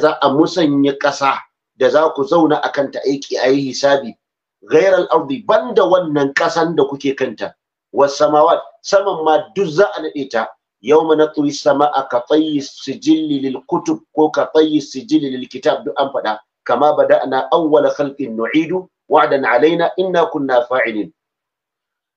za a musanya ƙasa da za ku zauna a kanta aiki a yi hisabi gairar ardi banda wannan ƙasan da kuke kanta wasamawat saman ma duk za a naɗe ta yau mana turi sama a ka tsayi sijili lil kutub ko ka tsayi sijili lil kitab duk an faɗa kama bada ana awwala khalqin nu'idu wa'dan alaina inna kunna fa'ilin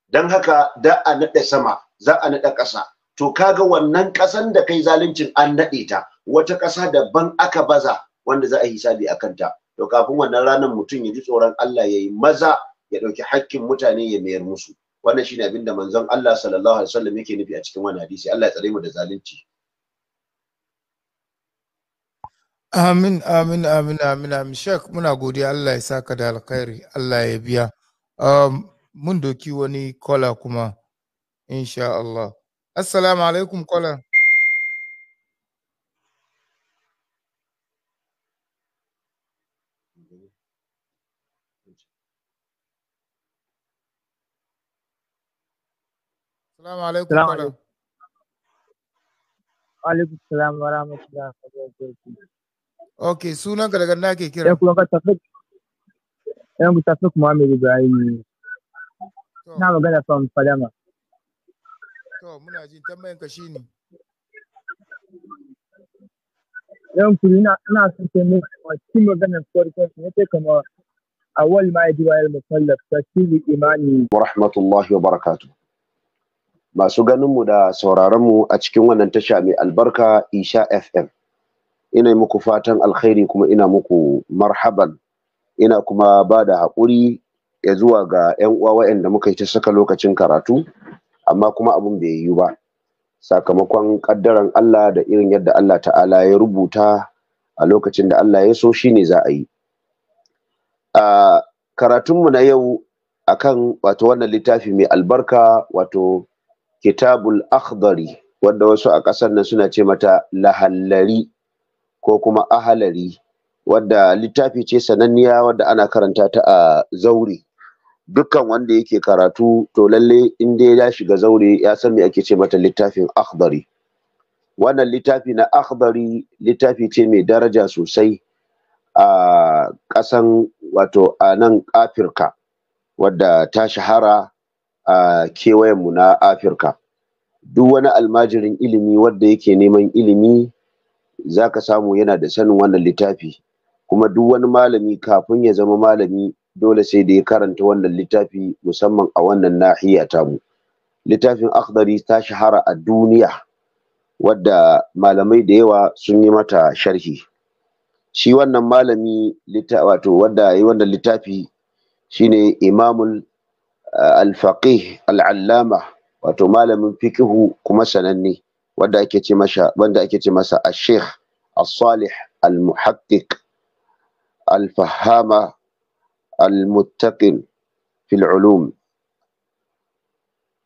dan haka da a naɗe sama za a naɗa ƙasa to kaga wannan ƙasan da kai zaluncin an naɗe ta wata ƙasa daban aka baza wanda za a hisabi a kanta to kafin wannan ranar mutum ya ji tsoron Allah ya yi maza ya ɗauki hakkin mutane ya mayar musu wannan shine abin da manzon Allah sallallahu alaihi wasallam yake nufi a cikin wannan hadisi Allah ya tsare mu da zalunci amin amin amin amin amin shek muna godiya Allah ya saka da alkhairi Allah ya biya um, mun doki wani kola kuma insha Allah assalamu alaikum kola السلام عليكم السلام عليكم وعليكم السلام ورحمة الله وبركاته أوكي سونا كذا كنا كي كيرا يا كلوكا تفك يا كلوكا تفك نعم، ما أمي إبراهيم نعم أنا فهم فلما تو منا جين تما ينكشيني yang kulina na sisi mu timu gana sori kwa sisi kama awali maajiwa ya mufallaf tashili imani wa rahmatullahi wa barakatuh masu ganinmu da sauraronmu a cikin wannan tasha mai albarka isha fm ina muku fatan alkhairi kuma ina muku marhaban ina kuma ba da haƙuri ya zuwa ga 'yan uwa waɗanda muka yi ta saka lokacin karatu amma kuma abin bai yiwu ba sakamakon ƙaddaran allah da irin yadda allah ta'ala ya rubuta a lokacin da allah ya so shi ne za a yi karatunmu na yau akan wato wannan littafi mai albarka wato kitabul akhdari wanda wasu a ƙasar nan suna ce mata lahallari ko kuma ahalari wadda littafi ce sananniya wadda ana karanta ta a zaure dukkan wanda yake karatu to lalle in dai ya shiga zaure ya san me ake ce mata littafin akhdari wannan littafi na akhdari littafi ce mai daraja sosai a ƙasan wato a nan afirka wadda ta shahara a kewayenmu na afirka duk wani almajirin ilimi wanda yake neman ilimi za ka samu yana da sanin wannan littafi kuma duk wani malami kafin ya zama malami dole sai da ya karanta wannan littafi musamman a wannan nahiya mu. littafin akhdari ta shahara a duniya wadda malamai da yawa sun yi mata sharhi shi wannan malami wato wadda yi wannan littafi shine imamul الفقيه العلامة وتمال من فكه كمسنني ودا مشا ودا مسا الشيخ الصالح المحقق الفهامة المتقن في العلوم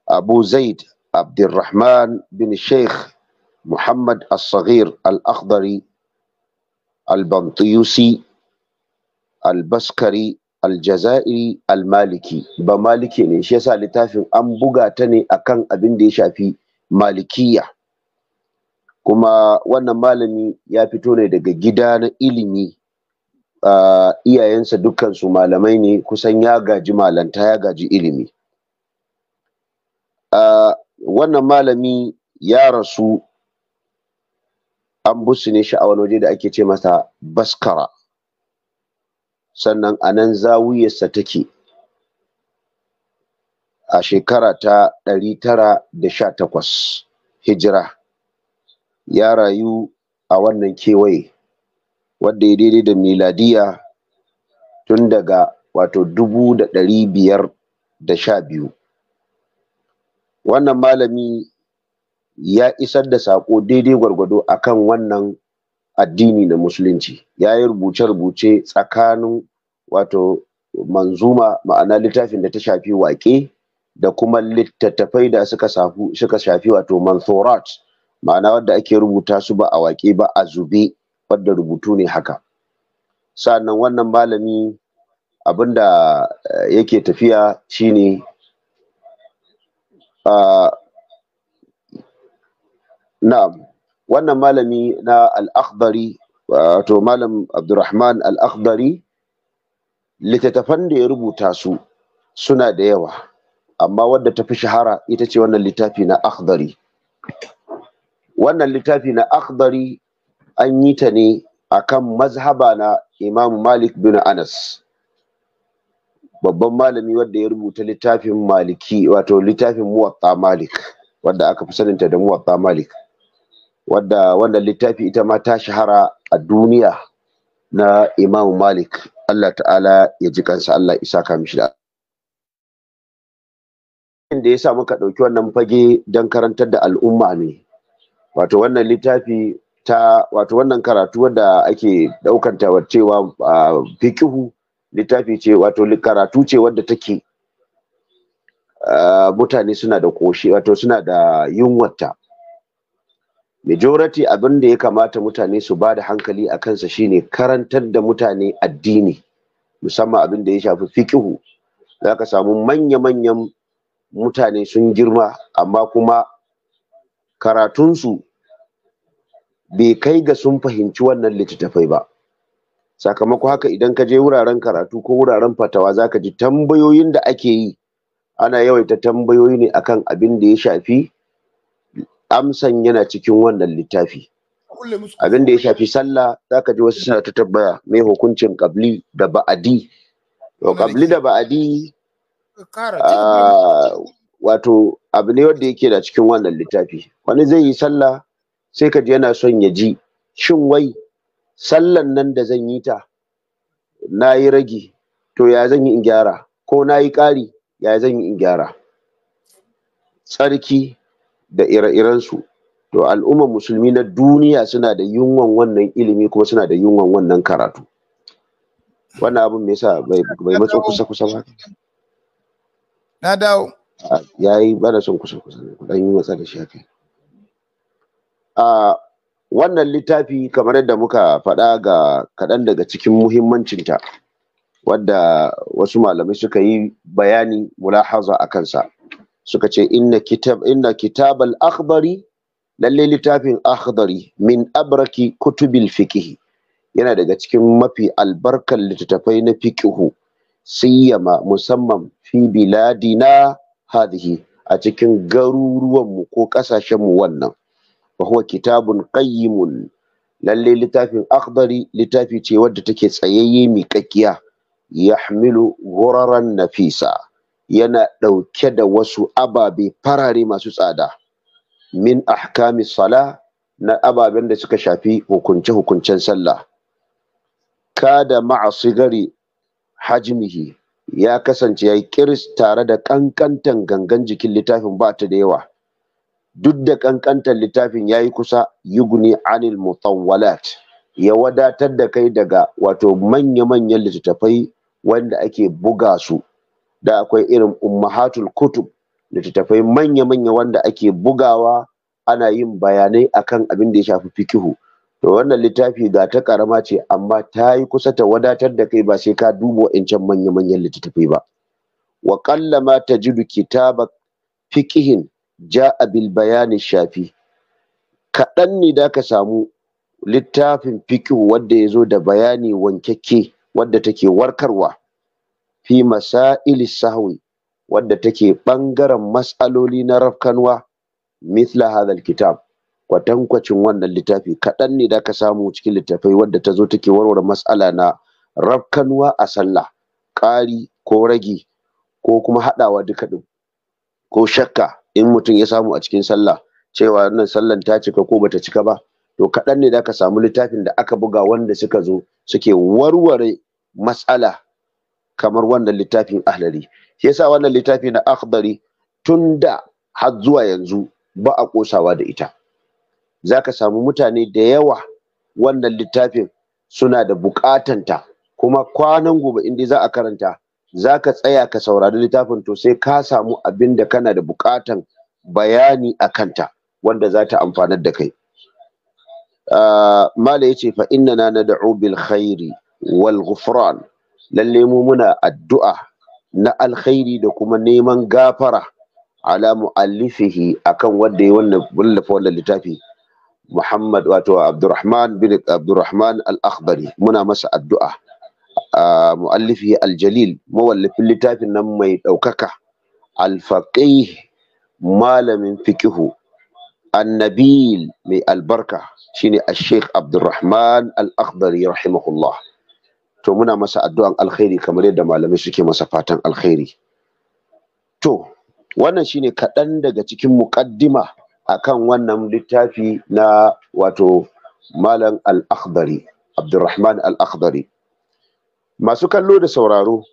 أبو زيد عبد الرحمن بن الشيخ محمد الصغير الأخضري البنطيوسي البسكري aljazairi almaliki ba maliki ne shi yasa littafin an buga ta ne akan abin da ya shafi malikiya kuma wannan malami ya fito ne daga gida na ilimi uh, iyayensa dukkansu malamai ne kusan ya gaji malanta ya gaji ilimi uh, wannan malami ya rasu an busu ne shi a wani waje da ake ce masa baskara sannan a nan zawiyarsa take a shekara ta ɗari tara da sha takwas hijira ya rayu a wannan kewaye wanda ya daidai da miladiya tun daga wato dubu da ɗari biyar da sha biyu wannan malami ya isar da saƙo daidai gwargwado akan wannan addini na musulunci ya yi rubuce-rubuce tsakanin wato manzuma ma'ana littafin da ta shafi waƙe da kuma littattafai da suka shafi wato manthorat ma'ana wadda ake rubuta su ba a waƙe ba a zube wadda rubutu ne haka sa'annan wannan malami abinda eh, yake tafiya shine ah, na'am wannan malami na al wato malam abdurrahman al littattafan da ya rubuta su suna da yawa amma wadda ta fi shahara ita ce wannan littafi na akhdari wannan littafi na akhdari an yi ta ne a kan mazhaba na imam malik bin anas babban malami wadda ya rubuta littafin maliki wato littafin muwatta malik wadda aka fi saninta da muwatta malik wadda wannan littafi ita ma ta shahara a duniya na Imam Malik Allah ta'ala ya ji kansa Allah isa ka mishi da da ya sa muka ɗauki wannan fage don karantar da al'umma ne wato wannan littafi ta wato wannan karatu wadda ake ɗaukan cewa fikihu littafi ce wato karatu ce wadda take mutane suna da koshi wato suna da yunwata majority abin da ya kamata mutane su bada hankali a kansa shine karantar da mutane addini musamman abin da ya shafi fikihu za ka samu manya-manyan mutane sun girma amma kuma karatunsu bai kai ga sun fahimci wannan littattafai ba sakamako haka idan ka je wuraren karatu ko wuraren fatawa za ka ji tambayoyin da ake yi ana yawaita tambayoyi ne akan abin da ya shafi amsan yana cikin wannan littafi abin da ya shafi sallah za ka ji wasu suna ta tabbaya mai hukuncin kabli da ba'adi to kabli da ba'adi ah, wato abu ne wanda yake da cikin wannan littafi wani zai yi sallah sai ka ji yana son ya ji shin wai sallan nan da zan yi ta na yi ragi to ya zan yi in gyara ko na yi ƙari ya zan yi in gyara tsarki da ire-irensu to al'ummar musulmi na duniya suna da yunwan wannan ilimi kuma suna da yunwan wannan karatu wannan abin me yasa bai matso kusa kusa ba na dawo yayi bana son kusa kusa ne dan yi matsa da shi a wannan littafi kamar yadda muka faɗa ga kaɗan daga cikin muhimmancinta wadda wasu malamai suka yi bayani mulahaza a kansa suka ce inna kitab inna kitab al akhbari lalle littafin akhdari min abraki kutubil fiqh yana daga cikin mafi albarkar littattafai na fiqh siyama musamman fi biladina hadhihi a cikin garuruwan mu ko mu wannan wa huwa kitabun qayyimun lalle littafin akhdari littafi ce wadda take tsayayye miƙaƙƙiya yahmilu ghuraran nafisa yana ɗauke da wasu ababe farare masu tsada min ahkami sala na ababen da suka shafi hukunce-hukuncen sallah kada ma'asu gari hajimihi ya kasance ya yi kiris tare da ƙanƙantan gangan jikin littafin ba ta da yawa duk da ƙanƙantar littafin ya yi kusa yuguni anil mutawwalat ya wadatar da kai daga wato manya-manyan littattafai wanda ake buga su da akwai irin ummahatul kutub littattafai manya-manya wanda ake bugawa ana yin bayanai akan abin da ya shafi fikihu to wannan littafi ga ta karama ce amma ta yi kusa ta wadatar da kai ba sai ka duba wa'incan manya-manyan littattafai ba wa qalla ma tajidu kitaba fikihin ja'a bil bayani shafi kaɗan ne da ka samu littafin fikihu wadda ya zo da bayani wankakke wadda take warkarwa fi masail sahwi wadda take ɓangaren matsaloli na rafkanwa mithla hadha kitab kwatankwacin wannan littafi kaɗan ne da ka samu cikin littafai wadda ta zo take warware matsala na rafkanwa a sallah ƙari ko ragi ko kuma haɗawa duka ɗin ko shakka in mutum ya samu a cikin sallah cewa wannan sallan ta cika ko bata cika ba to kaɗan ne da ka samu littafin da aka buga wanda suka zo suke warware matsala kamar wannan littafin ahlari shi yasa wannan littafi na akhbari tun da har zuwa yanzu ba a kosawa da ita zaka samu mutane da yawa wannan littafin suna da bukatanta kuma kwanan gobe inda za a karanta za ka tsaya ka saurari littafin to sai ka samu abin da kana da bukatan bayani a kanta wanda za ta amfanar da kai ah, mala ya ce fa inna na nad'u bil khairi wal ghufran lalle mu muna addu'a na alkhairi da kuma neman gafara ala mu'allifihi akan wanda ya wannan wallafa wannan littafi Muhammad wato Abdurrahman bin Abdurrahman al-Akhdari muna masa addu'a mu'allifi al-Jalil mawallafin littafin nan mai ɗaukaka al-faqih malamin fikihu annabil mai albarka shine al-Sheikh Abdurrahman al-Akhdari rahimahullah to muna masa addu'an alkhairi kamar yadda malamai suke masa fatan alkhairi to wannan shine kaɗan daga cikin muƙaddima akan wannan littafi na wato malam al-akhdari abdurrahman al-akhdari masu kallo da sauraro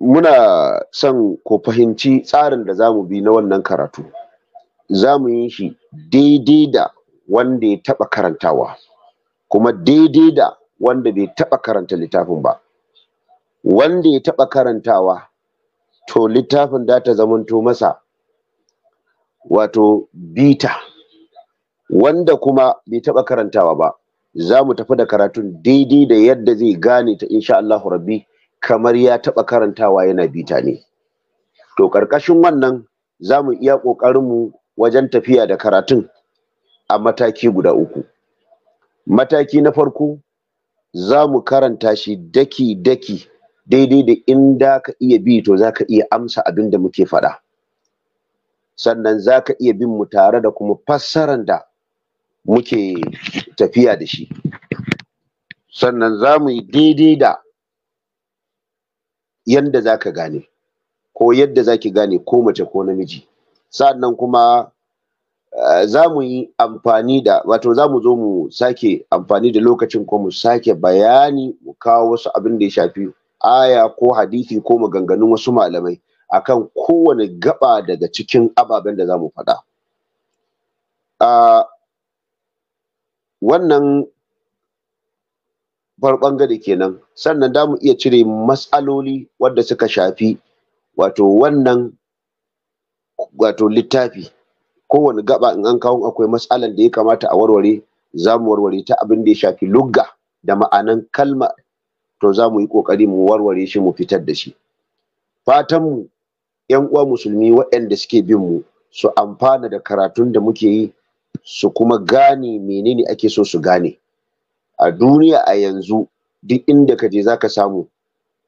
muna son ko fahimci tsarin da zamu bi na wannan karatu zamu yi shi daidai da wanda ya taɓa karantawa kuma daidai da wanda bai taba karanta littafin ba wanda ya taba karantawa to littafin da ta zamanto masa wato bita wanda kuma bai taɓa karantawa ba za mu tafi da karatun daidai da yadda zai gane ta insha Allahu rabbi kamar ya taɓa karantawa yana bita ne to ƙarƙashin wannan za mu iya mu wajen tafiya da karatun a mataki guda uku mataki na farko za mu karanta shi daki-daki daidai da inda ka iya bi to za ka iya amsa abin da muke faɗa sannan za ka iya bin mu tare da kuma fassaran da muke tafiya da shi sannan za mu yi daidai da yadda za ka gane ko yadda za ki gane ko mace ko namiji sannan kuma Eh, za mu yi amfani da wato za mu zo mu sake amfani da lokacin ko mu sake bayani mu kawo wasu abin da ya shafi aya ko hadisi ko maganganun wasu malamai akan kowane gaba daga cikin ababen da za mu faɗa. a ah, wannan farkon ɓangare kenan sannan da mu iya cire matsaloli wadda suka shafi wato wannan wato littafi kowane gaba in an kawo akwai matsalan da ya kamata a warware za mu warware ta abin da ya shafi lugga da ma'anan kalma to za mu yi ƙoƙari mu warware shi mu fitar da shi fatan mu yan uwa musulmi waɗanda suke bin mu su amfana da karatun da muke yi su kuma gane menene ake so su gane a duniya a yanzu duk inda ka je zaka samu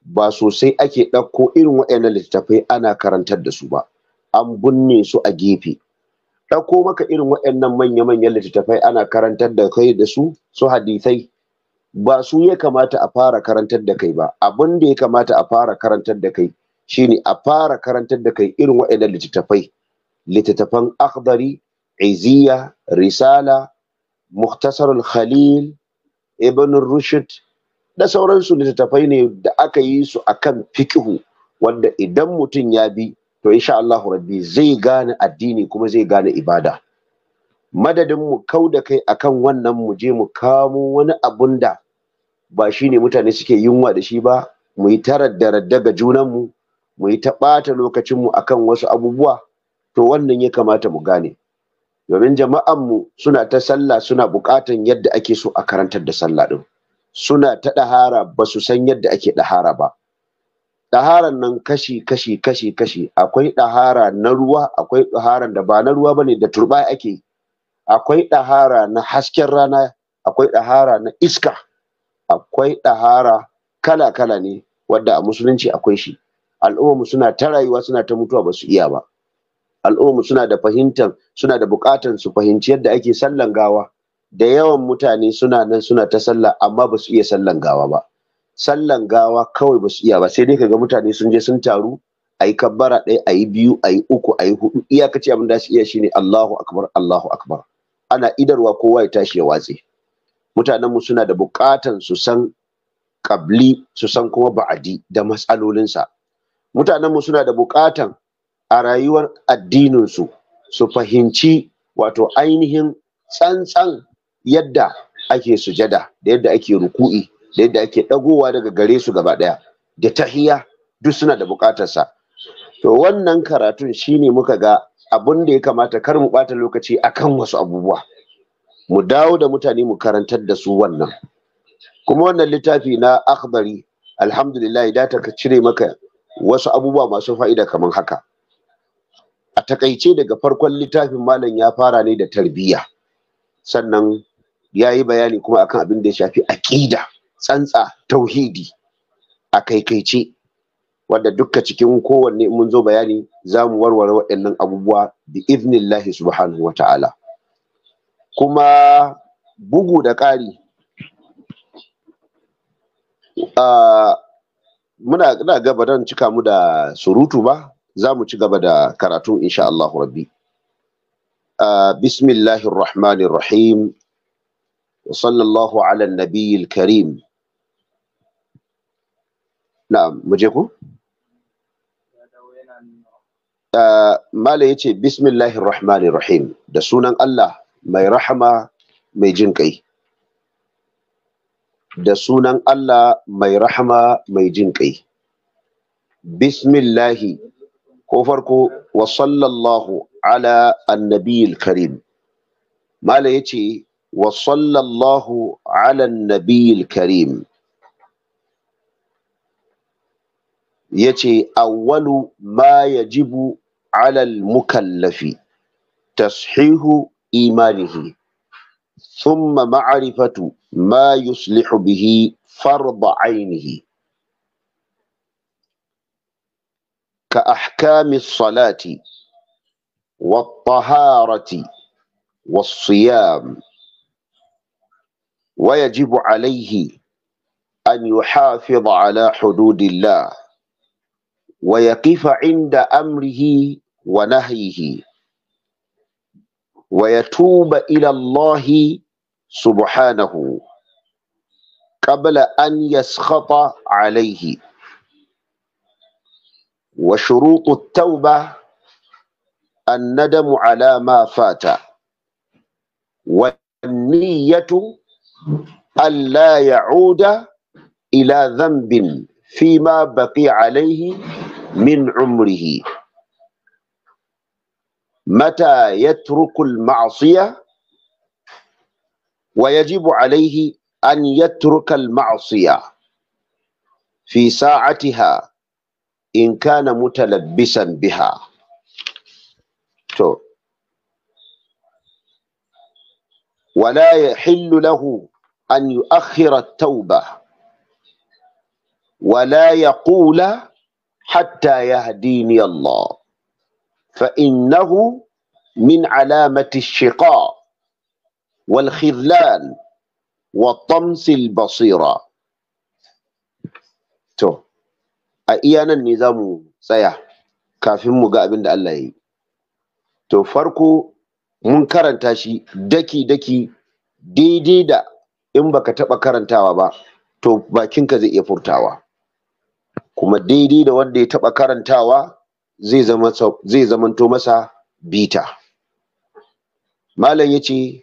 ba sosai ake ɗauko irin waɗannan littattafai ana karantar da su ba an binne su a gefe ɗauko maka irin waɗannan manya-manyan littattafai ana karantar da kai da su su hadisai ba su ya kamata a fara karantar da kai ba abin da ya kamata a fara karantar da kai shine a fara karantar da kai irin waɗannan littattafai littattafan akhdari iziya risala muhtasarul khalil ibn rushd da sauransu littattafai ne da aka yi su akan fikihu wanda idan mutum ya bi to insha Allah rabbi zai gane addini kuma zai gane ibada madadin mu kau da kai akan wannan mu je mu kamo wani abun da ba shine mutane suke yunwa da shi ba mu yi tarar da ga junanmu mu yi ta lokacin mu akan wasu abubuwa to wannan ya kamata mu gane domin jama'an mu suna ta sallah suna buƙatan yadda ake so a karantar da sallah ɗin suna ta ɗahara ba su san yadda ake ɗahara ba ɗaharan nan kashi kashi kashi kashi akwai ɗahara na ruwa akwai ɗaharan da ba na ruwa bane da turba ake akwai ɗahara na hasken rana akwai ɗahara na iska akwai ɗahara kala kala ne wadda a musulunci akwai shi al'ummu suna ta rayuwa suna ta mutuwa ba su iya ba al'ummu suna da fahimtar suna da buƙatar su fahimci yadda ake sallan gawa da yawan mutane suna nan suna ta sallah amma ba su iya sallan gawa ba sallan gawa kawai ba su iya ba sai dai kaga mutane sun je sun taru a yi kabbara ɗaya a yi biyu a yi uku a yi hudu iyakaci abin da su iya shine Allahu akbar Allahu akbar ana idarwa kowa ya tashi ya watse mutanenmu suna da buƙatan su san ƙabli su san kuma ba'adi da matsalolinsa mutanenmu suna da buƙatan a rayuwar addinin su su fahimci wato ainihin tsantsan yadda ake sujada da yadda ake ruku'i da yadda ake ɗagowa daga gare su gaba ɗaya da tahiya duk suna da sa. to wannan karatun shine muka ga abin da ya kamata kar mu bata lokaci akan wasu abubuwa mu dawo da mutane mu karantar da su wannan kuma wannan littafi na akhbari alhamdulillah da ta cire maka wasu abubuwa masu fa'ida kamar haka a takaice daga farkon littafin malam ya fara ne da tarbiyya sannan ya yi bayani kuma akan abin da ya shafi aƙida tsantsa tauhidi a kaikaice wanda dukka cikin kowanne mun zo bayani za mu warware waɗannan abubuwa bi iznillahi subhanahu wa kuma bugu da ƙari muna na gaba don cika mu da surutu ba za mu ci gaba da karatu insha Allah rabbi bismillahir rahmanir rahim wa sallallahu ala nabiyil karim Na'am muje ku eh, Malam ya ce bismillahir da sunan Allah mai rahama mai jin kai da sunan Allah mai rahama mai jin kai bismillahi ko farko wa sallallahu ala annabiyil karim mala yace wa sallallahu ala annabiyil karim yace awwalu ma yajibu alal mukallafi tashihu imanihi thumma ma'rifatu ma yuslihu bihi فرض عينه كأحكام الصلاة والطهارة والصيام ويجب عليه أن يحافظ على حدود الله ويقف عند أمره ونهيه ويتوب إلى الله سبحانه قبل أن يسخط عليه وشروط التوبة الندم على ما فات والنية ألا يعود إلى ذنب فيما بقي عليه من عمره متى يترك المعصية ويجب عليه أن يترك المعصية في ساعتها إن كان متلبسا بها طيب. ولا يحل له أن يؤخر التوبة ولا يقول hatta yahdini Allah fa innahu min alamati shiqa wal khidlan wa tamsil basira to a iya nan ne za mu tsaya kafin mu ga abin da Allah ya yi to farko mun karanta shi daki-daki daidai da in baka taɓa karantawa ba to bakinka zai iya furtawa kuma daidai da wanda ya taba karantawa zai zama to masa bita malam ya ce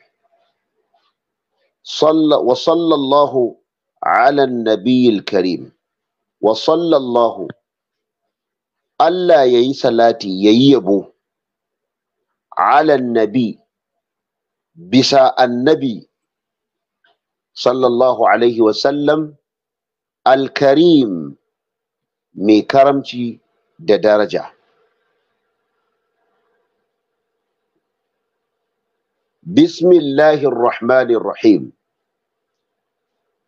wa sallallahu ala nabiyil karim wa sallallahu Allah ya yi salati ya yi yabo ala nabi bisa annabi sallallahu alaihi wasallam al-karim mai karamci da daraja bismillahir rahmanir rahim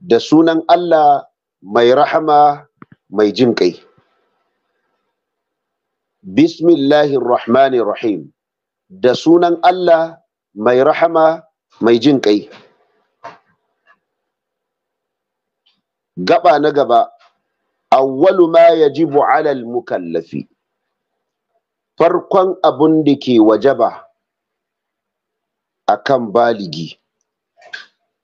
da sunan Allah mai rahama mai jin kai bismillahir rahmanir rahim da sunan Allah mai rahama mai jin kai gaba na gaba awwalu ma yajibu alal mukallafi farkon abun da ke wajaba akan baligi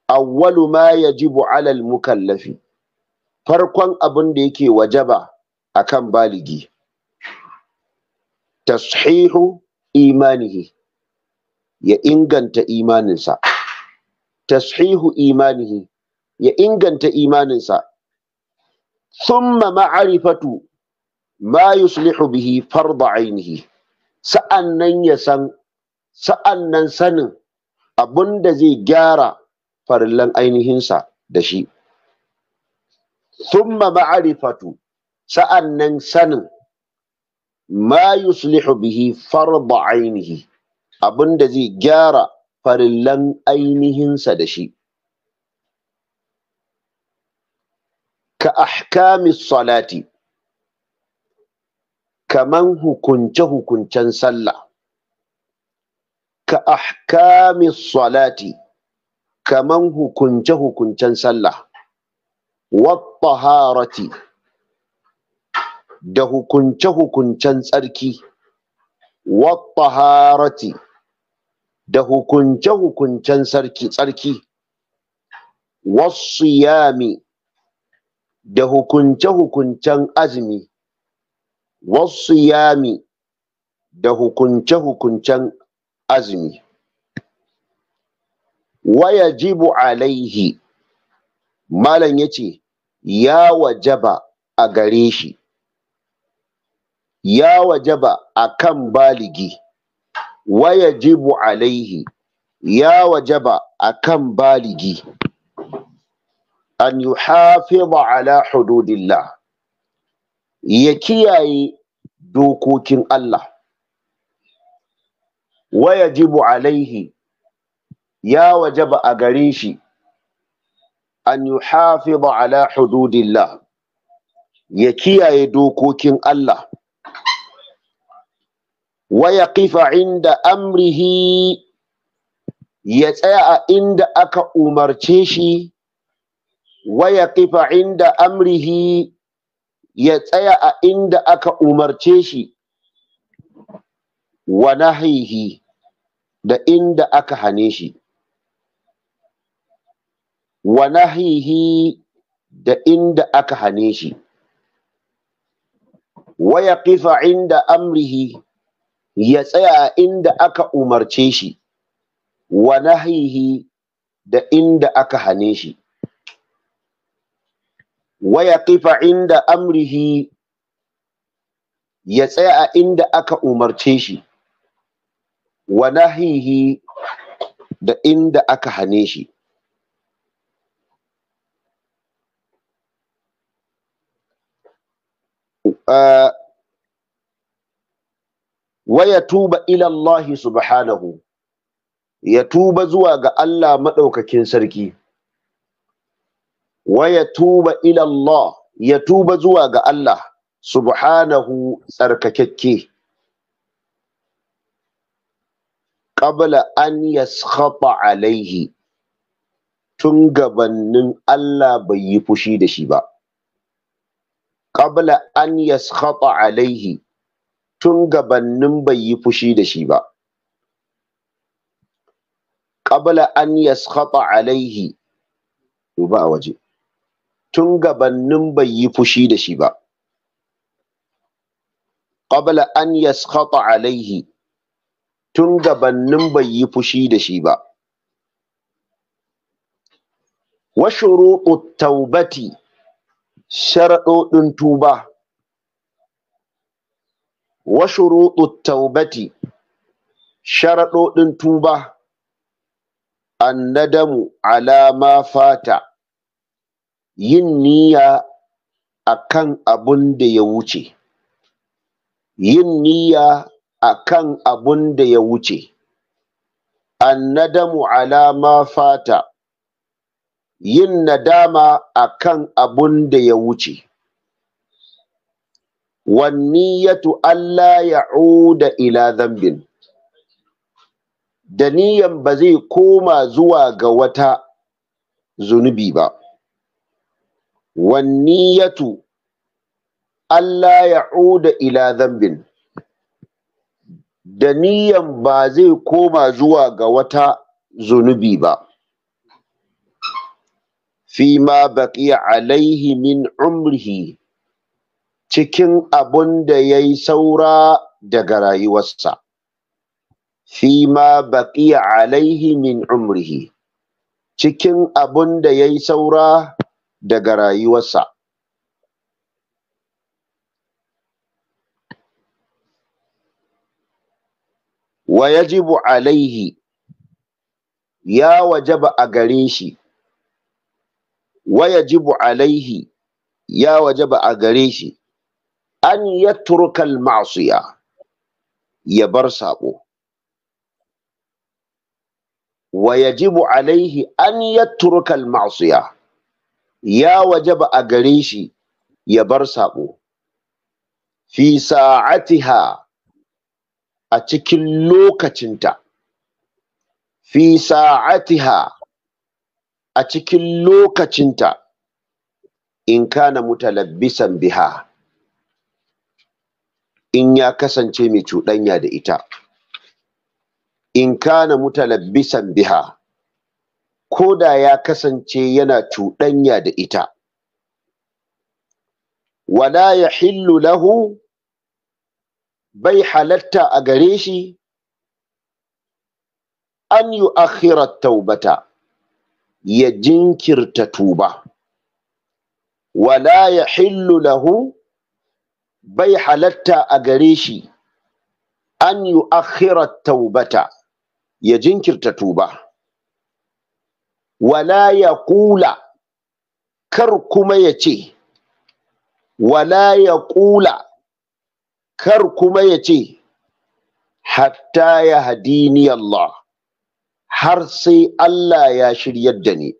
awwalu ma yajibu alal mukallafi farkon abun da yake wajaba akan baligi tashihu imanihi ya inganta imaninsa thumma ma'arifatu ma yuslihu bihi farda ainihi sa'annan ya san sa'annan sanin abun da zai gyara farillan ainihinsa da shi thumma ma'arifatu sa'annan sanin ma bihi farda ainihi abin da zai gyara farillan ainihinsa da shi ka ahkamis salati kaman hukunce-hukuncen sallah ka ahkamis salati kaman hukunce-hukuncen sallah wattaharati da hukunce-hukuncen tsarki wattaharati da hukunce-hukuncen tsarki wasu yami da hukunce-hukuncen azumi wasu yami da hukunce-hukuncen azumi waya jibu alaihi malam ya ce ya wajaba a gare shi ya wajaba a kan baligi waya jibu alaihi ya wajaba a kan baligi an yuhafiza ala hududillah ya kiyaye dokokin Allah wa yajibu alaihi ya wajaba a gare shi an yuhafiza ala hududillah ya kiyaye dokokin Allah wa yaqifa inda amrihi ya tsaya a inda aka umarce shi waya kifa inda amrihi ya tsaya a inda aka umarce shi wa nahihi da inda aka hane shi wa nahihi da inda aka hane shi waya kifa inda amrihi ya tsaya a inda aka umarce shi wa nahihi da inda aka hane shi wayaƙifa inda amrihi ya tsaya a inda aka umarce shi wa nahihi da inda aka hane shi wa ya tuba ilallahi subhanahu ya tuba zuwa ga Allah maɗaukakin sarki wa ya tuba Allah ya tuba zuwa ga Allah subhanahu tsarkakakke qabla an yaskhata alaihi tun gabannin Allah bai yi fushi da shi ba qabla an yaskhata alaihi tun gabannin bai yi fushi da shi ba qabla an yaskhata alaihi to ba waje tun gabannin bai yi fushi da shi ba qabla an yaskhata alaihi tun gabannin bai yi fushi da shi ba wa shuruɗu taubati sharaɗoɗin tuba wa taubati sharaɗoɗin tuba annadamu ala fata yin niyya kan abun da ya wuce yin niyya kan abun da ya wuce annadamu ala ma fata yin nadama akan abun da ya wuce wanniyatu Allah uda ila zambin da niyan ba zai koma zuwa ga wata zunubi ba wanniyatu Allah ya'uda ila zambin da ba zai koma zuwa ga wata zunubi ba fima baqiya alaihi min umrihi cikin abun da ya saura daga rayuwarsa fima baqiya alaihi min umrihi cikin abun da ya saura daga rayuwarsa. Wa yajibu alaihi ya wajaba a gare shi, wa yajibu alaihi ya wajaba a gare shi, an ya turkal masuya ya bar saƙo. Wa yajibu alaihi an ya turkal masuya. ya wajaba a gare shi ya bar saɓo fi sa'atiha a cikin lokacinta fi sa'atiha a cikin lokacinta in kana mutalabbisan biha in ya kasance mai cuɗanya da ita in kana mutalabbisan biha ko da ya kasance yana cuɗanya da ita wala ya hillu lahu bai halatta a gare shi an yi akhirar taubata ya jinkirta tuba wala ya hillu lahu bai halatta a gare shi an yi akhirar taubata ya jinkirta tuba wala ya kula kar kuma ya ce wala ya kula kar kuma ya ce hatta ya hadini Allah har sai Allah ya shiryar da ni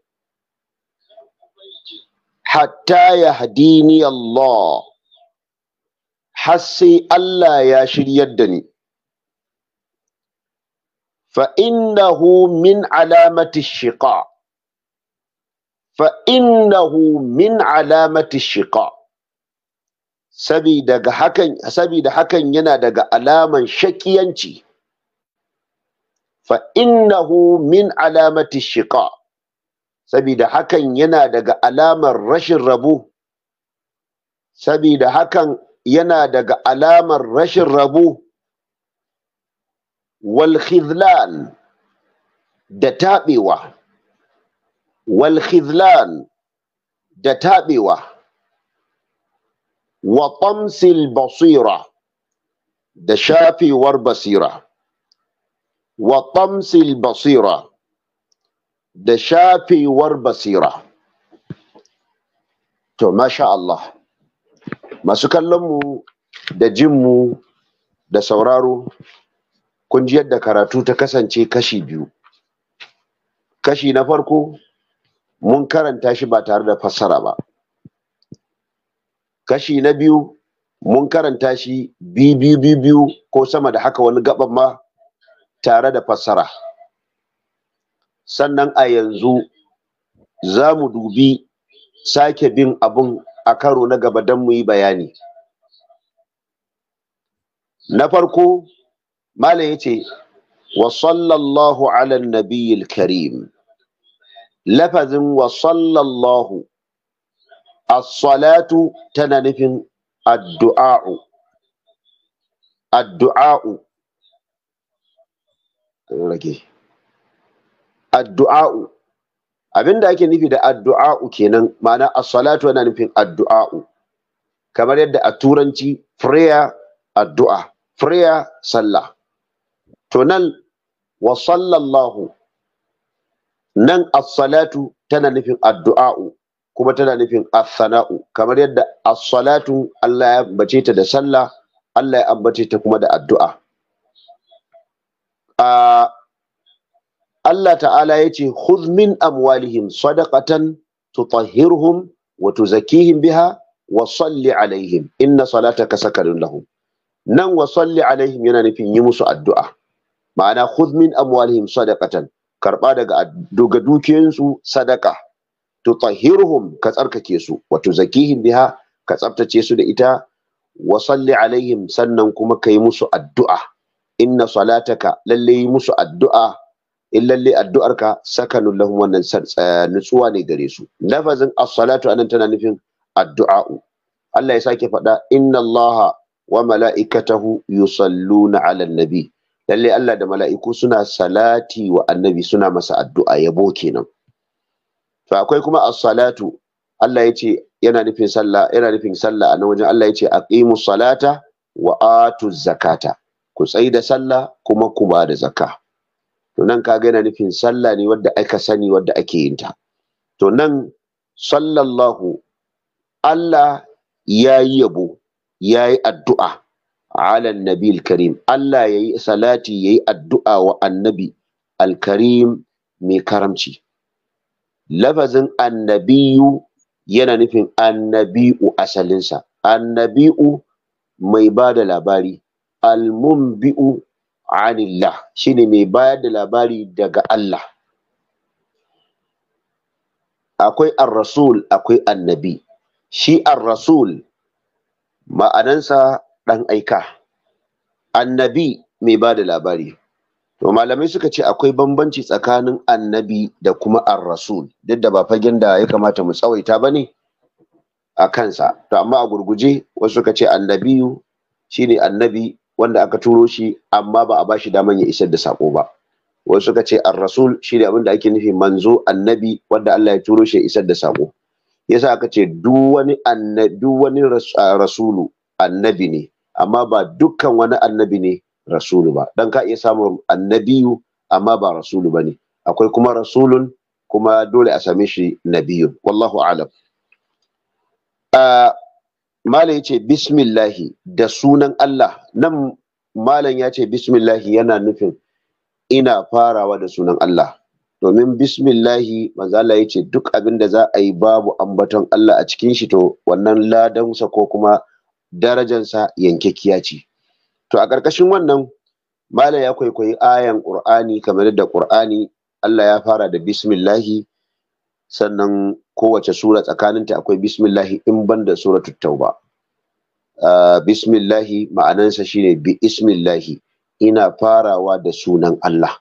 hatta ya hadini Allah har sai Allah ya shiryar da ni fa innahu min alamati shiqa فإنه min علامة الشقاء sabida hakan yana daga alaman shakiyanci fa min alamati shiqa saboda hakan yana daga alamar rashin rabu saboda hakan yana daga alamar rashin rabu wal khidlan da taɓewa wal da taɓewa wa tamsil basira da shafewar basira wa tamsil basira da shafewar basira to masha Allah masu mu da jin mu da sauraro kun ji yadda karatu ta kasance kashi biyu kashi na farko mun karanta shi ba tare da fassara ba kashi na biyu mun karanta shi biyu ko sama da haka wani gaban ma tare da fassara sannan a yanzu za mu dubi sake bin abun a karo na gaba don mu yi bayani na farko malam ya ce wa sallallahu ala nabiyil karim lafazin wa sallallahu as-salatu tana nufin addu'a'u addu'a'u rage addu'a'u abinda ake nufi da addu'a'u kenan ma'ana as-salatu yana nufin addu'a'u kamar yadda a turanci prayer addu'a prayer sallah to nan wa sallallahu nan as tana nufin addu'a'u kuma tana nufin as kamar yadda as-salatu Allah ya ambace ta da sallah Allah ya ambace ta kuma da addu'a Allah ta'ala ya ce khudh min amwalihim sadaqatan tutahhirhum wa tuzakkihim biha wa salli alaihim inna salataka sakarun lahum nan wa salli alaihim yana nufin yi musu addu'a ma'ana khudh min amwalihim sadaqatan karba daga daga dukiyoyinsu sadaka tutahhiruhum ka tsarkake su wato tuzakihim biha ka tsaftace su da ita wa salli alaihim sannan kuma kai musu addu'a inna salataka lalle musu addu'a in lalle ka, sakanun lahum wannan nutsuwa ne gare su lafazin as-salatu anan tana nufin addu'a'u Allah ya sake faɗa inna Allah wa mala'ikatahu yusalluna 'alan nabi lalle Allah da mala'iku suna salati wa annabi suna masa addu'a yabo kenan to akwai kuma as-salatu Allah ya yana nufin sallah yana nufin sallah a wajen Allah ya ce aqimu salata wa atu zakata ku tsayi da sallah kuma ku ba da zakka to nan kaga yana nufin sallah ne wadda aka sani wadda ake yin ta to nan sallallahu Allah ya yi yabo ya yi addu'a ala nabil karim Allah ya yi salati ya yi addu'a wa annabi alkarim mai karamci lafazin annabiyu yana nufin annabi'u asalinsa annabi'u mai ba da labari almunbi'u anillah shine mai bayar da labari daga Allah akwai ar-rasul akwai annabi shi ar-rasul ma'anansa ɗan aika annabi mai ba da labari to malamai suka ce akwai bambanci tsakanin annabi da kuma ar-rasul duk da ba fagen da ya kamata mu tsawaita ba ne a kansa to amma a gurguje wasu suka ce annabiyu shine annabi wanda aka turo shi amma ba a ba shi daman ya isar da sako ba wasu suka ce ar-rasul shine abin da ake nufi manzo annabi wanda Allah ya turo shi ya isar da sako yasa aka ce duk wani annabi duk wani rasulu annabi ne amma ba dukkan wani annabi ne rasulu ba dan ka iya samun annabiyu amma ba rasulu ba ne akwai kuma rasulun kuma dole a same shi nabiyun wallahu alam malam ya ce bismillahi da sunan Allah nan malam ya ce bismillahi yana nufin ina farawa da sunan Allah domin bismillahi manzala ya ce duk abin da za a yi babu ambaton Allah a cikin shi to wannan ladansa ko kuma sa yankakkiya ce to a ƙarƙashin wannan malam ya kwaikwayi ayan ƙur'ani kamar yadda ƙur'ani Allah ya fara da bismillahi sannan kowace sura tsakaninta akwai bismillahi in banda da suratul tauba uh, bismillahi ma'anansa shine bi ismillahi ina farawa da sunan Allah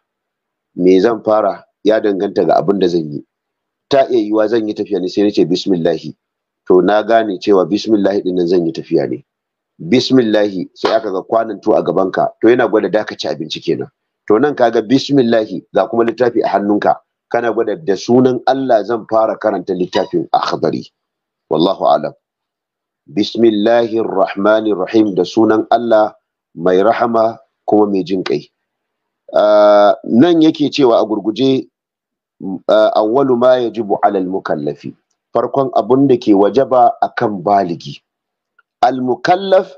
me zan fara ya danganta ga abin da zan yi ta iya yiwa zan yi tafiya ne sai ce bismillahi to na gane cewa bismillahi din nan zan yi tafiya ne bismillahi sai aka ga kwanan to a gabanka to yana gwada da ka ci abinci kenan to nan ka ga bismillahi ga kuma littafi a hannunka kana gwada da sunan Allah zan fara karanta littafin akhdari wallahu alam bismillahi rahmanir rahim da sunan Allah mai rahama kuma mai jin kai nan yake cewa a gurguje awwalu ma yajibu alal mukallafi farkon abun da ke waje ba akan baligi almukallaf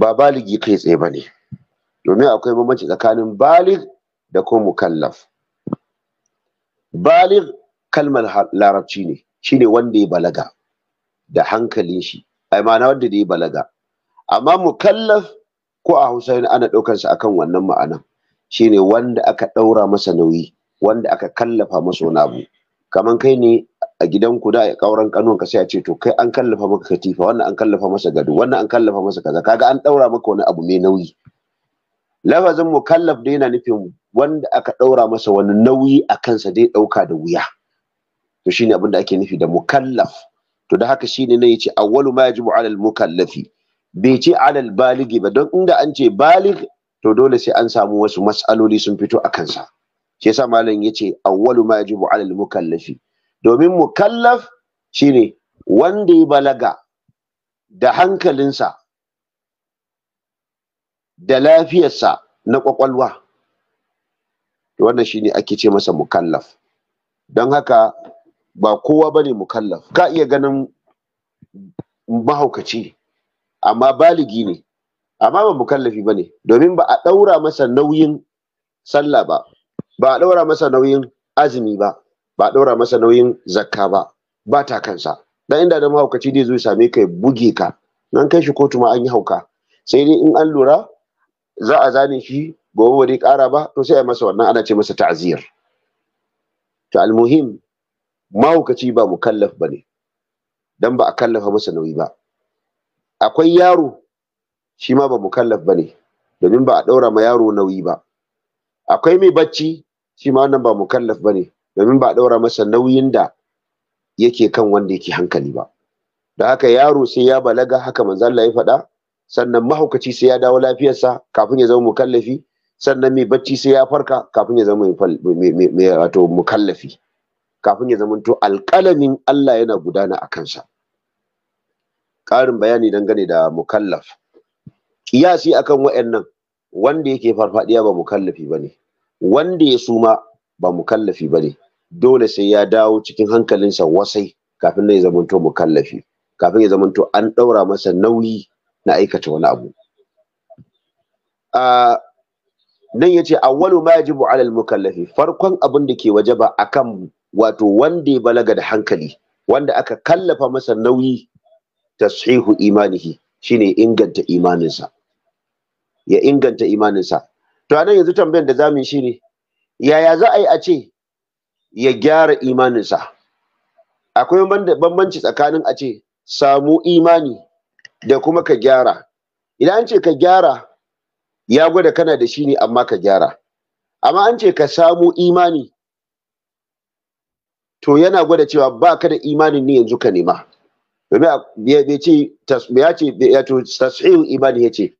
ba baligi kai tsaye ba ne domin akwai mamaci tsakanin balig da kuma mukallaf balig kalmar larabci ne shine wanda ya balaga da hankalin shi a ma'ana wanda da ya balaga amma mukallaf ko a hausa yana ana ɗaukansa akan wannan shi shine wanda aka ɗaura masa nauyi wanda aka kallafa masa wani abu kaman kai ne a gidan ku da ya kauran kanuwan ka sai a ce to kai an kallafa maka katifa wannan an kallafa masa gado wannan an kallafa masa kaza kaga an daura maka wani abu mai nauyi lafazin mukallaf da yana nufin wanda aka daura masa wani nauyi a kansa dai dauka da wuya to shine abin da ake nufi da mukallaf to da haka shine ne yace awwalu ma yajibu alal mukallafi bai ce alal baligi ba don inda an ce balig to dole sai an samu wasu matsaloli sun fito a kansa shi yasa malam yace awwalu ma yajibu ala mukallafi domin mukallaf shine wanda ya balaga da hankalinsa da lafiyarsa na kwakwalwa wannan shine ake ce masa mukallaf don haka ba kowa bane mukallaf ka iya ganin mahaukaci amma baligi ne amma ba mukallafi bane domin ba a ɗaura masa nauyin sallah ba ba a ɗaura masa nauyin azumi ba ba a ɗaura masa nauyin zakka ba ba ta kansa dan inda da mahaukaci zai zo ya same ka ya buge ka nan kai shi kotu ma an yi hauka sai dai in an lura za a zane shi gobe ba dai ƙara ba to sai a masa wannan ana ce masa ta'aziyar to almuhim mahaukaci ba mukallaf bane dan ba a kallafa masa nauyi ba akwai yaro shi ma ba mukallaf bane domin ba a ɗaura ma yaro nauyi ba akwai mai bacci shi ma wannan ba mukallaf ba domin ba a ɗaura masa nauyin da yake kan wanda yake hankali ba da haka yaro sai ya balaga haka manzo Allah ya faɗa sannan mahaukaci sai ya dawo lafiyarsa kafin ya zama mukallafi sannan mai bacci sai ya farka kafin ya zama mai wato mukallafi kafin ya zama to alƙalamin Allah yana gudana a kansa ƙarin bayani dangane da mukallaf kiyasi akan wa'annan wanda yake farfadiya ba mukallafi bane wanda ya suma ba mukallafi bane dole sai ya dawo cikin hankalinsa wasai kafin ya zamanto mukallafi kafin ya zamanto an ɗaura masa nauyi na aikata wani abu nan yace awwalu ma yajibu alal mukallafi farkon abin da ke wajaba akan wato wanda ya balaga da hankali wanda aka kallafa masa nauyi tashihu imanihi shine inganta imaninsa ya inganta imaninsa to anan yanzu tambayar da zamu shi ne yaya za a yi a ce ya gyara imaninsa akwai bambanci tsakanin a ce samu imani da kuma ka gyara idan an ce ka gyara ya gwada kana da shi ne amma ka gyara amma an ce ka samu imani to yana gwada cewa ba ka da imanin ne yanzu ka nema domin ya ce ya imani ya ce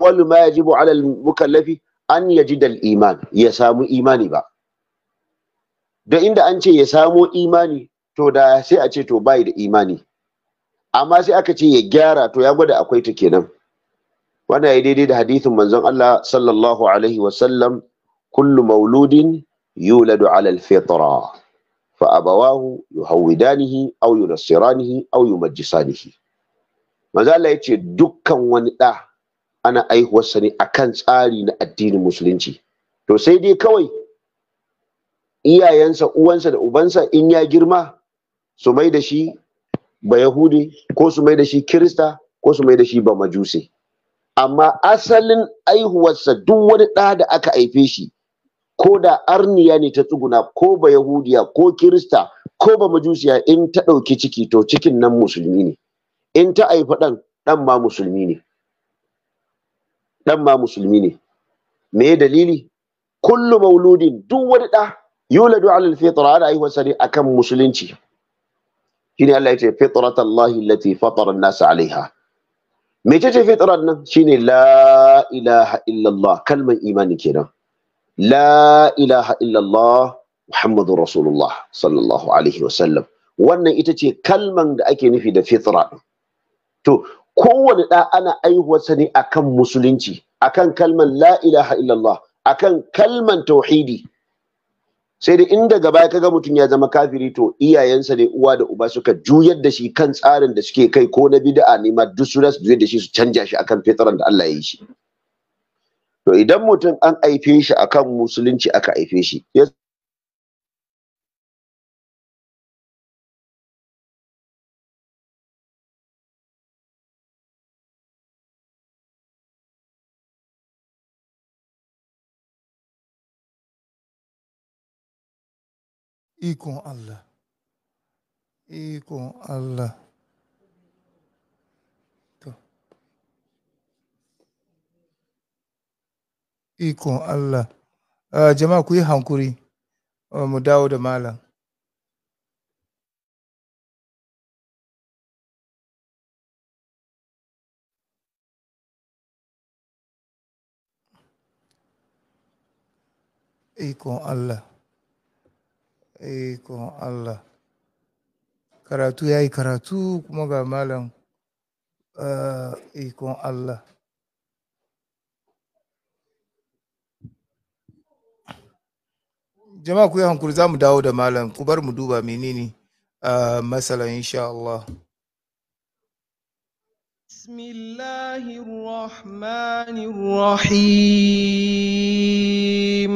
ya ma yajibu ala mukallafi an yajida al-iman ya samu imani ba da inda an ce ya samo imani to da sai a ce to bai da imani amma sai aka ce ya gyara to ya gwada akwai ta kenan wannan ya daidai da hadithin manzon Allah sallallahu alaihi wa sallam kullu mauludin yuladu ala al-fitra fa abawahu yuhawidanihi aw yunassiranihi aw yumajjisanihi manzo Allah yace dukkan wani da ana aihuwarsa ne kan tsari na addinin musulunci to sai dai kawai iyayensa uwansa da ubansa in ya girma su mai da shi ba yahudi ko su mai da shi kirista ko su mai da shi ba majuse amma asalin aihuwarsa duk wani ɗa da aka haife shi ko da arniya ne ta tsuguna ko ba yahudiya ko kirista ko ba majusiya in ta ɗauki ciki to cikin nan musulmi ne in ta haifi ɗan ɗan ma musulmi ne ɗan ma musulmi ne me dalili kullu mauludin duk wani ɗa yuladu ala alfitra ana haihuwar sa akan musulunci shine Allah ya ce fitrat Allah allati fatara an-nas alaiha me ce fitrar nan shine la ilaha illallah kalmar imani kenan la ilaha illallah muhammadur rasulullah sallallahu alaihi wasallam wannan ita ce kalman da ake nufi da fitra to kowane da ana aihuwar aihuwarsa ne akan musulunci akan kalman la ilaha illallah akan kalman tauhidi sai da inda gaba kaga mutum ya zama kafiri to iyayensa ne uwa da uba suka juyar da shi kan tsarin da suke kai ko na bid'a ne ma duk su su juyar da shi su canja shi akan fitran da Allah ya yi shi to idan mutum an aife shi akan musulunci aka aife shi ikon Allah ikon Allah to ikon Allah uh, jama'a ku yi hankuri uh, mu dawo da malam ikon Allah Eh, ikon Allah karatu ya yi karatu kuma ga malam eh, ikon Allah jama'a ku yi hankuri za mu dawo da malam ku bar mu duba menene a eh, matsala insha Allah بسم الله الرحمن الرحيم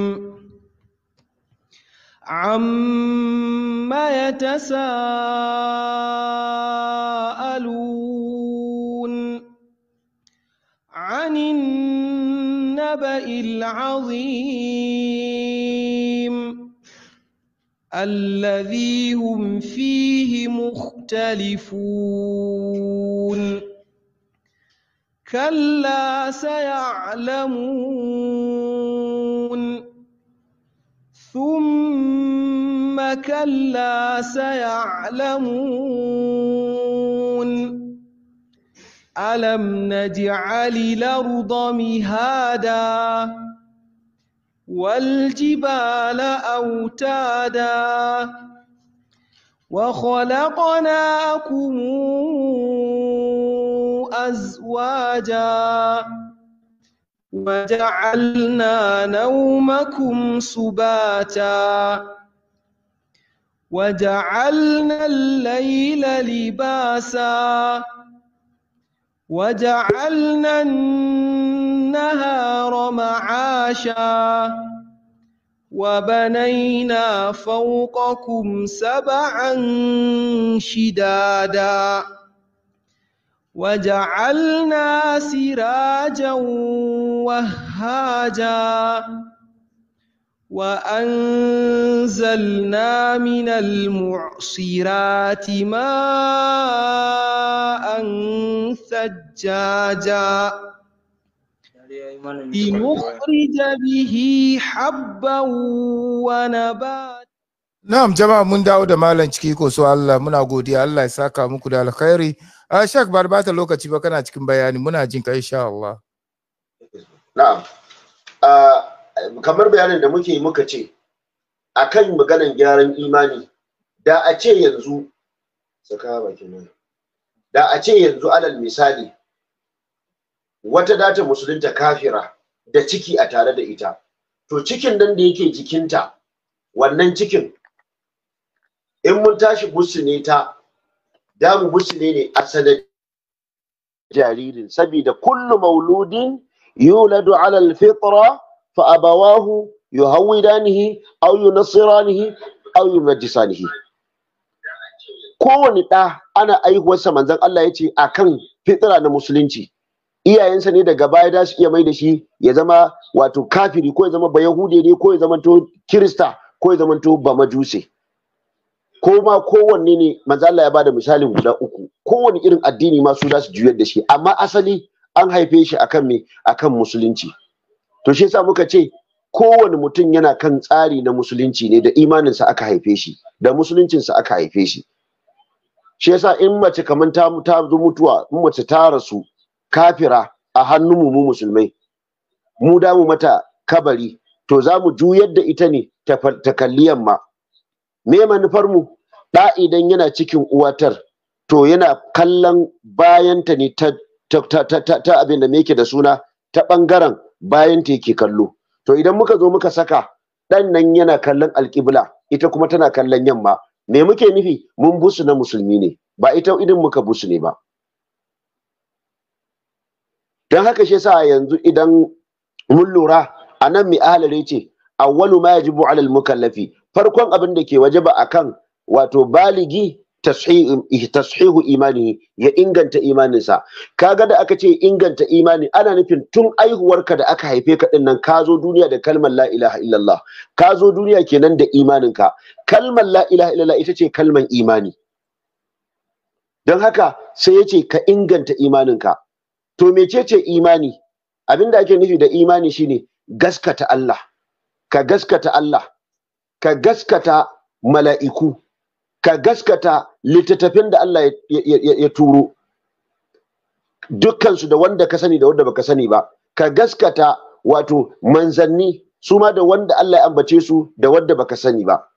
عما يتساءلون عن النبأ العظيم الذي هم فيه مختلفون كلا سيعلمون ثم كلا سيعلمون ألم نجعل الأرض مهادا والجبال أوتادا وخلقناكم أزواجا وجعلنا نومكم سباتا وجعلنا الليل لباسا وجعلنا النهار معاشا وبنينا فوقكم سبعا شدادا وجعلنا سراجا وهاجا وأنزلنا من المعصرات ماء ثجاجا لنخرج به حبا ونباتا Na'am jama'a mun dawo da malam ciki ko so Allah muna godiya Allah ya saka muku da alkhairi a ah, shak ba bata lokaci ba kana cikin bayani muna jin ka insha Allah na'am ah, kamar bayanin da muke muka ce akan maganan gyaran imani da a ce yanzu saka bakin da a ce yanzu alal misali wata data musulunta kafira da ciki a tare da ita to cikin nan da yake jikinta wannan cikin in mun tashi ne ta damu musulmi ne sanar jaririn saboda kullu mauludin yuladu Alal, Fitra, fa abawahu yuhawidanihi aw yunasiranihi aw yumajjisanihi kowane ɗa ana aihuwarsa manzon Allah ya ce akan fitra na musulunci iyayensa ne daga baya da su iya mai da shi ya zama wato kafiri ko ya zama bayahude ne ko ya zama to kirista ko ya zama to bamajuse ko ma kowanne ne Manzala ya bada misali guda uku kowanne irin addini ma su za su juyar da shi amma asali an haife shi akan me akan musulunci to shi yasa muka ce kowane mutum yana kan tsari na musulunci ne da imaninsa aka haife shi da musuluncinsa aka haife shi shi yasa in mace kamar ta ta mutuwa in mace ta rasu kafira a hannun mu mu musulmai mu damu mata kabari to za mu juyar da ita ne ta kalli yamma me manufar mu da idan yana cikin uwatar to yana kallon bayanta ne ta ta ta ta, ta, da me yake da suna ta bangaren bayanta yake kallo to idan muka zo muka saka dan nan yana kallon alkibla ita kuma tana kallon yamma me muke nufi mun busu na musulmi ne ba ita idan muka busu ne ba dan haka shi sa yanzu idan mun lura anan nan mai ce awwalu ma yajibu alal mukallafi farkon abin da ke waje ba a kan, wato baligi tashihu imani ya inganta imaninsa kaga da aka ce inganta imani ana nufin tun aihuwarka da aka haife ka ɗin nan ka zo duniya da kalmar la ilaha illallah ka zo duniya kenan da imaninka kalmar la ilaha ita ce kalmar imani don haka sai ya ce ka inganta imaninka to mecece imani abinda ake nufi da imani shine gaskata Allah ka gaskata Allah ka gaskata mala'iku ka gaskata littattafin da Allah ya turo dukkansu da wanda ka sani da wanda baka sani ba ka gaskata wato manzanni su ma da wanda Allah ya ambace su da wanda baka sani ba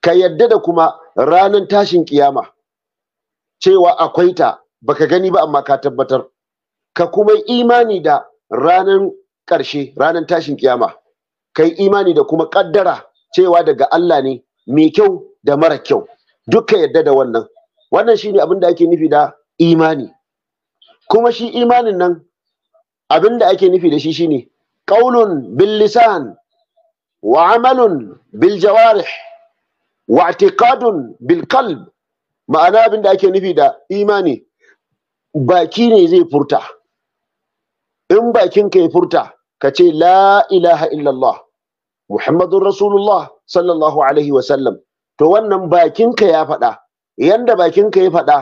ka yadda da kuma ranar tashin kiyama cewa akwai ta baka gani ba amma ka tabbatar ka kuma imani da ranar ƙarshe ranar tashin kiyama ka yi imani da kuma ƙaddara cewa daga Allah ne mai kyau da mara kyau duka yadda da wannan wannan shine abin da ake nufi da imani kuma shi imanin nan abin da ake nufi da shi shine qaulun bil lisan wa amalun bil jawarih wa i'tiqadun bil qalb ma'ana abin da ake nufi da imani baki ne zai furta in bakin ka ya furta ka ce la ilaha illallah Muhammadun Rasulullah sallallahu alaihi wasallam to wannan bakinka ya faɗa yanda bakinka ya faɗa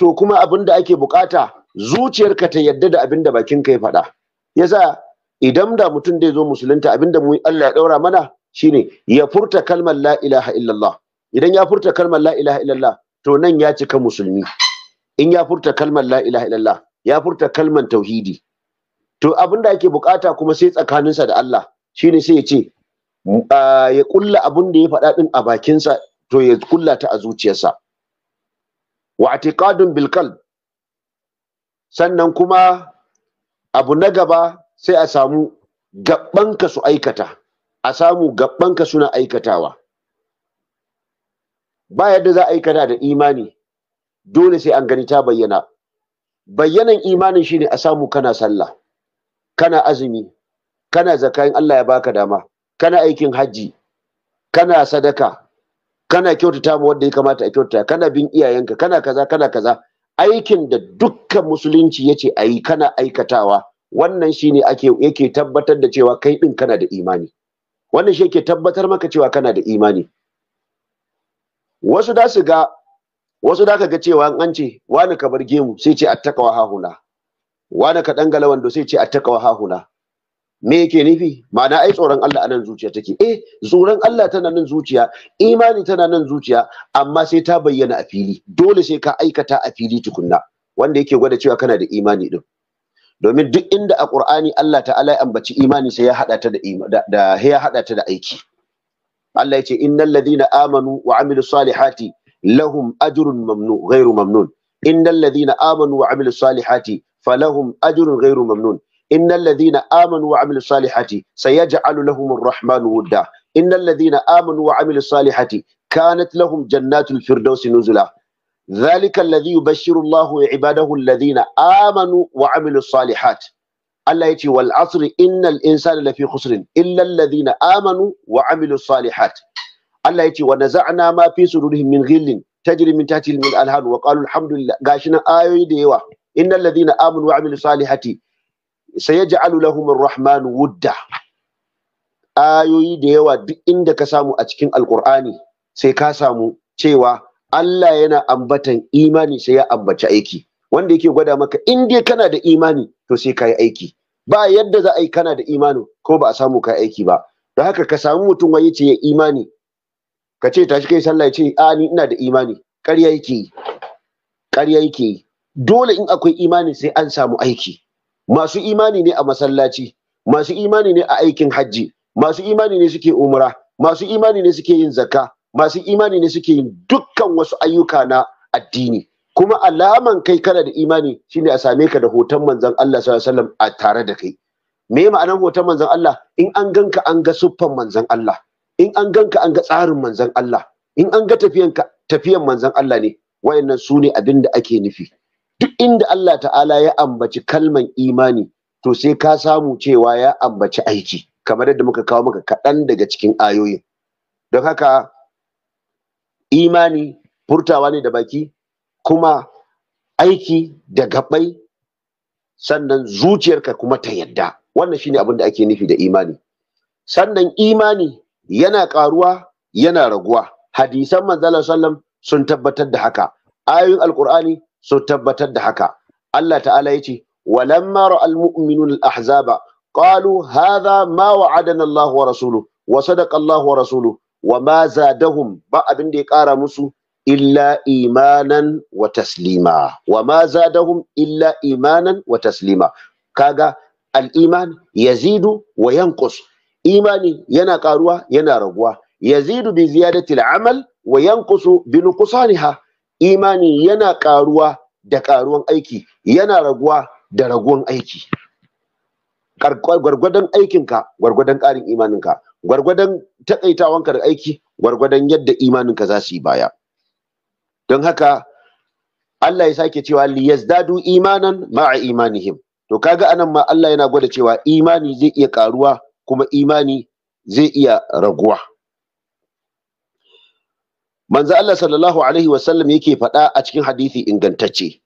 to kuma abin da ake bukata zuciyarka ta yadda da abin da bakinka ya faɗa yasa idan da mutum zai zo musulunta abin da Allah ya ɗaura mana shine ya furta kalmar la ilaha illallah idan ya furta kalmar la illallah to nan ya cika musulmi in ya furta kalmar la ilaha illallah ya furta kalmar tauhidi to abin da ake bukata kuma sai tsakaninsa da Allah shine sai ya ce ah, ya kulla abun da ya faɗa din a bakinsa to ya kulla ta a zuciyarsa wa i'tiqadun bil qalb sannan kuma abu na gaba sai a samu gabbanka su aikata a samu gabbanka suna aikatawa ba yadda za a aikata da imani dole sai an gani ta bayyana bayyanan imanin shine a samu kana sallah kana azumi kana zakayin Allah ya baka dama kana aikin hajji kana sadaka kana kyautata mu wanda ya kamata a kyautata kana bin iyayenka kana kaza kana kaza aikin da dukkan musulunci yace ayi kana aikatawa wannan shine ake yake tabbatar da cewa kai din kana da imani wannan shi yake tabbatar maka cewa kana da imani wasu da su ga wasu da ka cewa an ance, wani ka bar gemu sai ce attaqwa hahuna wani ka dangala wando sai ce attaqwa hahuna me yake nufi ma'ana ai tsoron Allah anan zuciya take eh tsoron Allah tana nan zuciya imani tana nan zuciya amma sai ta bayyana a fili dole sai ka aikata a fili tukunna wanda yake gwada cewa kana da imani din domin duk inda a Qur'ani Allah ta'ala ya ambaci imani sai ya hada ta da da ya hada ta da aiki Allah yace innal ladina amanu wa amilus salihati lahum ajrun mamnu ghairu mamnun innal ladina amanu wa amilus salihati falahum ajrun ghairu mamnun innal ladhina amanu wa amilus salihati sayaj'alu lahumur rahmanu wudda innal ladhina amanu wa amilus salihati kanat lahum jannatul firdausi nuzula ذلك الذي يبشر الله عباده الذين آمنوا وعملوا الصالحات الله يتي والعصر إن الإنسان لفي خسر إلا الذين آمنوا وعملوا الصالحات الله يتي ونزعنا ما في صدورهم من غل تجري من تحتهم الأنهار وقالوا الحمد لله قاشنا آيو ديوا إن الذين آمنوا وعملوا الصالحات Saya ja'alu ar-rahman wudda ayoyi da yawa duk inda ka samu a cikin alqur'ani sai ka samu cewa Allah yana ambatan imani sai ya ambaci aiki wanda yake gwada maka in dai kana da imani to sai ka yi aiki ba yadda za a kana da imani ko ba a samu ka aiki ba da haka ka samu mutum wani ce ya imani ka ce tashi kai sallah ya ce a ni ina da imani ƙarya yake yi ƙarya yake yi dole in akwai imani sai an samu aiki masu imani ne a masallaci masu imani ne a aikin hajji masu imani ne suke umura. masu imani ne suke yin zakka masu imani ne suke yin dukkan wasu ayyuka na addini kuma alaman kai kana da imani shine a same ka da hoton manzon Allah sallallahu alaihi wasallam a tare da kai me ma'anar hoton manzon Allah in an ganka an ga suffan manzon Allah in an ganka an ga tsarin manzon Allah in an ga tafiyanka tafiyan manzon Allah ne wayannan su ne abin da ake nufi duk inda Allah ta'ala ya ambaci kalman imani to sai ka samu cewa ya ambaci aiki kamar yadda muka kawo maka kaɗan daga cikin ayoyin don haka imani furtawa ne da baki kuma aiki da gabai sannan zuciyarka kuma ta yadda wannan shine abin da ake nufi da imani sannan imani yana karuwa yana raguwa hadisan manzala sallam sun tabbatar da haka ayoyin alkur'ani so tabbatar da haka Allah ta'ala yace walamma ra'al mu'minuna al-ahzaba qalu hadha ma wa'adana Allah wa Rasulu, wa sadaqa Allah wa Rasulu, wa ma zadahum ba abin da ya kara musu illa imanan wa taslima wa ma zadahum illa imanan wa taslima kaga al-iman yazidu wa yanqus imani yana karuwa yana raguwa yazidu bi ziyadati al-amal wa yanqusu bi saniha. imani yana ƙaruwa da ƙaruwan aiki yana raguwa da raguwan aiki gwargwadon aikinka gwargwadon ƙarin imaninka gwargwadon taƙaitawanka da aiki gwargwadon yadda imaninka za su yi baya don haka Allah ya sake cewa liyazdadu imanan ma'a imanihim to kaga anan ma Allah yana gwada cewa imani zai iya ƙaruwa kuma imani zai iya raguwa manzo Allah sallallahu alaihi wasallam yake faɗa a cikin hadisi ingantacce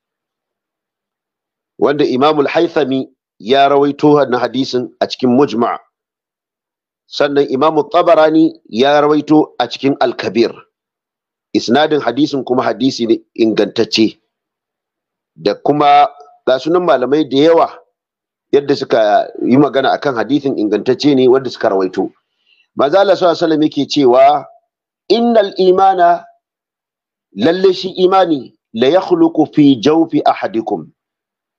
wanda Imam al-Haythami ya rawaito wannan hadisin a cikin Mujma' sannan Imam tabarani ya rawaito a cikin Al-Kabir isnadin hadisin kuma hadisi ne ingantacce da kuma ga sunan malamai da yawa yadda suka yi magana akan hadisin ingantacce ne wanda suka rawaito manzo Allah sallallahu alaihi wasallam yake cewa innal imana lalle shi imani la yakhluqu fi jawfi ahadikum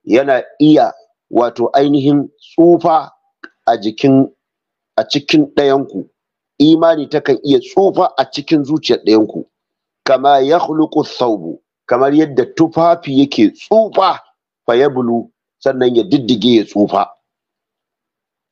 yana iya wato ainihin tsufa a jikin a cikin ɗayanku imani takan iya tsufa a cikin zuciyar ɗayanku kama yakhluqu thawbu kamar yadda tufafi yake tsufa fa yablu sannan ya diddige ya tsufa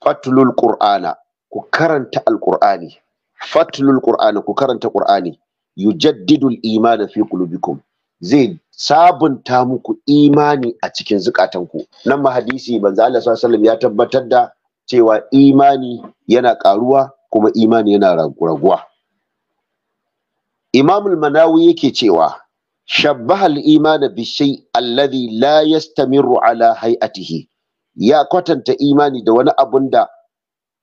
fatlul qur'ana ku karanta alqur'ani fatlul qur'ani, ku karanta qur'ani yujaddidul iman fi qulubikum zai sabunta muku imani a cikin zukatanku nan ma hadisi manzo Allah sallallahu alaihi ya tabbatar da cewa imani yana karuwa kuma imani yana raguwa Imam al-Manawi yake cewa shabbaha al iman bi shay alladhi la yastamirru ala hay'atihi ya kwatanta imani da wani abun da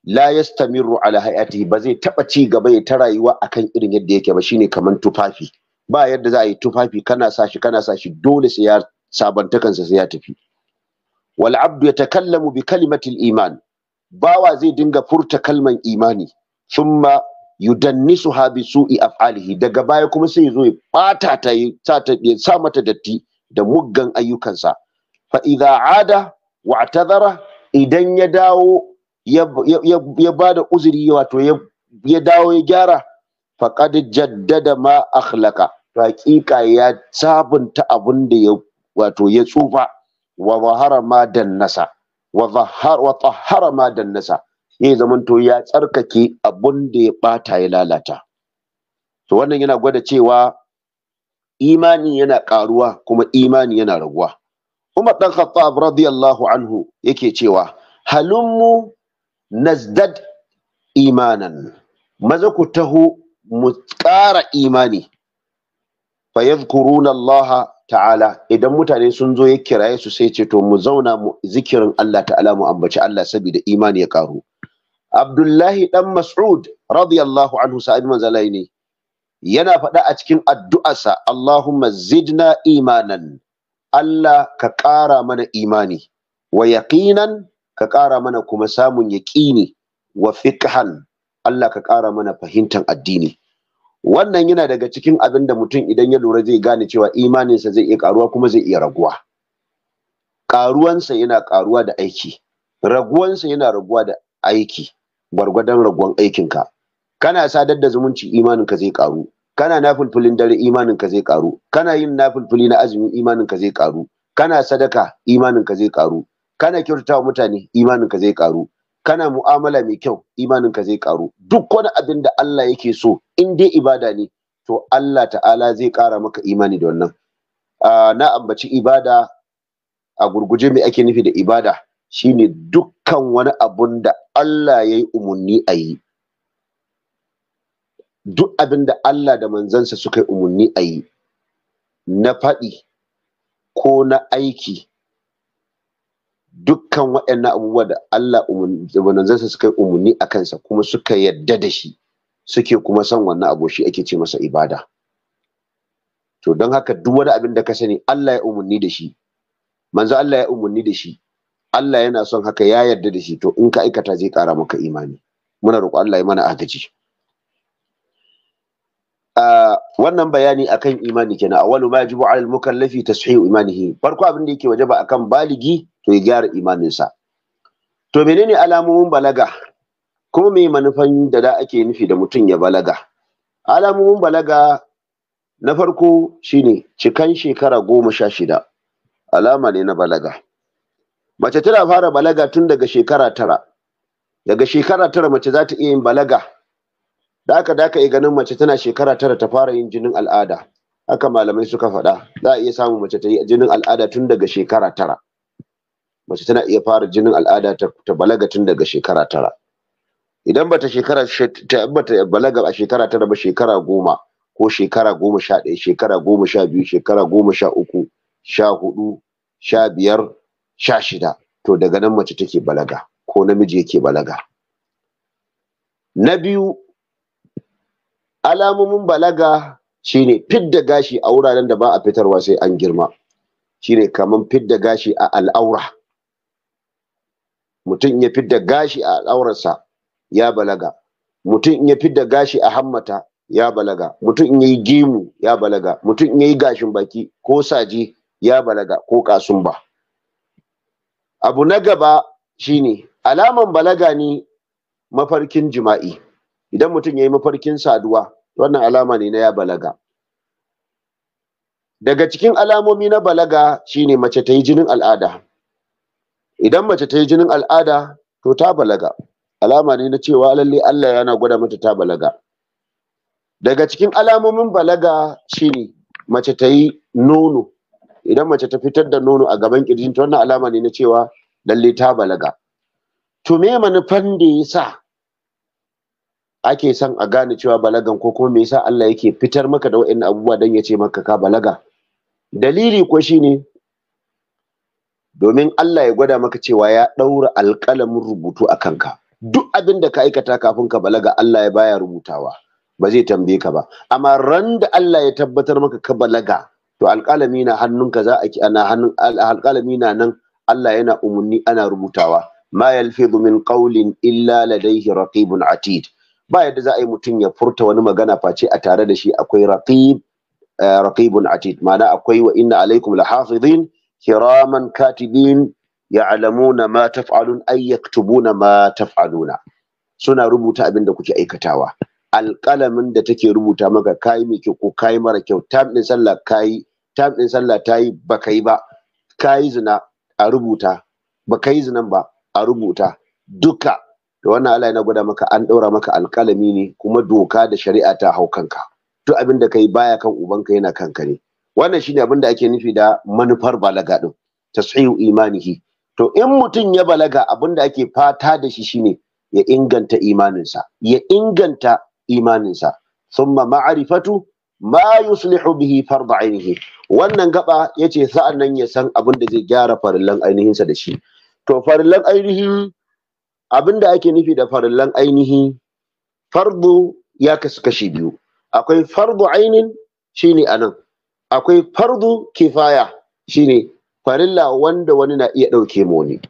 la yastamiru ala hayatihi ba zai taba ci gaba ya ta rayuwa akan irin yadda yake ba shine kaman tufafi ba yadda za a yi tufafi kana sa kana sashi, dole sai ya sabanta kansa sai ya tafi wal abdu yatakallamu bi kalimatil iman bawa zai dinga furta kalman imani thumma yudannisuha bi su'i af'alihi daga baya kuma sai zo ya bata ta yi sa ta sa mata datti da muggan ayyukansa fa idza ada wa idan ya dawo ya ba da uzuri wato ya dawo ya gyara faƙad jaddada ma akhlaka haƙiƙa ya sabunta abin da ya wato ya tsufa wa zahara ma dannasa wa zahar wa tahara ma dannasa yayi zamanto ya tsarkake abin da ya bata ya lalata to wannan yana gwada cewa imani yana ƙaruwa kuma imani yana raguwa Umar ɗan Khattab radiyallahu anhu yake cewa halummu nazdad imanan maza ku taho mu ƙara imani fa yadhkuruna Allah ta'ala idan mutane sun zo ya kiraye su sai ce to mu zauna mu zikirin Allah ta'ala mu ambaci Allah saboda imani ya karu Abdullahi dan Mas'ud radiyallahu anhu sa'id manzalai ne yana faɗa a cikin addu'arsa Allahumma zidna imanan Allah ka ƙara mana imani wa yaqinan ka ƙara mana kuma samun yaƙini wa fiƙhan Allah ka ƙara mana fahimtar addini wannan yana daga cikin abin da mutum idan ya lura zai gane cewa imaninsa zai iya ƙaruwa kuma zai iya raguwa ƙaruwansa yana ƙaruwa da aiki raguwansa yana raguwa da aiki gwargwadon raguwan aikinka kana sadar da zumunci imaninka zai ƙaru kana nafulfulin dare imaninka zai ƙaru kana yin nafulfuli na azumi imaninka zai ƙaru kana sadaka imaninka zai ƙaru kana wa mutane imaninka zai karu kana mu'amala mai kyau imaninka zai karu duk wani abin da Allah yake so in dai ibada ne to Allah ta'ala zai kara maka imani da wannan na ambaci ibada a gurguje me ake nufi da ibada shine dukkan wani abun da Allah ya yi umarni a yi duk abin da Allah da manzansa suka yi umarni a yi na faɗi ko na aiki dukkan waɗannan abubuwa da Allah umarninsa suka yi umarni a kansa kuma suka yadda da shi suke kuma san wannan abu shi ake ce masa ibada to don haka duk wani abin da ka sani Allah ya umarni da shi manzo Allah ya umarni da shi Allah yana son haka ya yarda da shi to in ka aikata zai ƙara maka imani muna roƙo Allah ya mana agaji wannan bayani akan imani kenan awwalu ma yajibu 'ala al-mukallafi tashihu imanihi farko abin da yake wajaba akan baligi to ya gyara imaninsa to ne alamomin balaga ko me manufan da da ake nufi da mutum ya balaga alamomin balaga na farko shine cikan shekara goma sha shida alama ne na balaga mace tana fara balaga tun daga shekara tara daga shekara tara mace za ta iya yin balaga da aka da aka ganin mace tana shekara tara ta fara yin jinin al'ada haka malamai suka faɗa za a iya samun mace ta yi jinin al'ada tun daga shekara tara mace tana iya fara jinin al'ada ta balaga tun daga shekara tara idan bata shekara bata balaga a shekara tara ba shekara goma ko shekara goma sha ɗaya shekara goma sha biyu shekara goma sha uku sha hudu sha biyar sha shida to daga nan mace take balaga ko namiji yake balaga na biyu alamomin balaga shine fidda gashi a wuraren da ba a fitarwa sai an girma shine kaman fidda gashi a al'aura mutum ya fidda gashi a ɗaurarsa ya balaga mutum in ya fidda gashi a hammata ya balaga mutum in yi gimu ya balaga mutum in yi gashin baki ko saji ya balaga ko kasumba abu na gaba shine alaman balaga ne mafarkin jima'i idan mutum ya yi mafarkin saduwa wannan alama ne na ya balaga daga cikin alamomi na balaga shine mace ta yi jinin al'ada idan mace ta yi jinin al'ada to ta balaga alama ne na cewa lalle Allah yana gwada mata ta balaga daga cikin alamomin balaga shine mace ta yi nono idan mace ta fitar da nono a gaban kirjinta wannan alama ne na cewa lalle ta balaga to me manufan da ya sa ake son a gane cewa balagan ko kuma me yasa Allah yake fitar maka da wa'annan abubuwa dan ya ce maka ka balaga dalili ko shine domin Allah ya gwada maka cewa ya ɗaura alƙalamin rubutu a kanka duk abin da ka aikata kafin ka balaga Allah ya baya rubutawa ba zai tambaye ka ba amma ran da Allah ya tabbatar maka ka balaga to alƙalami na hannunka za a ana hannun alƙalami na nan Allah yana umarni ana rubutawa ma yalfidu min qawlin illa ladayhi raqibun atid ba yadda za a yi mutum ya furta wani magana face a tare da shi akwai raqib eh, raqibun atid ma'ana akwai wa inna alaikum lahafizin kiraman katibin ya'lamuna ma taf'alun ay yaktubuna ma taf'aluna suna rubuta abinda kuke aikatawa alkalamin da take rubuta maka kayi mai ko kayi mara kyau tam din sallah tayi baka yi ba zina a rubuta baka ba a rubuta duka da wannan Allah na gwada maka an ɗaura maka alkalami ne kuma doka da shari'a ta hau kanka duk abin da kai baya kan ubanka yana kanka ne wannan shine abin da ake nufi da manufar balaga din tasihu imanihi to in mutum ya balaga abin da ake fata da shi shine ya inganta imaninsa ya inganta imaninsa thumma ma'rifatu ma yuslihu bihi farda ainihi wannan gaba yace sa'an nan ya san abin da zai gyara farillan sa da shi to farillan ainihi abin da ake nufi da farillan ainihi fardu ya kasu kashi biyu akwai fardu ainin shine anan akwai fardu kifaya shine farilla wanda wani na iya ɗauke mu wani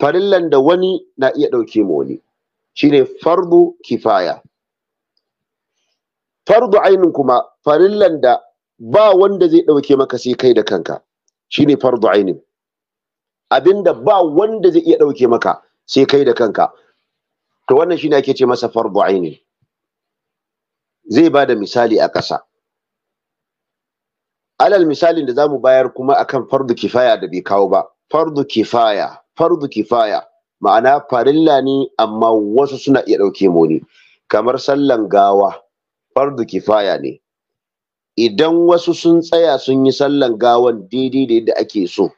farillan da wani na iya ɗauke mu shine fardu kifaya fardu ainin kuma farillan da ba wanda zai ɗauke maka sai kai da kanka shine fardu ainin abinda ba wanda zai iya ɗauke maka sai kai da kanka to wannan shine ake ce masa fardu ainin zai ba da misali a ƙasa alal misalin da zamu bayar kuma akan fardu kifaya da bai kawo ba fardu kifaya fardu kifaya ma'ana farilla ne amma wasu suna iya ɗauke muni, kamar sallan gawa fardu kifaya ne idan wasu sun tsaya sun yi sallan gawan daidai da yadda ake so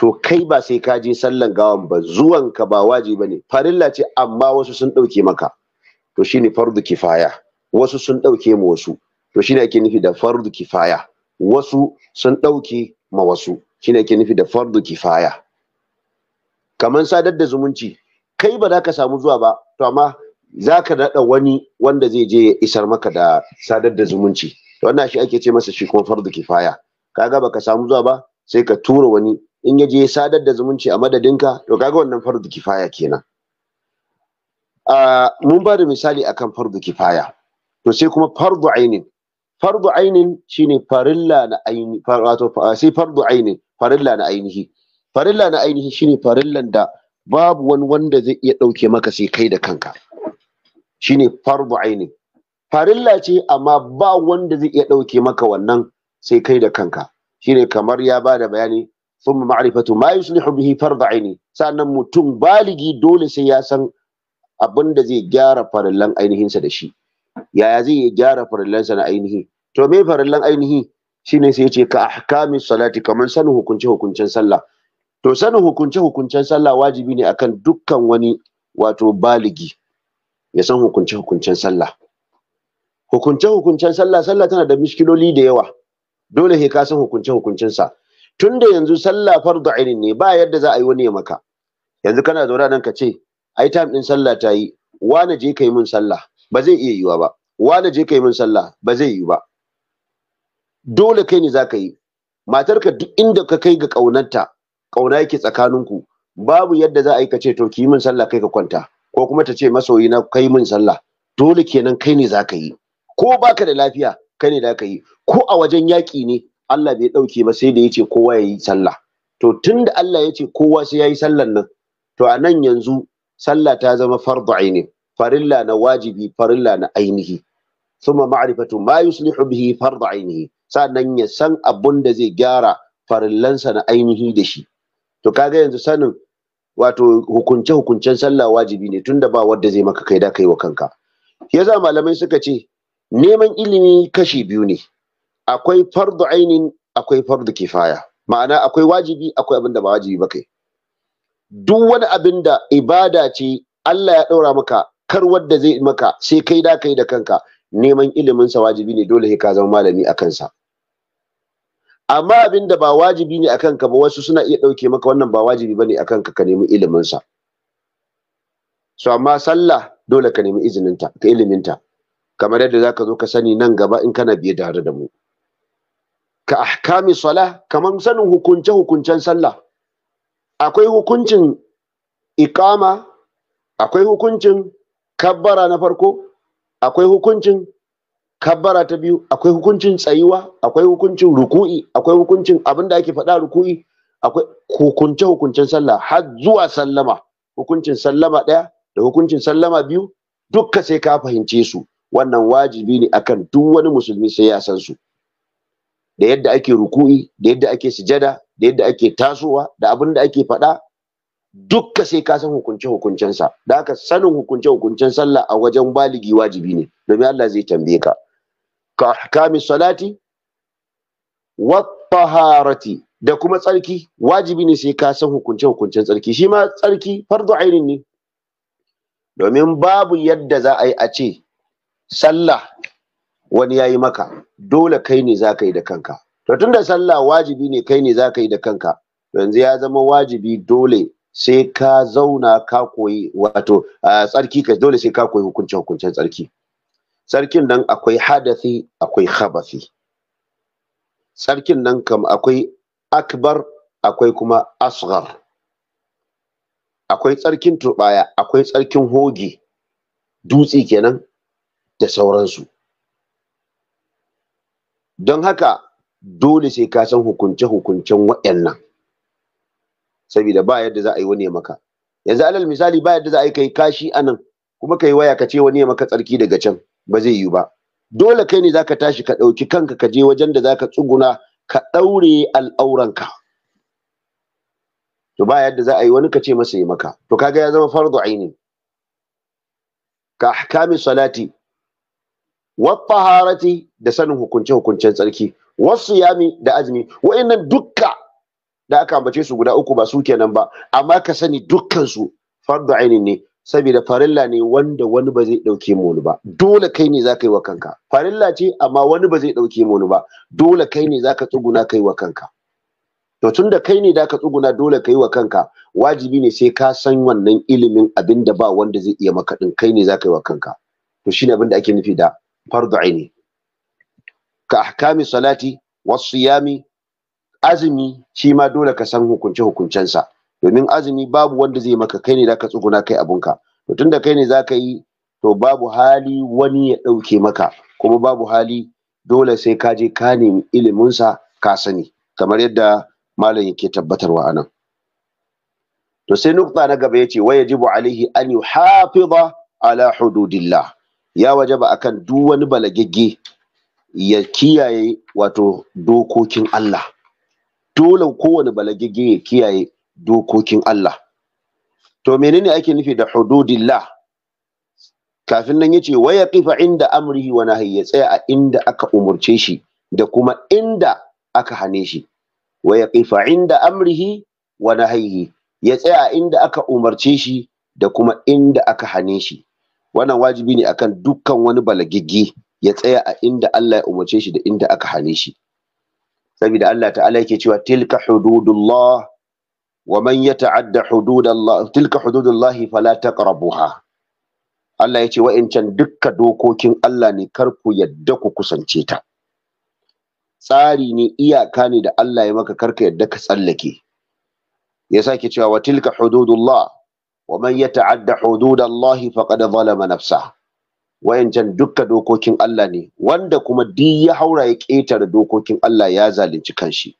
to kai ba sai ka je sallan gawan ba zuwanka ba wajibi bane farilla ce amma wasu sun ɗauke maka to shine fardu kifaya wasu sun ɗauke mu wasu to shine ake nufi da fardu kifaya wasu sun ɗauke ma wasu shine ke nufi da fardu kifaya kamar sadar da zumunci kai ba za ka samu zuwa ba to amma za ka daɗa wani wanda zai je ya isar maka da sadar da zumunci To wannan shi ake ce masa shi kuma fardu kifaya kaga baka samu zuwa ba sai ka tura wani in ya je sadar da zumunci a madadinka to kaga wannan fardu kifaya kenan ah, mun ba da misali akan fardu kifaya to sai kuma fardu ainin fardu ainin shine farilla na aini wato sai fardu ainin farilla na ainihi farilla na ainihi shine farillan da babu wani wanda zai iya ɗauke maka sai kai da kanka shine fardu ainin farilla ce amma ba wanda zai iya ɗauke maka wannan sai kai da kanka shine kamar ya ba da bayani ثم معرفة ما يصلح bihi fardu عيني sannan mutum baligi dole sai ya san abin da zai gyara farillan ainihinsa da shi yaya zai gyara farillansa na ainihi to me farallan ainihi shine sai yace ka ahkami salati kaman sanin hukunce hukuncen sallah to sanin hukunce hukuncen sallah wajibi ne akan dukkan wani wato baligi ya san hukunce hukuncen sallah hukunce hukuncen sallah sallah tana da mishkiloli da yawa dole sai ka san hukunce hukuncinsa. sa tunda yanzu sallah fardu ainin ne ba yadda za a yi wani ya maka yanzu kana zaune nan ka ce ai time din sallah ta yi wane je kai min sallah ba zai iya yiwa ba wane je kai min sallah ba zai yiwu ba dole kai ne za ka yi matarka duk inda ka kai ga ƙaunarta ƙauna yake tsakaninku babu yadda za a yi ka ce to ki min sallah kai ka kwanta ko kuma ta ce masoyi na kai min sallah dole kenan kai ne za ka yi ko baka da lafiya kai ne za ka yi ko a wajen yaki ne Allah bai ɗauke ba sai da ya ce kowa ya yi sallah to tun da Allah ya ce kowa sai ya yi sallan nan to a nan yanzu sallah ta zama fardu aini farilla na wajibi farilla na ainihi ثم معرفة ما يصلح به فرض عينه sannan ya san abun da zai gyara farillansa na ainihi da shi to kaga yanzu sanin wato hukunce hukuncen sallah wajibi ne tunda ba wanda zai maka kai kai wa kanka yasa malamai suka ce neman ilimi kashi biyu ne akwai fardu ainin akwai fardu kifaya ma'ana akwai wajibi akwai abin da ba wajibi ba kai duk wani abin da ibada ce Allah ya ɗaura maka kar wadda zai maka sai kai da kai da kanka neman ilimin sa wajibi ne dole sai ka zama malami a kansa amma abin da ba wajibi ne akan ka ba wasu suna iya ɗauke maka wannan ba wajibi bane akan ka ka nemi ilimin sa so amma sallah dole ka nemi izinin ta ka iliminta, kamar yadda zaka zo ka sani nan gaba in kana biye da da mu ka ahkami salah kamar sanin hukunce hukuncen sallah akwai hukuncin iqama akwai hukuncin kabbara na farko akwai hukuncin kabbara ta biyu akwai hukuncin tsayuwa akwai hukuncin ruku'i akwai hukuncin abin da ake faɗa ruku'i akwai hukunce hukuncen sallah har zuwa sallama hukuncin sallama ɗaya da hukuncin sallama biyu dukka sai ka fahimce su wannan wajibi ne akan duk wani musulmi sai ya san su da yadda ake ruku'i da yadda ake sujada da yadda ake tasowa da abin da ake faɗa dukka sai ka san hukunce hukuncensa da haka sanin hukunce hukuncen sallah a wajen baligi wajibi ne domin Allah zai tambaye ka ka salati wa taharati da kuma tsarki wajibi ne sai ka san hukunce hukuncen tsarki shi ma tsarki fardu ainin ne domin babu yadda za a yi a ce sallah wani ya yi maka dole kai ne za ka yi da kanka to tunda sallah wajibi ne kai ne za ka yi da kanka yanzu ya zama wajibi dole sai ka zauna ka koyi wato tsarki ka dole sai ka koyi hukunce hukuncen tsarki sarkin nan akwai hadathi akwai khabathi sarkin nan kam akwai akbar akwai kuma asghar akwai tsarkin turbaya akwai tsarkin hoge dutse kenan da sauransu don haka dole sai ka san hukunce-hukuncen waɗannan saboda ba yadda za a yi wani maka yanzu alal misali ba yadda za a yi kai kashi anan kuma kai waya ka ce wani maka tsarki daga can ba zai yiwu ba dole kai ne zaka tashi ka ɗauki kanka ka je wajen da zaka tsuguna ka ɗaure al'auranka to ba yadda za a yi wani ka ce masa yi maka to kaga ya zama fardu aini ka ahkami salati wa taharati da sanin hukunce hukuncen tsarki wasu yami da azumi wa'annan dukka da aka ambace su guda uku ba su kenan ba amma ka sani dukkan su fardu aini ne saboda farilla ne wanda wani ba zai dauke mu ba dole kai ne za ka yi wa kanka farilla ce amma wani ba zai ɗauke mu ba dole kai ne za ka tsuguna kai wa kanka to tun da kai ne za ka tsuguna dole ka yi wa kanka wajibi ne sai ka san wannan ilimin abin da ba wanda zai iya maka din kai ne za ka yi wa kanka to shine abin da ake nufi da fardu aini ka ahkami salati wasu yami azumi shi ma dole ka san hukunce hukuncensa domin azumi babu wanda zai maka kai ne zaka tsuguna kai abunka to tunda kai ne zaka yi to babu hali wani ya ɗauke maka kuma babu hali dole sai ka je ka nemi sa ka sani kamar yadda malam yake tabbatarwa anan to sai nukta na gaba yace wa yajibu alaihi an yuhafiza ala hududillah ya wajaba akan duk wani balagegge ya kiyaye wato dokokin Allah dole kowane balagegge ya kiyaye dokokin Allah to menene ake nufi da hududillah kafin nan yace wa yaqifa inda amrihi wa nahyi ya tsaya a inda aka umurce shi da kuma inda aka hane shi wa yaqifa inda amrihi wa nahyi ya tsaya a inda aka umurce shi da kuma inda aka hane shi wannan wajibi ne akan dukkan wani balagigi ya tsaya a inda Allah ya umarce shi da inda aka hane shi Sabida Allah ta'ala yake cewa tilka hududullah ومن يتعد حدود الله تلك حدود الله فلا تقربوها Allah ya ce wa'incan dukka dokokin Allah ne kar ku yadda ku kusance ta tsari ne iyaka ne da Allah ya maka karka yadda ka tsallake ya sake cewa wa tilka hududullah wa man yata'adda hududallahi faqad zalama nafsa wayancan dukka dokokin Allah ne wanda kuma duk ya haura ya ƙetare dokokin Allah ya zalunci kanshi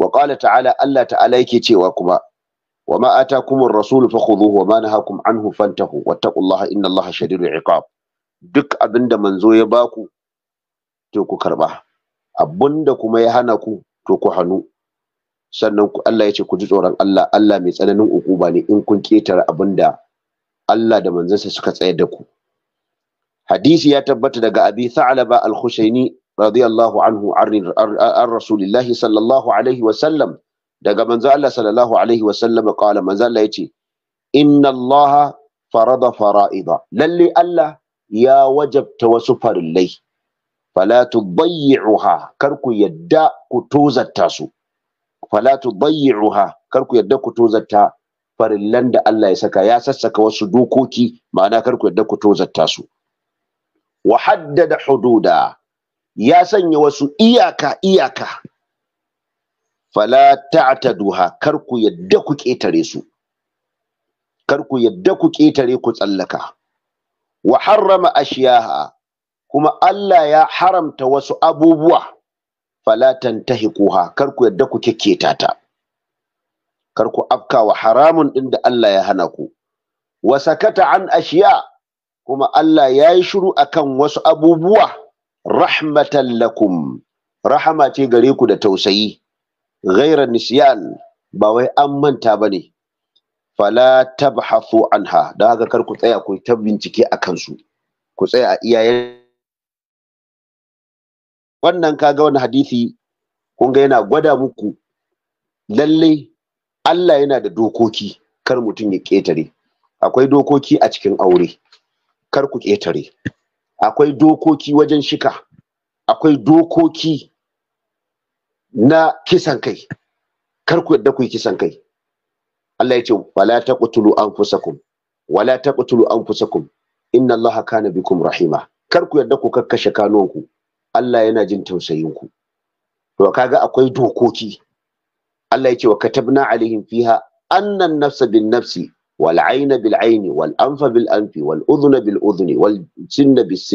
wa ƙala ta'ala Allah ta'ala yake cewa kuma wa ma'ata atakumur rasulu fakhudhuhu wa ma nahakum anhu fantahu wattaqullaha innallaha ya iqab duk abinda manzo ya baku to ku karba abinda kuma ya hana ku to ku hannu sannan Allah ya ce ku ji tsoron Allah Allah mai tsananin ukuba ne in kun ketare abinda Allah da manzansa suka tsayar da ku hadisi ya tabbata daga abi tha'laba al-khushaini radiyallahu anhu an rasulillahi sallallahu alaihi wasallam daga manzo Allah sallallahu alaihi wasallam qala manzo Allah yace inna Allah farada fara'ida lalle Allah ya wajabta wasu farillai fala tudayyi'uha kar ku yadda ku tozarta su fala tudayyi'uha kar ku yadda ku tozarta farillan da Allah ya saka ya sassaka wasu dokoki ma'ana kar ku yadda ku tozarta su wa haddada hududa ya sanya wasu iyaka iyaka fala duha kar ku yadda ku ketare su kar ku yadda ku ketare ku tsallaka wa harrama ashiyaha kuma Allah ya haramta wasu abubuwa fala tantahiquha kar ku yadda ku kekketa ta kar ku afka wa haramun din da Allah ya hana ku wa sakata an ashiya kuma Allah ya yi shiru akan wasu abubuwa rahmatan lakum rahama ce gare ku da tausayi ghaira nisyan ba wai an manta bane fala tabhathu anha da haka kar ku tsaya ku ta bincike a kansu ku tsaya a iyayen wannan kaga wani hadisi kun ga yana gwada muku Lallai Allah yana da dokoki kar mutum ya ƙetare akwai dokoki a cikin aure kar ku ƙetare akwai dokoki wajen shika akwai dokoki na kisan kai kar yadda ku yi kisan kai Allah ya ce wala taqtulu anfusakum wala taqtulu anfusakum inna Allah kana bikum rahima kar ku yadda ku kakkashe ku Allah yana jin tausayin ku to kaga akwai dokoki Allah ya ce wa katabna alaihim fiha annan nafsa bin nafsi wal aina bil aini wal anfa bil anfi wal udhuna bil udhuni wal sinna bis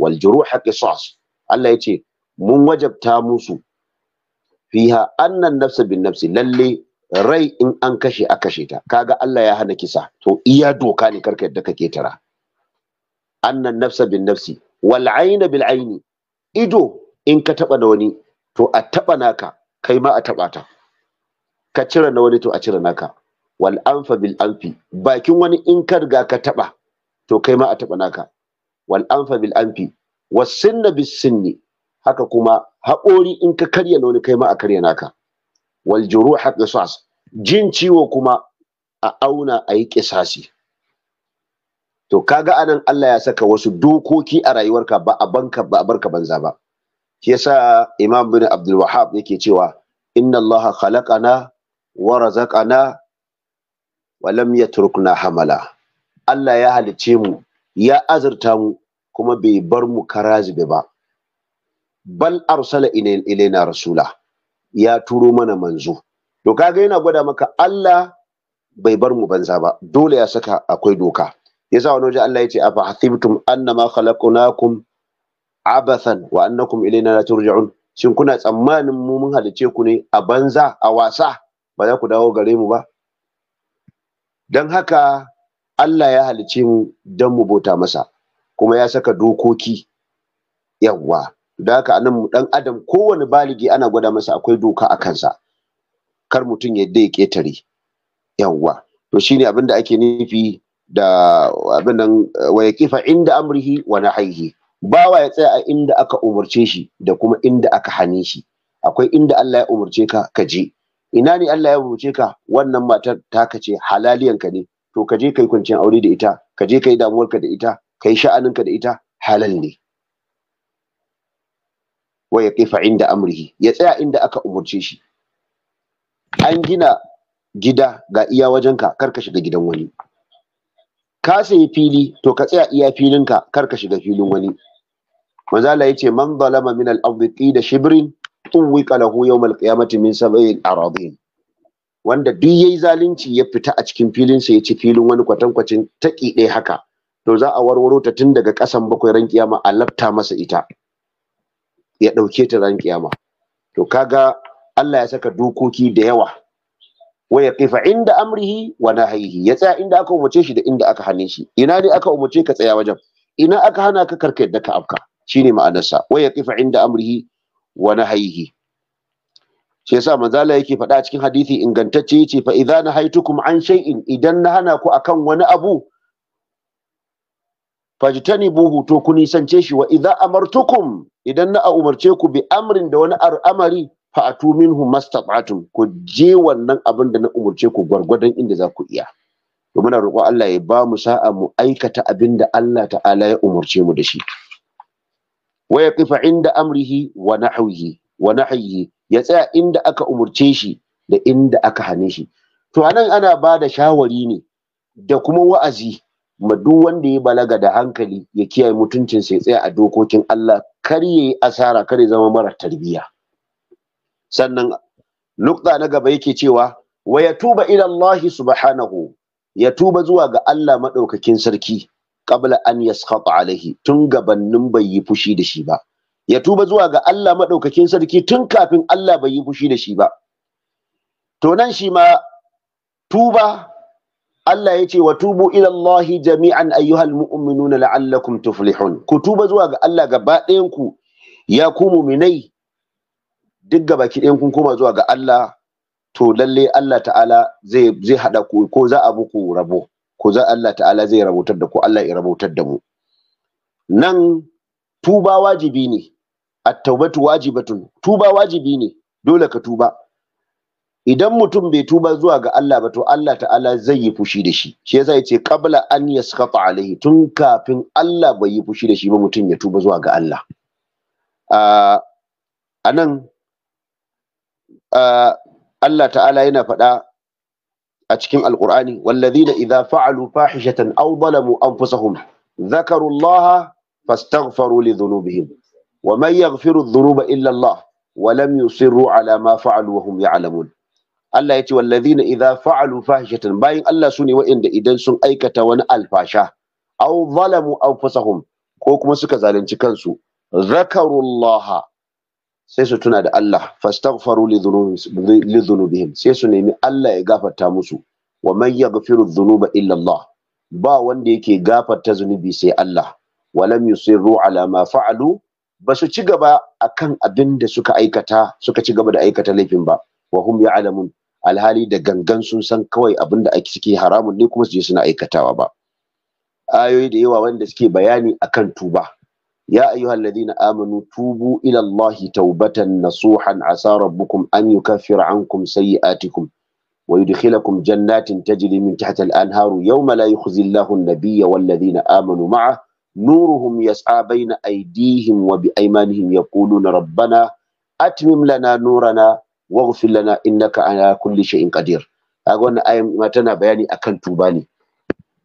wal juruha qisas Allah yace mun wajabta musu fiha annan nafsa bin nafsi lalle rai in an kashe a kashe ta kaga Allah ya hana kisa to iya doka ne karka yadda ka ketara annan nafsa bin nafsi wal ido in ka taba da wani to a taba naka kai ma a taɓa ta ka cire na wani to a cire naka wal anfa bil anfi bakin wani in ka riga ka taba to kai ma a taba naka wal anfa bil anfi was sinna bis sinni haka kuma haƙori in ka karya na wani kai ma a karya naka wal juruha qisas jin ciwo kuma a auna a yi ƙisasi to kaga anan Allah ya saka wasu dokoki a rayuwarka ba a banka ba a barka banza ba shi yasa Imam bin Abdul Wahhab yake cewa inna allaha khalaqana wa razaqana walam yatrukna hamala Allah ya halice mu ya azurta mu kuma bai bar mu karazibe ba bal arsala ilaina rasula ya turo mana manzo to kaga yana gwada maka Allah bai bar mu banza ba dole ya saka akwai doka yasa wani waje Allah ya ce afa hasibtum annama khalaqnakum abathan wa annakum ilaina la turja'un shin kuna tsammanin mu mun halice ku ne a banza a wasa ba za ku dawo gare mu ba don haka Allah ya halice mu don mu bauta masa kuma ya saka dokoki yawwa da haka anan dan adam kowane baligi ana gwada masa akwai doka a kansa kar mutum ya ya ketare yawwa to shine abin da ake nufi da abin nan wa ya kifa inda amrihi wa nahaihi bawa ya tsaya a inda aka umurce shi da kuma inda aka hane shi akwai inda Allah ya umurce ka ka je ina ne Allah ya rubuce ka wannan matar ta kace halaliyanka ne to ka je kai kwanciyar aure da ita ka je kai damuwarka da ita kai sha'aninka da ita halal ne wa ya kifa inda amrihi ya tsaya inda aka umurce shi an gina gida ga iya wajenka kar ka shiga gidan wani ka sayi fili to ka tsaya iya filinka kar ka shiga filin wani manzala yace man zalama min al-ardi qida shibrin tuwika lahu yawmal qiyamati min sab'il aradin wanda duk yayi zalunci ya fita a cikin filin sa ci filin wani kwacin taki ɗaya haka to za a warwaro ta tun daga kasan bakwai ran kiyama a lafta masa ita ya ɗauke ta ran kiyama to kaga Allah ya saka dokoki da yawa wa yaqifa inda amrihi wa nahayhi ya tsaya inda aka umarce shi da inda aka hane shi ina ne aka umarce ka tsaya wajen ina aka hana ka karka da ka afka shine ma'anarsa wa yaqifa inda amrihi wani haihi shi yasa manzala yake faɗa a cikin hadisi ingantacce yace fa idza nahaitukum an shay'in idan na hana ku akan wani abu buhu to ku nisance shi wa idza amartukum idan na umarce ku bi amrin da wani al'amari fa atu minhu mastata'tum ku je wannan abin da na umarce ku gwargwadon inda za ku iya to muna roƙon Allah ya ba mu sa'a mu aikata abin da Allah ta'ala ya umarce mu da shi Waya kifa inda amrihi wa nahwihi wa ya tsaya inda aka umurce shi da inda aka hane shi to anan ana bada shawari ne da kuma wa'azi ma duk wanda ya balaga da hankali ya kiyaye mutuncin sai tsaya a dokokin Allah kar ya yi asara kar ya zama mara tarbiyya sannan nukta na gaba yake cewa wa ya tuba ila Allah subhanahu ya tuba zuwa ga Allah madaukakin sarki qabla an yaskhata alaihi tun gabannin bai yi fushi da shi ba ya tuba zuwa ga Allah madaukakin sarki tun kafin Allah bai yi fushi da shi ba to nan shi ma tuba Allah ya ce wa tubu ila Allah jami'an ayyuhal mu'minuna la'allakum tuflihun ku tuba zuwa ga Allah gaba ɗayan ku ya ku muminai duk gaba ki ɗayan kun koma zuwa ga Allah to lalle Allah ta'ala zai zai hada ku ko za a buku rabo ku za Allah ta'ala zai rabotar da ku Allah ya rabotar da mu nan tuba wajibi ne at-taubatu wajibatun tuba wajibi ne dole ka tuba idan mutum bai tuba zuwa ga Allah ba to Allah ta'ala zai yi fushi da shi shi yasa yace qabla an yaskafa alaihi tun kafin Allah bai yi fushi da shi ba mutum ya tuba zuwa ga Allah a nan Allah ta'ala yana faɗa a cikin alkur'ani wallazina idza fa'alu fahishatan aw zalamu anfusahum dhakaru Allah fastaghfaru li dhunubihim wa man yaghfiru dhunuba illa Allah wa lam yusirru ala ma fa'alu wa hum ya'lamun Allah ya ce walladhina idza fa'alu fahishatan bayin Allah sune wa'inda idan sun aikata wani alfasha aw zalamu anfusahum ko kuma suka zalunci kansu zakarullaha sai su tuna da Allah fastaghfaru li dhunubihim sai su nemi Allah ya gafarta musu wa man yaghfiru dhunuba illa Allah ba wanda yake gafarta zunubi sai Allah wa lam yusirru ala ma fa'alu ba su ci gaba akan abin da suka aikata suka ci gaba da aikata laifin ba wa hum ya'lamun alhali da gangan sun san kawai abin da suke haramun ne kuma su je suna aikatawa ba ayoyi da yawa wanda suke bayani akan tuba يا أيها الذين آمنوا توبوا إلى الله توبة نصوحا عسى ربكم أن يكفر عنكم سيئاتكم ويدخلكم جنات تجري من تحت الأنهار يوم لا يخزي الله النبي والذين آمنوا معه نورهم يسعى بين أيديهم وبأيمانهم يقولون ربنا أتمم لنا نورنا واغفر لنا إنك على كل شيء قدير أقول أنا آية ما تنا بياني أكن توباني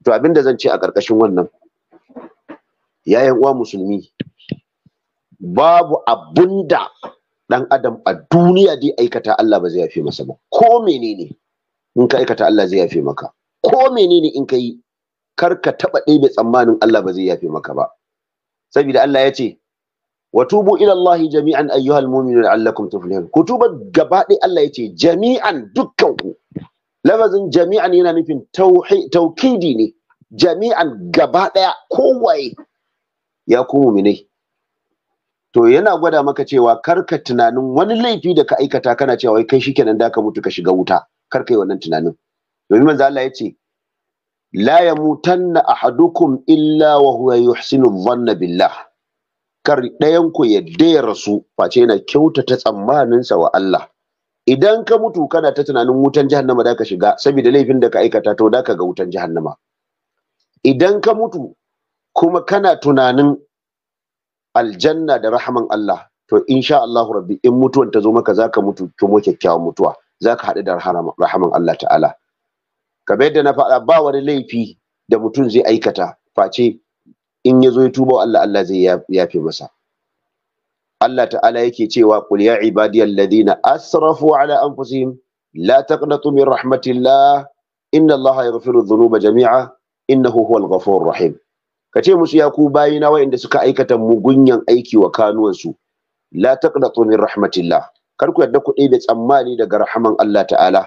تو أبين دزنشي أكركشون ونم ya yan uwa musulmi babu abunda dan adam a duniya dai aikata Allah ba zai yafe masa ba ko menene in ka aikata Allah zai yafe maka ko menene in ka yi kar ka taba ɗebe tsammanin Allah ba zai yafe maka ba saboda Allah ya ce wa tubu ila Allah jami'an ayyuhal almu'minu la'allakum tuflihun ku tuba gaba ɗaya Allah ya ce jami'an dukkan ku lafazin jami'an yana nufin tauhidi ne jami'an gaba ɗaya kowaye ya ku muminai to yana gwada maka cewa kar ka tunanin wani laifi da ka aikata kana cewa wai kai shikenan da ka mutu ka shiga wuta karka yi wannan tunanin domin manzo Allah ya ce la yamutanna ahadukum illa wa huwa yuhsinu dhanna billah kar dayan ku yadda ya rasu face yana kyautata tsammanin sa wa Allah idan ka mutu kana ta tunanin wutan jahannama da ka shiga saboda laifin da ka aikata to da ka ga wutan jahannama idan ka mutu kuma kana tunanin aljanna da rahaman Allah to insha Allahu rabbi in mutuwan ta zo maka zaka mutu kuma kyakkyawan mutuwa zaka haɗu da rahaman Allah ta'ala kamar yadda na faɗa ba wani laifi da mutum zai aikata face in ya zo ya tuba Allah Allah zai yafe masa Allah ta'ala yake cewa qul ya ibadiyal asrafu ala anfusihim la taqnatu min rahmatillah inna Allah yaghfiru dhunuba jami'a innahu huwal ghafurur rahim ka ce musu ya ku bayi na waɗanda suka aikata mugunyan aiki wa kanuwansu la taqnatu min rahmatillah kar ku yadda kuɗi da tsammani daga rahaman Allah ta'ala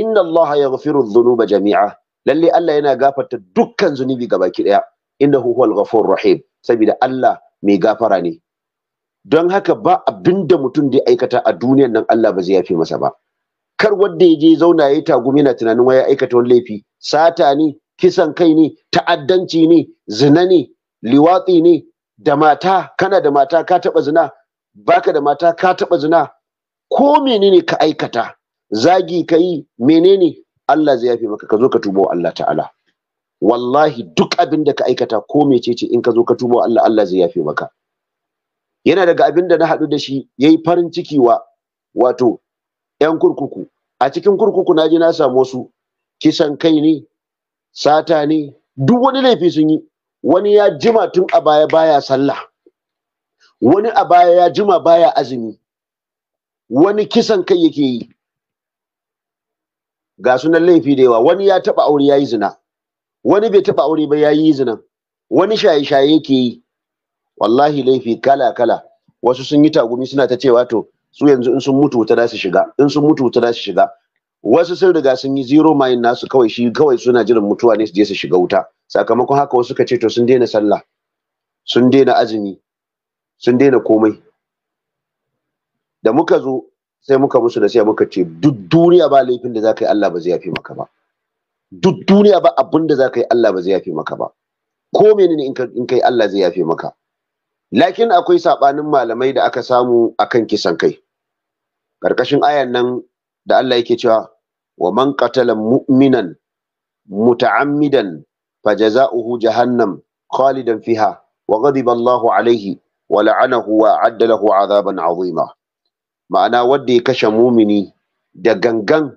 inna Allah yaghfiru dhunuba jami'a lalle Allah yana gafarta dukkan zunubi gabaki daya inda huwal ghafur rahim saboda Allah mai gafara ne don haka ba abinda da mutum da aikata a duniyan nan Allah ba zai yafe masa ba kar wanda ya je zauna ya yi tagumi na tunanin waya aikata wani laifi sata ne kisan kai ne ta'addanci ne zina ne liwatsi ne da mata kana da mata ka taɓa zina baka da mata ka taɓa zina ko menene ka aikata zagi ka yi menene Allah zai yafe maka ka zo ka tuba Allah ta'ala wallahi duk abin da ka aikata ko mecece in ka zo ka tuba Allah Allah zai yafe maka yana daga abin da na haɗu da shi yayi farin ciki wa wato 'yan kurkuku a cikin kurkuku na ji na samu wasu kisan kai ne sata ne duk wani laifi sun yi wani ya jima tun a baya baya sallah wani a baya ya jima baya azumi wani kisan kai yake yi ga sunan laifi da yawa wani ya taba aure ya yi zina wani bai taba aure ba ya yi zina wani shaye-shaye yake yi wallahi laifi kala-kala wasu sun yi tagumi suna ta cewa to su yanzu in sun mutu wuta su shiga in sun mutu wuta za su shiga wasu sun riga sun yi zero mayin nasu kawai shi kawai suna jiran mutuwa ne su je su shiga wuta sakamakon haka wasu suka ce to sun daina sallah sun daina azumi sun daina komai da muka zo sai muka musu da sai muka ce duk duniya ba laifin da zaka yi Allah ba zai yafe maka ba duk duniya ba abin da zaka yi Allah ba zai yafe maka ba ko menene in kai Allah zai yafe maka lakin akwai sabanin malamai da aka samu akan kisan kai karkashin ayan nan da Allah yake cewa wa man qatala mu'minan muta'ammidan fajaza'uhu jahannam khalidan fiha wa ghadiba Allahu alaihi wa la'anahu wa adda lahu 'adaban 'azima ma'ana wanda ya kashe mumini da gangan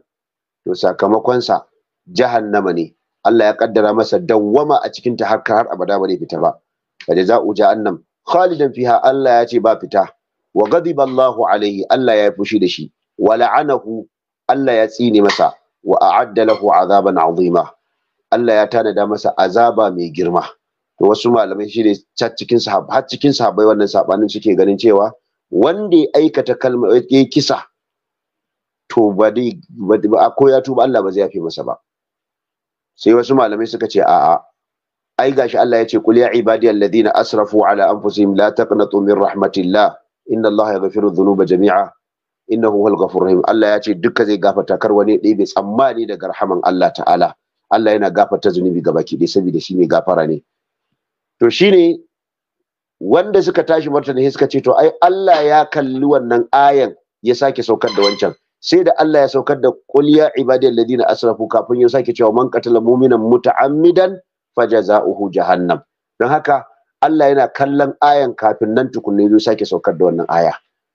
to sakamakonsa jahannama ne Allah ya kaddara masa dawwama a cikin ta har har abada ba zai fita ba fajaza'u jahannam khalidan fiha Allah ya ce ba fita wa ghadiba Allahu alaihi Allah ya fushi da shi wa la'anahu Allah ya tsine masa wa a'adda lahu azaban azima Allah ya tanada masa azaba mai girma to wasu malamai shi ne har cikin sahabbai wannan sabanin suke ganin cewa wanda ya aikata kalma ya kisa to ba dai ko ya tuba Allah ba zai yafe masa ba sai wasu malamai suka ce a'a ai gashi Allah ya ce qul ya ibadiyal ladina asrafu ala anfusihim la taqnatu min rahmatillah inna Allah yaghfiru dhunuba jami'a innahu huwal ghafurur rahim Allah ya ce duka zai gafarta kar wani ɗaya bai tsammani daga rahaman Allah ta'ala Allah yana gafarta zunubi ga baki dai saboda shi mai gafara ne to shine wanda suka tashi martani suka ce to ai Allah ya kalli wannan ayan ya sake saukar da wancan sai da Allah ya saukar da qul ya ibadiyal ladina asrafu kafin ya sake cewa man qatala mu'minan muta'ammidan fajaza'uhu jahannam don haka Allah yana kallon ayan kafin nan tukunne zai sake saukar da wannan aya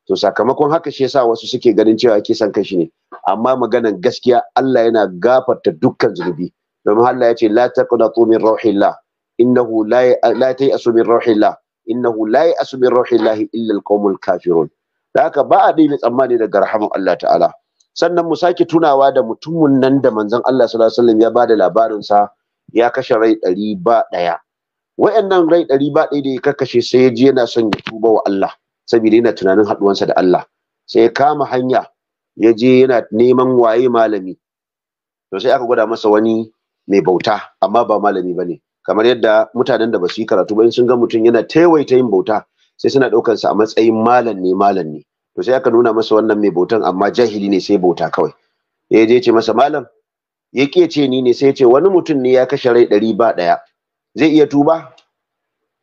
to sakamakon haka shi yasa wasu suke ganin cewa kisan kashi ne amma maganan gaskiya Allah yana gafarta dukkan zunubi domin Allah ya ce la taqnatu min rauhillah innahu la la tayasu min rauhillah innahu la yasu min rauhillah illa alqawmul kafirun da haka ba a daina tsammani daga rahman Allah ta'ala sannan mu sake tunawa da mutumin nan da manzon Allah sallallahu alaihi wasallam ya bada labarin sa ya kashe rai ɗari ba ɗaya wa'annan rai ɗari ba ɗaya da ya karkashe sai ya ji yana son ya tuba wa Allah saboda yana tunanin haɗuwansa da Allah sai ya kama hanya ya je yana neman waye malami to sai aka gwada masa wani mai bauta amma ba malami bane kamar yadda mutanen da basu yi karatu ba in sun ga mutum yana taiwaita yin bauta sai suna sa a matsayin malam ne malam ne to sai aka nuna masa wannan mai bautan amma jahili ne sai bauta kawai ya je ce masa malam ya ke ce ni ne sai ce wani mutum ne ya kashe rai ɗari ba ɗaya zai iya tuba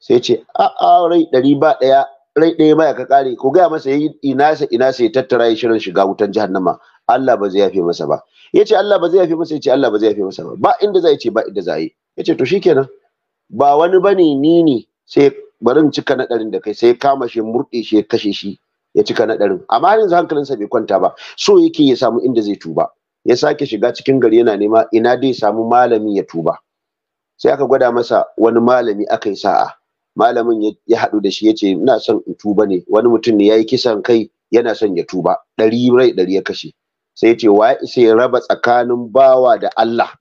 sai ce a'a rai ɗari ba ɗaya rai ɗaya maya ka kare ko gaya masa yi ina sa ina sa ya tattara ya shirin shiga wutan jahannama Allah ba zai yafe masa ba Ya ce Allah ba zai yafe masa Ya ce Allah ba zai yafe masa ba ba inda zai ce ba inda zai ce to shikenan ba wani bane ni ne sai bari in cika nadarin da kai sai kama shi murɗe shi kashe shi ya cika nadarin amma har yanzu hankalinsa bai kwanta ba so yake ya samu inda zai tuba ya sake shiga cikin gari yana nema ina dai samu malami ya tuba sai aka gwada masa wani malami aka yi sa'a malamin ya haɗu da shi ya ce ina son in tuba ne wani mutum ne ya yi kisan kai yana son ya tuba ɗari rai ɗari ya kashe sai ya ce waye isa ya raba tsakanin bawa da Allah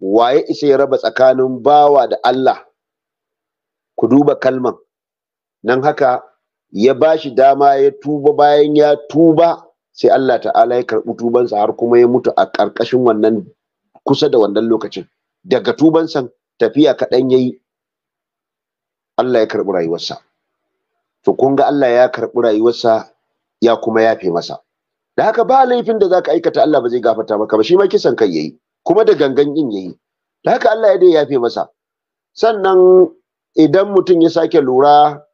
waye isa ya raba tsakanin bawa da Allah ku duba kalman nan haka ya ba shi dama ya tuba bayan ya tuba sai Allah ta'ala ya karɓi tubansa har kuma ya mutu a ƙarƙashin wannan kusa da wannan lokacin daga tubansa tafiya kaɗan ya yi Allah ya karɓi rayuwarsa to kun ga Allah ya karɓi rayuwarsa ya kuma yafe masa da haka ba laifin da zaka aikata Allah ba zai gafarta maka ba shi ma kisan kai yayi kuma da gangan yin yayi da haka Allah ya dai yafe masa sannan idan mutum ya sake lura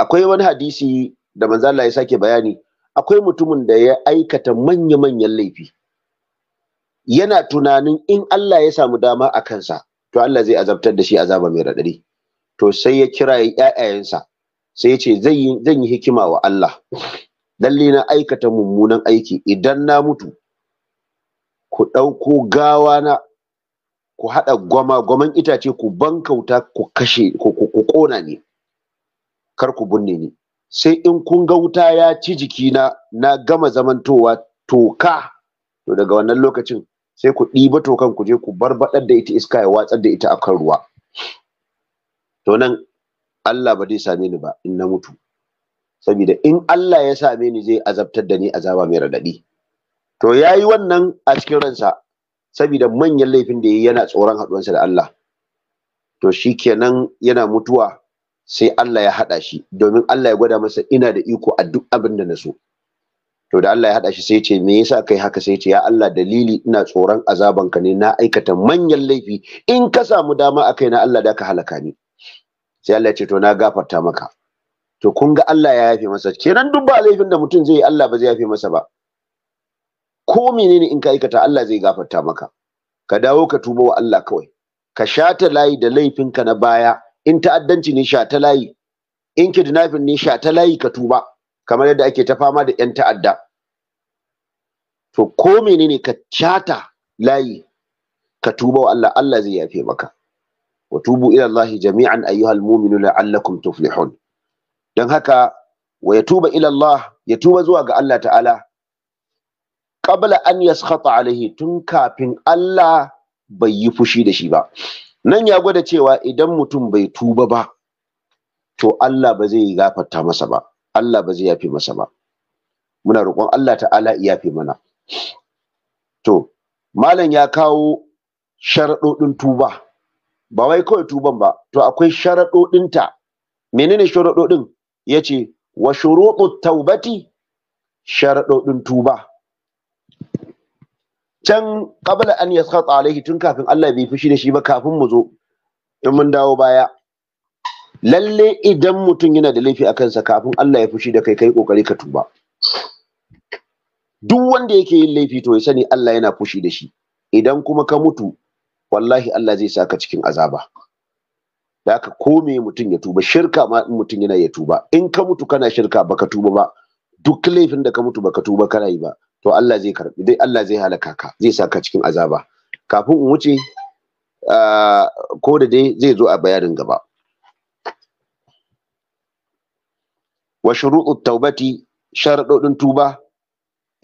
akwai wani hadisi da manzo Allah ya sake bayani akwai mutumin da ya aikata manya-manyan laifi yana tunanin in Allah ya samu dama a kansa to Allah zai azabtar da shi azaba mai raɗaɗi to sai ya kira ƴaƴayensa sai ya ce zan yi hikima wa Allah lalle na aikata mummunan aiki idan na mutu ku ɗauko gawa na ku haɗa gwama gwaman itace ku bankauta ku kashe ku ƙona ni kar ku binne ni sai in kun ga wuta ya ci jiki na na gama zamantowa toka to daga wannan lokacin sai ku ɗiba tokan ku je ku barbaɗar da ita iska ya watsar da ita akan ruwa to nan Allah ba zai same ni ba in na mutu saboda in Allah ya same ni zai azabtar da ni azaba mai radadi to yayi wannan a cikin ransa saboda manyan laifin da yi yana tsoron haduwansa da Allah to kenan yana mutuwa sai Allah ya hada shi domin Allah ya gwada masa ina da iko a duk abin da na so to da Allah ya hada shi sai ce me yasa kai haka sai ce ya Allah dalili ina tsoron azabanka ne na aikata manyan laifi in ka samu dama akai na Allah da ka halaka ni sai Allah ce to na gafarta maka to kun ga Allah ya yafe masa kenan duk ba laifin da mutum zai yi Allah ba zai yafe masa ba ko menene in ka aikata Allah zai gafarta maka ka dawo ka tuba wa Allah kawai ka shata layi da laifin ka na baya in ta'addanci ne shata layi in kidnapping ne shata layi ka tuba kamar yadda ake ta fama da 'yan ta'adda to ko menene ka shata layi ka tuba wa Allah Allah zai yafe maka wa tubu ila Allah jami'an ayyuhal mu'minuna la'allakum tuflihun dan haka wa yatuba ila Allah ya tuba zuwa ga Allah ta'ala qabla an yaskhata alaihi tun kafin Allah bai yi fushi da shi ba nan ya gwada cewa idan mutum bai tuba ba to Allah ba zai gafarta masa ba Allah ba zai yafe masa ba muna roƙon Allah ta'ala ya yafe mana to malam ya kawo sharaɗoɗin tuba ba wai kawai tuban ba to akwai sharaɗoɗinta menene sharaɗoɗin ya ce wa shuruɗu taubati sharaɗoɗin tuba can qabla an yasqat alaihi tun kafin Allah bai fushi da shi ba kafin mu zo in mun dawo baya lalle idan mutum yana da laifi a kansa kafin Allah ya fushi da kai kai kokari ka tuba duk wanda yake yin laifi to ya sani Allah yana fushi da shi idan kuma ka mutu wallahi Allah zai saka cikin azaba da ka kome mutum ya tuba shirka ma in mutum yana ya tuba in ka mutu kana shirka baka tuba ba duk laifin da ka mutu baka tuba kana yi ba to Allah zai karbi dai Allah zai halaka ka zai saka cikin azaba kafin in wuce ko da dai zai zo a bayanin gaba wa shuru'ut taubati sharadodin tuba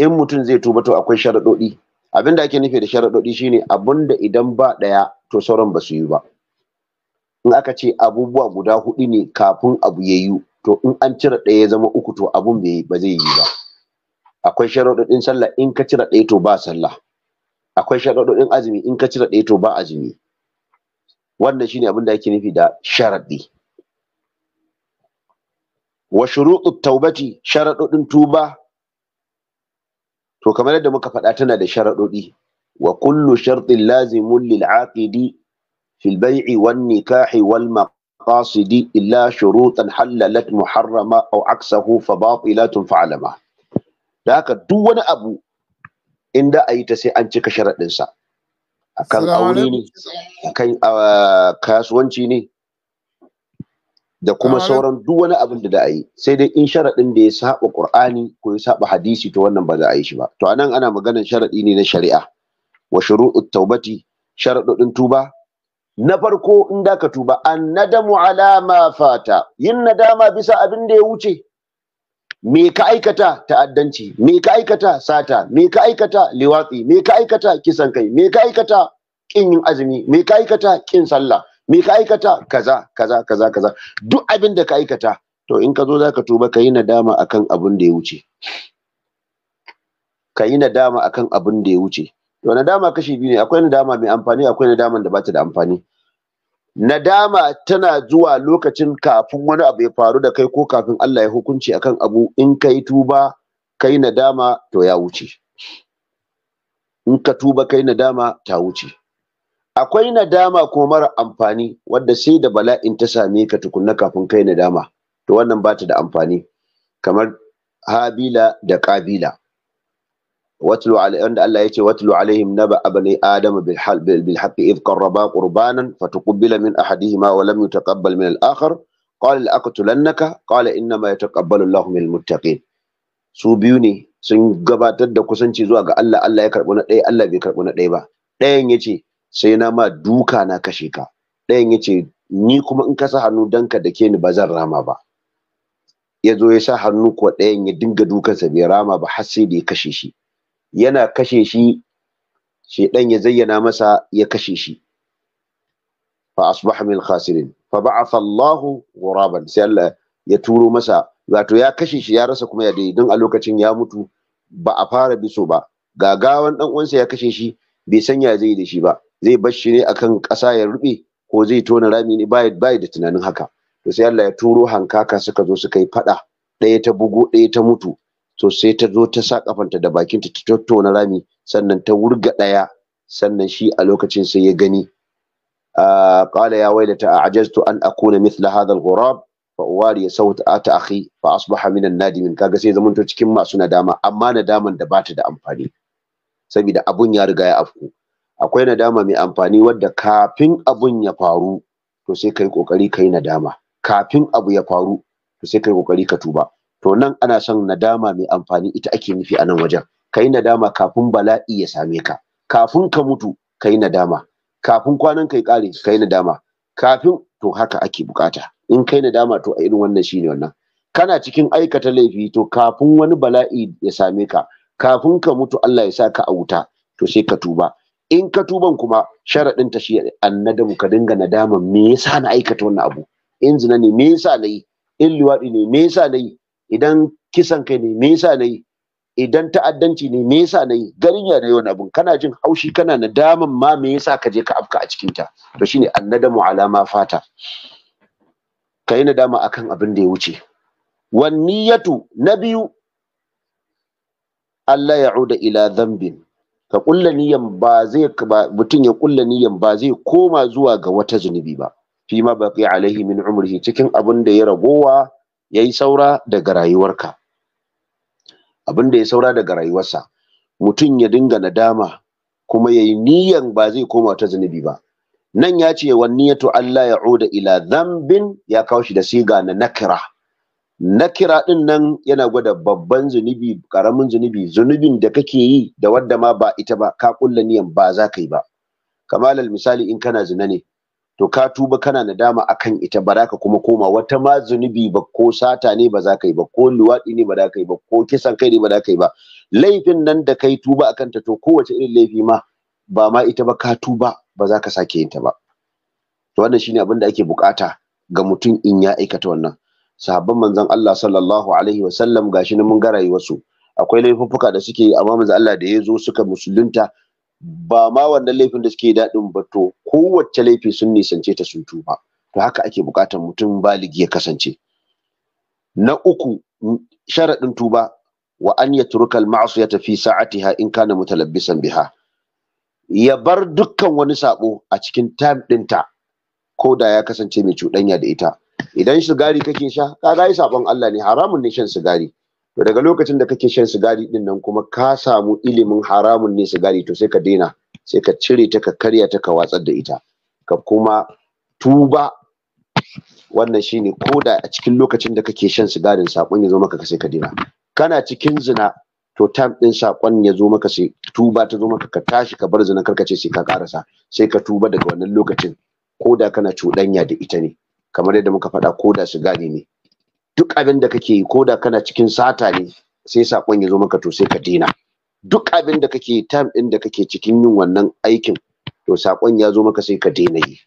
in mutum zai tuba to akwai sharadodi abin da ake nufi da sharaɗoɗi shine abin da idan ba ɗaya to sauran ba su yi ba in aka ce abubuwa guda huɗu ne kafin abu ya yi to in an cire ɗaya ya zama uku to abun ba zai yi ba akwai sharaɗoɗin sallah in ka cire ɗaya to ba sallah akwai sharaɗoɗin azumi in ka cire ɗaya to ba azumi wannan shine abin da ake nufi da sharaɗi wa shuruɗu taubati sharaɗoɗin tuba to kamar yadda muka faɗa tana da sharaɗoɗi wa kullu shartin lazimun lil aqidi fil bai'i wan nikahi wal maqasidi illa shurutan halalat muharrama aw aksahu fa batilatun fa'alama da haka duk wani abu inda a yi ta sai an cika sharaɗinsa akan aure ne akan kasuwanci ne da kuma sauran duk wani abin da da a yi sai dai in sharaɗin da ya saba qur'ani ko ya saba hadisi to wannan ba za a yi shi ba to anan ana maganar sharaɗi ne na shari'a wa shuru'ut taubati sharaɗin tuba na farko in da ka tuba an nadamu ala ma fata yin nadama bisa abin da ya wuce me ka aikata ta'addanci me ka aikata sata me ka aikata liwatsi me ka aikata kisan kai me ka aikata kin yin azumi me ka aikata kin sallah me ka aikata kaza kaza kaza kaza duk abin da ka aikata to in ka zo za ka tuba ka yi nadama akan abin da ya wuce ka yi nadama akan abin da ya wuce to nadama kashi biyu ne akwai nadama mai amfani akwai nadama da bata da amfani nadama tana zuwa lokacin kafin wani abu ya faru da kai ko kafin Allah ya hukunci akan abu in ka yi tuba ka yi nadama to ya wuce in ka tuba ka yi nadama ta wuce Akwai nadama kuma mara amfani wadda sai da bala'in ta same ka tukunna kafin kai nadama. To wannan bata da amfani. Kamar Habila da Ƙabila. watlu wanda Allah yace watlu alaihim naba abani adam bil hal bil haqq id qarraba qurbanan fatuqbila min ahadihima wa lam yutaqabbal min al akhar qala la aqtulannaka qala inna ma yataqabbalu Allah min muttaqin su biyu ne sun gabatar da kusanci zuwa ga Allah Allah ya karbi na ɗaya Allah bai karbi na ɗaya ba ɗayan yace sai na ma duka na kashe ka ɗayan ya ce ni kuma in ka sa hannu dan ka dake ni ba zan rama ba ya zo ya sa hannu kuwa ɗayan ya dinga dukansa bai rama ba har sai da ya kashe shi yana kashe shi ɗan ya zayyana masa ya kashe shi fa asbaha min khasirin fa ba'atha Allahu ghuraban sai Allah ya turo masa wato ya kashe shi ya rasa kuma ya dai don a lokacin ya mutu ba a fara biso ba gagawan dan uwansa ya kashe shi bai sanya zai da shi ba zai bar shi ne akan ƙasa ya ruɓe? ko zai tona rami ne bai da tunanin haka to sai Allah ya turo hankaka suka zo suka yi fada ɗaya ta bugo ɗaya ta mutu to sai ta zo ta sa kafanta da bakin ta tattauna rami sannan ta wurga ɗaya sannan shi a lokacin sai ya gani قال يا ويلتى أعجزت أن أكون مثل هذا الغراب فأواري صوت آتا أخي فأصبح من النادمين kaga sai zamanto cikin masu nadama amma nadaman da bata da amfani saboda abun ya riga ya afku akwai nadama mai amfani wadda kafin abun ya faru to sai kayi ƙoƙari kayi nadama kafin abu ya faru to sai kayi ƙoƙari ka tuba to nan ana son nadama mai amfani ita ake nufi a nan wajen kai nadama kafin bala'i ya same ka kafin ka mutu kai nadama kafin kwanan ka ya kai nadama kafin to haka ake bukata in kai nadama to a irin wannan shine wannan kana cikin aikata laifi to kafin wani bala'i ya same ka kafin ka mutu Allah ya sa ka a wuta to sai ka tuba in ka tuban kuma sharaɗin ta shi annadamu ka dinga nadama me yasa na aikata wannan abu in zina ne me yasa nayi in luwaɗi ne me yasa nayi idan kisan kai ne me yasa nayi idan ta'addanci ne me yasa nayi garin ya nayi wani abun kana jin haushi kana nadaman ma me yasa ka je ka afka a cikin ta to shine annadamu alama fata ka nadama akan abin da ya wuce wan niyatu na biyu Allah ya'uda ila dhanbin ka kulla niyan ba zai mutum ya kulla niyan ba zai koma zuwa ga wata zunubi ba fi ma baqi alaihi min umrihi cikin abin da ya ragowa yayi saura daga rayuwarka abin da ya saura daga rayuwarsa mutum ya dinga nadama kuma yayi niyan ba zai koma wata zunubi ba nan ya ce wa niyatu Allah ya uda ila dhanbin ya kawo shi da siga na nakira Na kira din nan yana gwada babban zunubi karamin zunubi zunubin da kake yi da wadda ma ba ita ba ka kulla niyan ba za ka yi ba kamalal misali in kana zina ne to ka tuba kana nadama akan ita ba ka kuma koma wata ma zunubi ba ko sata ne ba za ka yi ba ko luwaɗi ne ba za ka yi ba ko kisan kai ne ba za ka yi ba laifin nan da kai tuba akan ta to kowace irin laifi ma ba ma ita ba ka tuba ba za ka sake yin ta ba to wannan shine abin da ake bukata ga mutum in ya aikata wannan sahabban manzon Allah sallallahu alaihi wa sallam gashi ne mun garayi wasu akwai laifuffuka da suke yi amma manzon Allah da ya zo suka musulunta ba ma wannan laifin da suke daɗin ba to kowace laifi sun nisance ta sun tuba to haka ake buƙatar mutum baligi ya kasance na uku sharaɗin tuba wa an ya turka ma'asu ya tafi sa'atiha in kana mutalabbisan biha ya bar dukkan wani sabo a cikin time ɗinta ko da ya kasance mai cuɗanya da ita idan sigari kake sha ka ga sabon Allah ne haramun ne shan sigari to daga lokacin da kake shan sigari din nan kuma ka samu ilimin haramun ne sigari to sai ka daina sai ka cire ta ka karya ta ka watsar da ita ka kuma tuba wannan shine ko a cikin lokacin da kake shan sigarin sakon ya zo maka sai ka daina kana cikin zina to tam din sakon ya zo maka sai tuba ta zo maka ka tashi ka bar zina karkace ce sai ka karasa sai ka tuba daga wannan lokacin ko da kana cuɗanya da ita ne kamar yadda muka faɗa ko da sigari ne duk abin da kake yi ko da kana cikin sata ne sai saƙon ya zo maka to sai ka daina duk abin da kake time ɗin da kake cikin yin wannan aikin to saƙon ya zo maka sai ka daina yi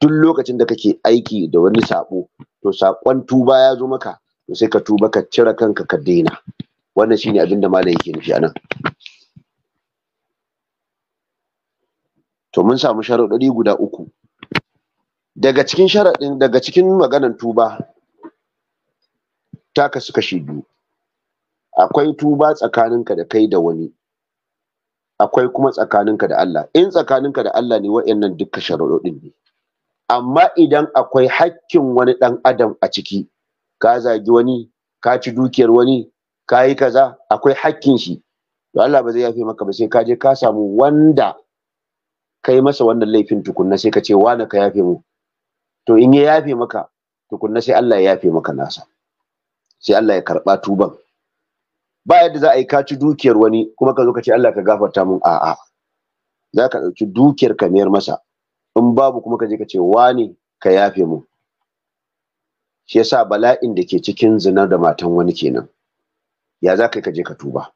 duk lokacin da kake aiki da wani sako to saƙon tuba ya zo maka to sai ka tuba ka cire kanka ka daina wannan shine abin da malam yake nufi anan to mun samu sharuɗi guda uku daga cikin sharaɗin daga cikin maganan tuba ta kasu kashi biyu akwai tuba tsakaninka da kai da wani akwai kuma tsakaninka da Allah in tsakaninka da Allah ne wa'annan duka sharaɗoɗin ne amma idan akwai hakkin wani ɗan adam a ciki ka zagi wani ka ci dukiyar wani ka yi kaza akwai hakkin shi to Allah ba zai yafe maka ba sai ka je ka samu wanda kai masa wannan laifin tukunna sai ka ce wane ka yafe mu to in ya yafe maka to tukunna sai Allah ya yafe maka nasa sai Allah ya karɓa tuban ba yadda za a yi kaci dukiyar wani kuma ka zo ka ce Allah ka gafarta mun a'a za ka ɗauki dukiyar ka mayar masa in babu kuma ka je ka ce wani ka yafe mu shi yasa bala'in da ke cikin zina da matan wani kenan ya za ka je ka tuba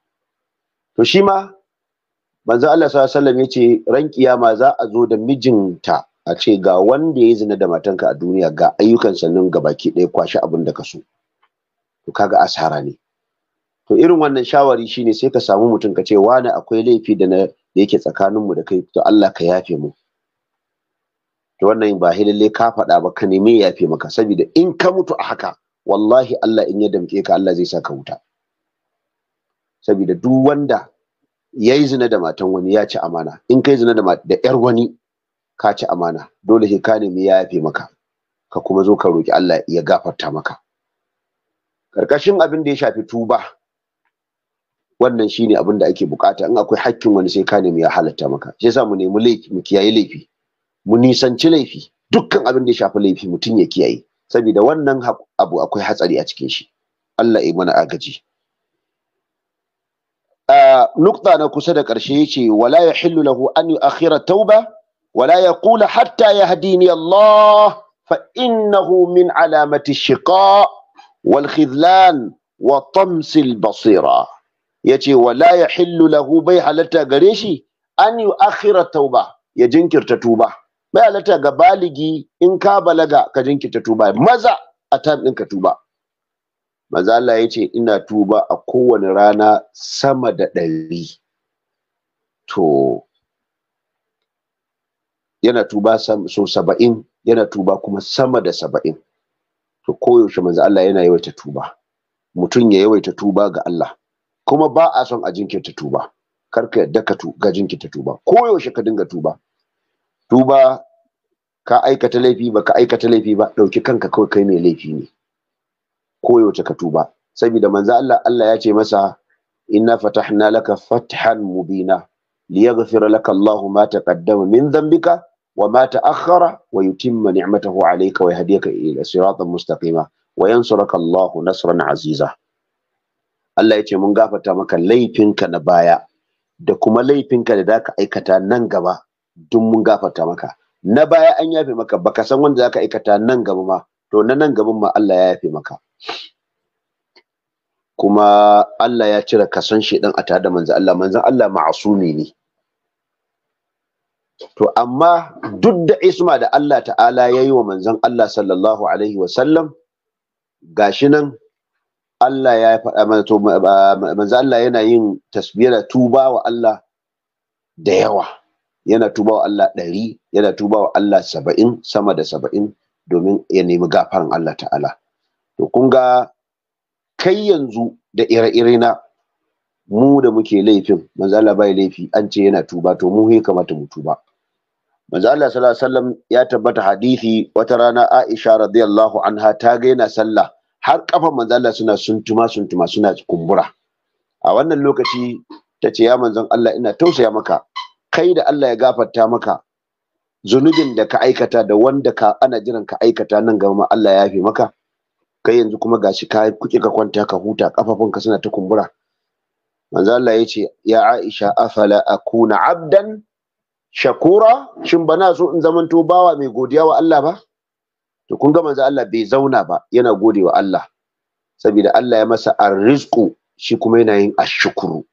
to shi ma manzo Allah sallallahu alaihi wasallam yace ran kiyama za a zo da mijinta a ce ga wanda ya zina da matanka a duniya ga ayyukan sannan ga baki ɗaya kwashi abin da ka so to kaga asara ne to irin wannan shawari shine sai ka samu mutum ka ce wane akwai laifi da na da yake mu da kai to Allah ka yafe mu to wannan ba lalle ka faɗa ba ka neme yafe maka saboda in ka mutu a haka wallahi Allah in ya damke ka Allah zai saka wuta saboda duk wanda yayi zina da matan wani ya ci amana in kai zina da yar wani ka ci amana dole sai ka nemi ya yafe maka ka kuma zo ka roki Allah ya gafarta maka karkashin abin da ya shafi tuba wannan shine abin da ake bukata in akwai hakkin wani sai ka nemi ya halatta maka shi yasa mu nemi laifi mu kiyaye laifi mu nisanci laifi dukkan abin da ya shafi laifi mutum ya kiyaye saboda wannan abu akwai hatsari a cikin shi Allah ya mana agaji ah, nukta na kusa da karshe ya ce wala ya hillu lahu an yu akhira tauba wala ya kula hatta ya hadini Allah fa innahu min alamati shiqa wal khidlan wa tamsil basira yace wala ya hillu lahu bai halatta gare shi an yi akhira tauba ya jinkirta tuba bai halarta ga baligi in ka balaga ka jinkirta tuba maza a tam ɗin ka tuba maza Allah ce ina tuba a kowane rana sama da ɗari to yana tuba so saba'in yana tuba kuma sama da saba'in to koyaushe manzo Allah yana yawaita tuba mutum ya yawaita tuba ga Allah kuma ba a son a jinkirta tuba kar ka yadda ka ga jinkirta tuba koyaushe ka dinga tuba tuba ka aikata laifi ba ka aikata laifi ba ɗauki kanka kawai kai mai laifi ne koyaushe ka tuba saboda manzo Allah Allah ya ce masa inna fatahna laka fathan mubina liyaghfira laka Allahu ma taqaddama min dhanbika وما تأخر ويتم نعمته عليك ويهديك إلى صراط مستقيما وينصرك الله نصرا Aziza. Allah ya ce mun gafata maka laifinka na baya da kuma laifinka da za ka aikata nan gaba duk mun gafata maka na baya an yafe maka baka san wanda za ka aikata nan gaba ma to na nan gaban ma Allah ya yafe maka kuma Allah ya cire kasan shi a tare da manzo Allah manzon Allah ma'asumi ne to amma duk da isma da Allah ta'ala ya yi wa manzan Allah sallallahu alaihi wasallam gashi nan Allah ya faɗa Allah yana yin tasbiyar tuba wa Allah da yawa yana tuba wa Allah ɗari yana tuba wa Allah saba'in sama da saba'in domin ya nemi gafaran Allah ta'ala to kun ga kai yanzu da ire-ire na mu da muke laifin manzo Allah bai laifi an ce yana tuba to mu he kamata mu tuba manzo Allah sallallahu alaihi wasallam ya tabbata hadisi wata rana Aisha radiyallahu anha ta ga yana sallah har kafan manzo Allah suna suntuma suntuma suna kumbura a wannan lokaci ta ce ya manzon Allah ina tausaya maka kai da Allah ya gafarta maka zunubin da ka aikata da wanda ka ana jiran ka aikata nan gaba Allah ya yafe maka kai yanzu kuma gashi ka kuke ka kwanta ka huta kafafunka suna ta kumbura manzo Allah ce, ya Aisha afala akuna abdan shakura shin bana na so in zamanto bawa mai godiya wa Allah ba to kun ga manzo Allah bai zauna ba yana gode wa Allah saboda Allah ya masa arrizqu shi kuma yana yin ashkuru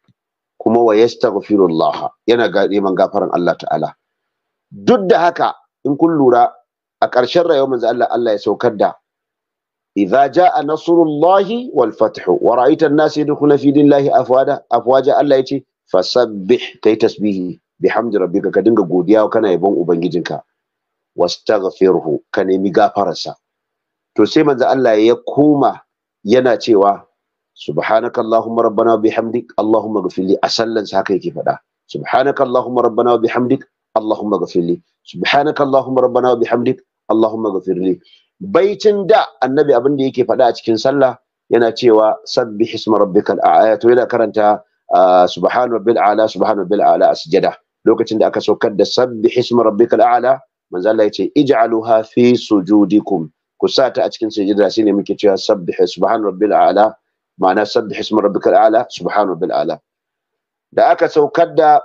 kuma wa yastaghfirullah yana neman gafaran Allah ta'ala duk da haka in kun lura a ƙarshen rayuwar manzo Allah Allah ya saukar da idza jaa nasrullahi wal fath wa ra'aita an-nas yadkhuluna fi dinillahi afwada afwaja Allah yace fasabbih kai tasbihi bihamdi rabbika ka dinga godiya kana yabon ubangijinka wastaghfirhu ka nemi gafararsa to sai manzo Allah ya koma yana cewa subhanaka allahumma rabbana bihamdik allahumma ghfirli a sallansa haka yake faɗa subhanaka allahumma rabbana bihamdik allahumma ghfirli subhanaka allahumma rabbana Baitin da annabi abin da yake faɗa a cikin sallah yana cewa sabbi hisma rabbikal a'la to yana karanta ah, subhana rabbil a'la subhana rabbil a'la a sujada lokacin da aka saukar da sabbi hisma rabbikal a'la manzo Allah yace ij'aluha fi sujudikum ku sa ta a cikin sujada shine muke cewa sabbi subhana rabbil a'la ma'ana sabbi hisma rabbikal a'la subhana rabbil a'la da aka saukar da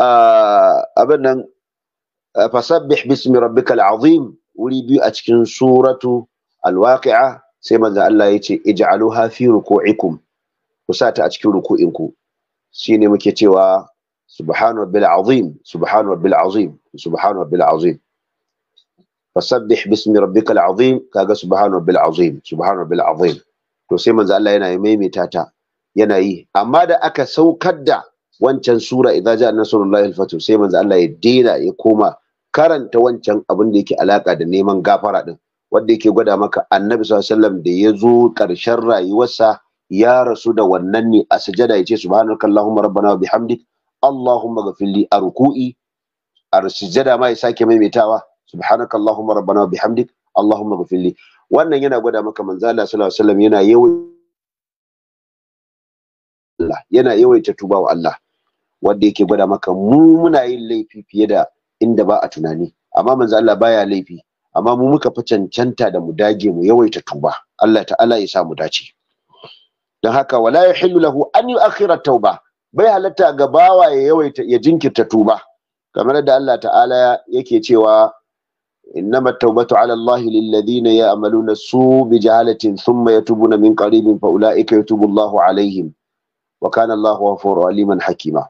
ah, abin nan fasabbih bismi rabbikal azim wuri biyu a cikin suratu alwaqi'a sai manzo Allah ya ce ij'aluha fi ruku'ikum ku sa ta a cikin ruku'inku shine muke cewa subhana rabbil azim subhana rabbil azim subhana rabbil azim fasabbih bismi rabbikal azim kaga subhana rabbil azim subhana rabbil azim to sai manzo Allah yana maimaita ta yana yi amma da aka saukar da wancan sura idza ja'a nasrullahi al-fatu sai manzo Allah ya dena ya koma karanta wancan abin da yake alaka da neman gafara din wanda yake gwada maka annabi sallallahu alaihi wasallam da ya zo ƙarshen rayuwarsa ya rasu da wannan ne a sajada ya ce subhanaka allahumma rabbana wa bihamdik allahumma ghafirli a ruku'i a sajada ma ya sake maimaitawa subhanaka allahumma rabbana wa bihamdik allahumma ghafirli wannan yana gwada maka manzo Allah sallallahu alaihi wasallam yana yawan Allah yana yawaita tuba wa Allah wanda yake gwada maka mu muna yin laifi fiye da inda ba a tunani amma manzo Allah baya laifi amma mu muka fi cancanta da mu dage mu yawaita tuba Allah ta'ala ya sa mu dace don haka wala ya hillu lahu an yu'akhkhira tauba bai halatta ga bawa ya yawaita ya jinkirta tuba kamar da Allah ta'ala yake cewa ala إنما التوبة ya'maluna su bi jahalatin thumma yatubuna min qaribin fa ula'ika yatubu Allahu alaihim wa kana Allahu ghafurur عليما Hakima.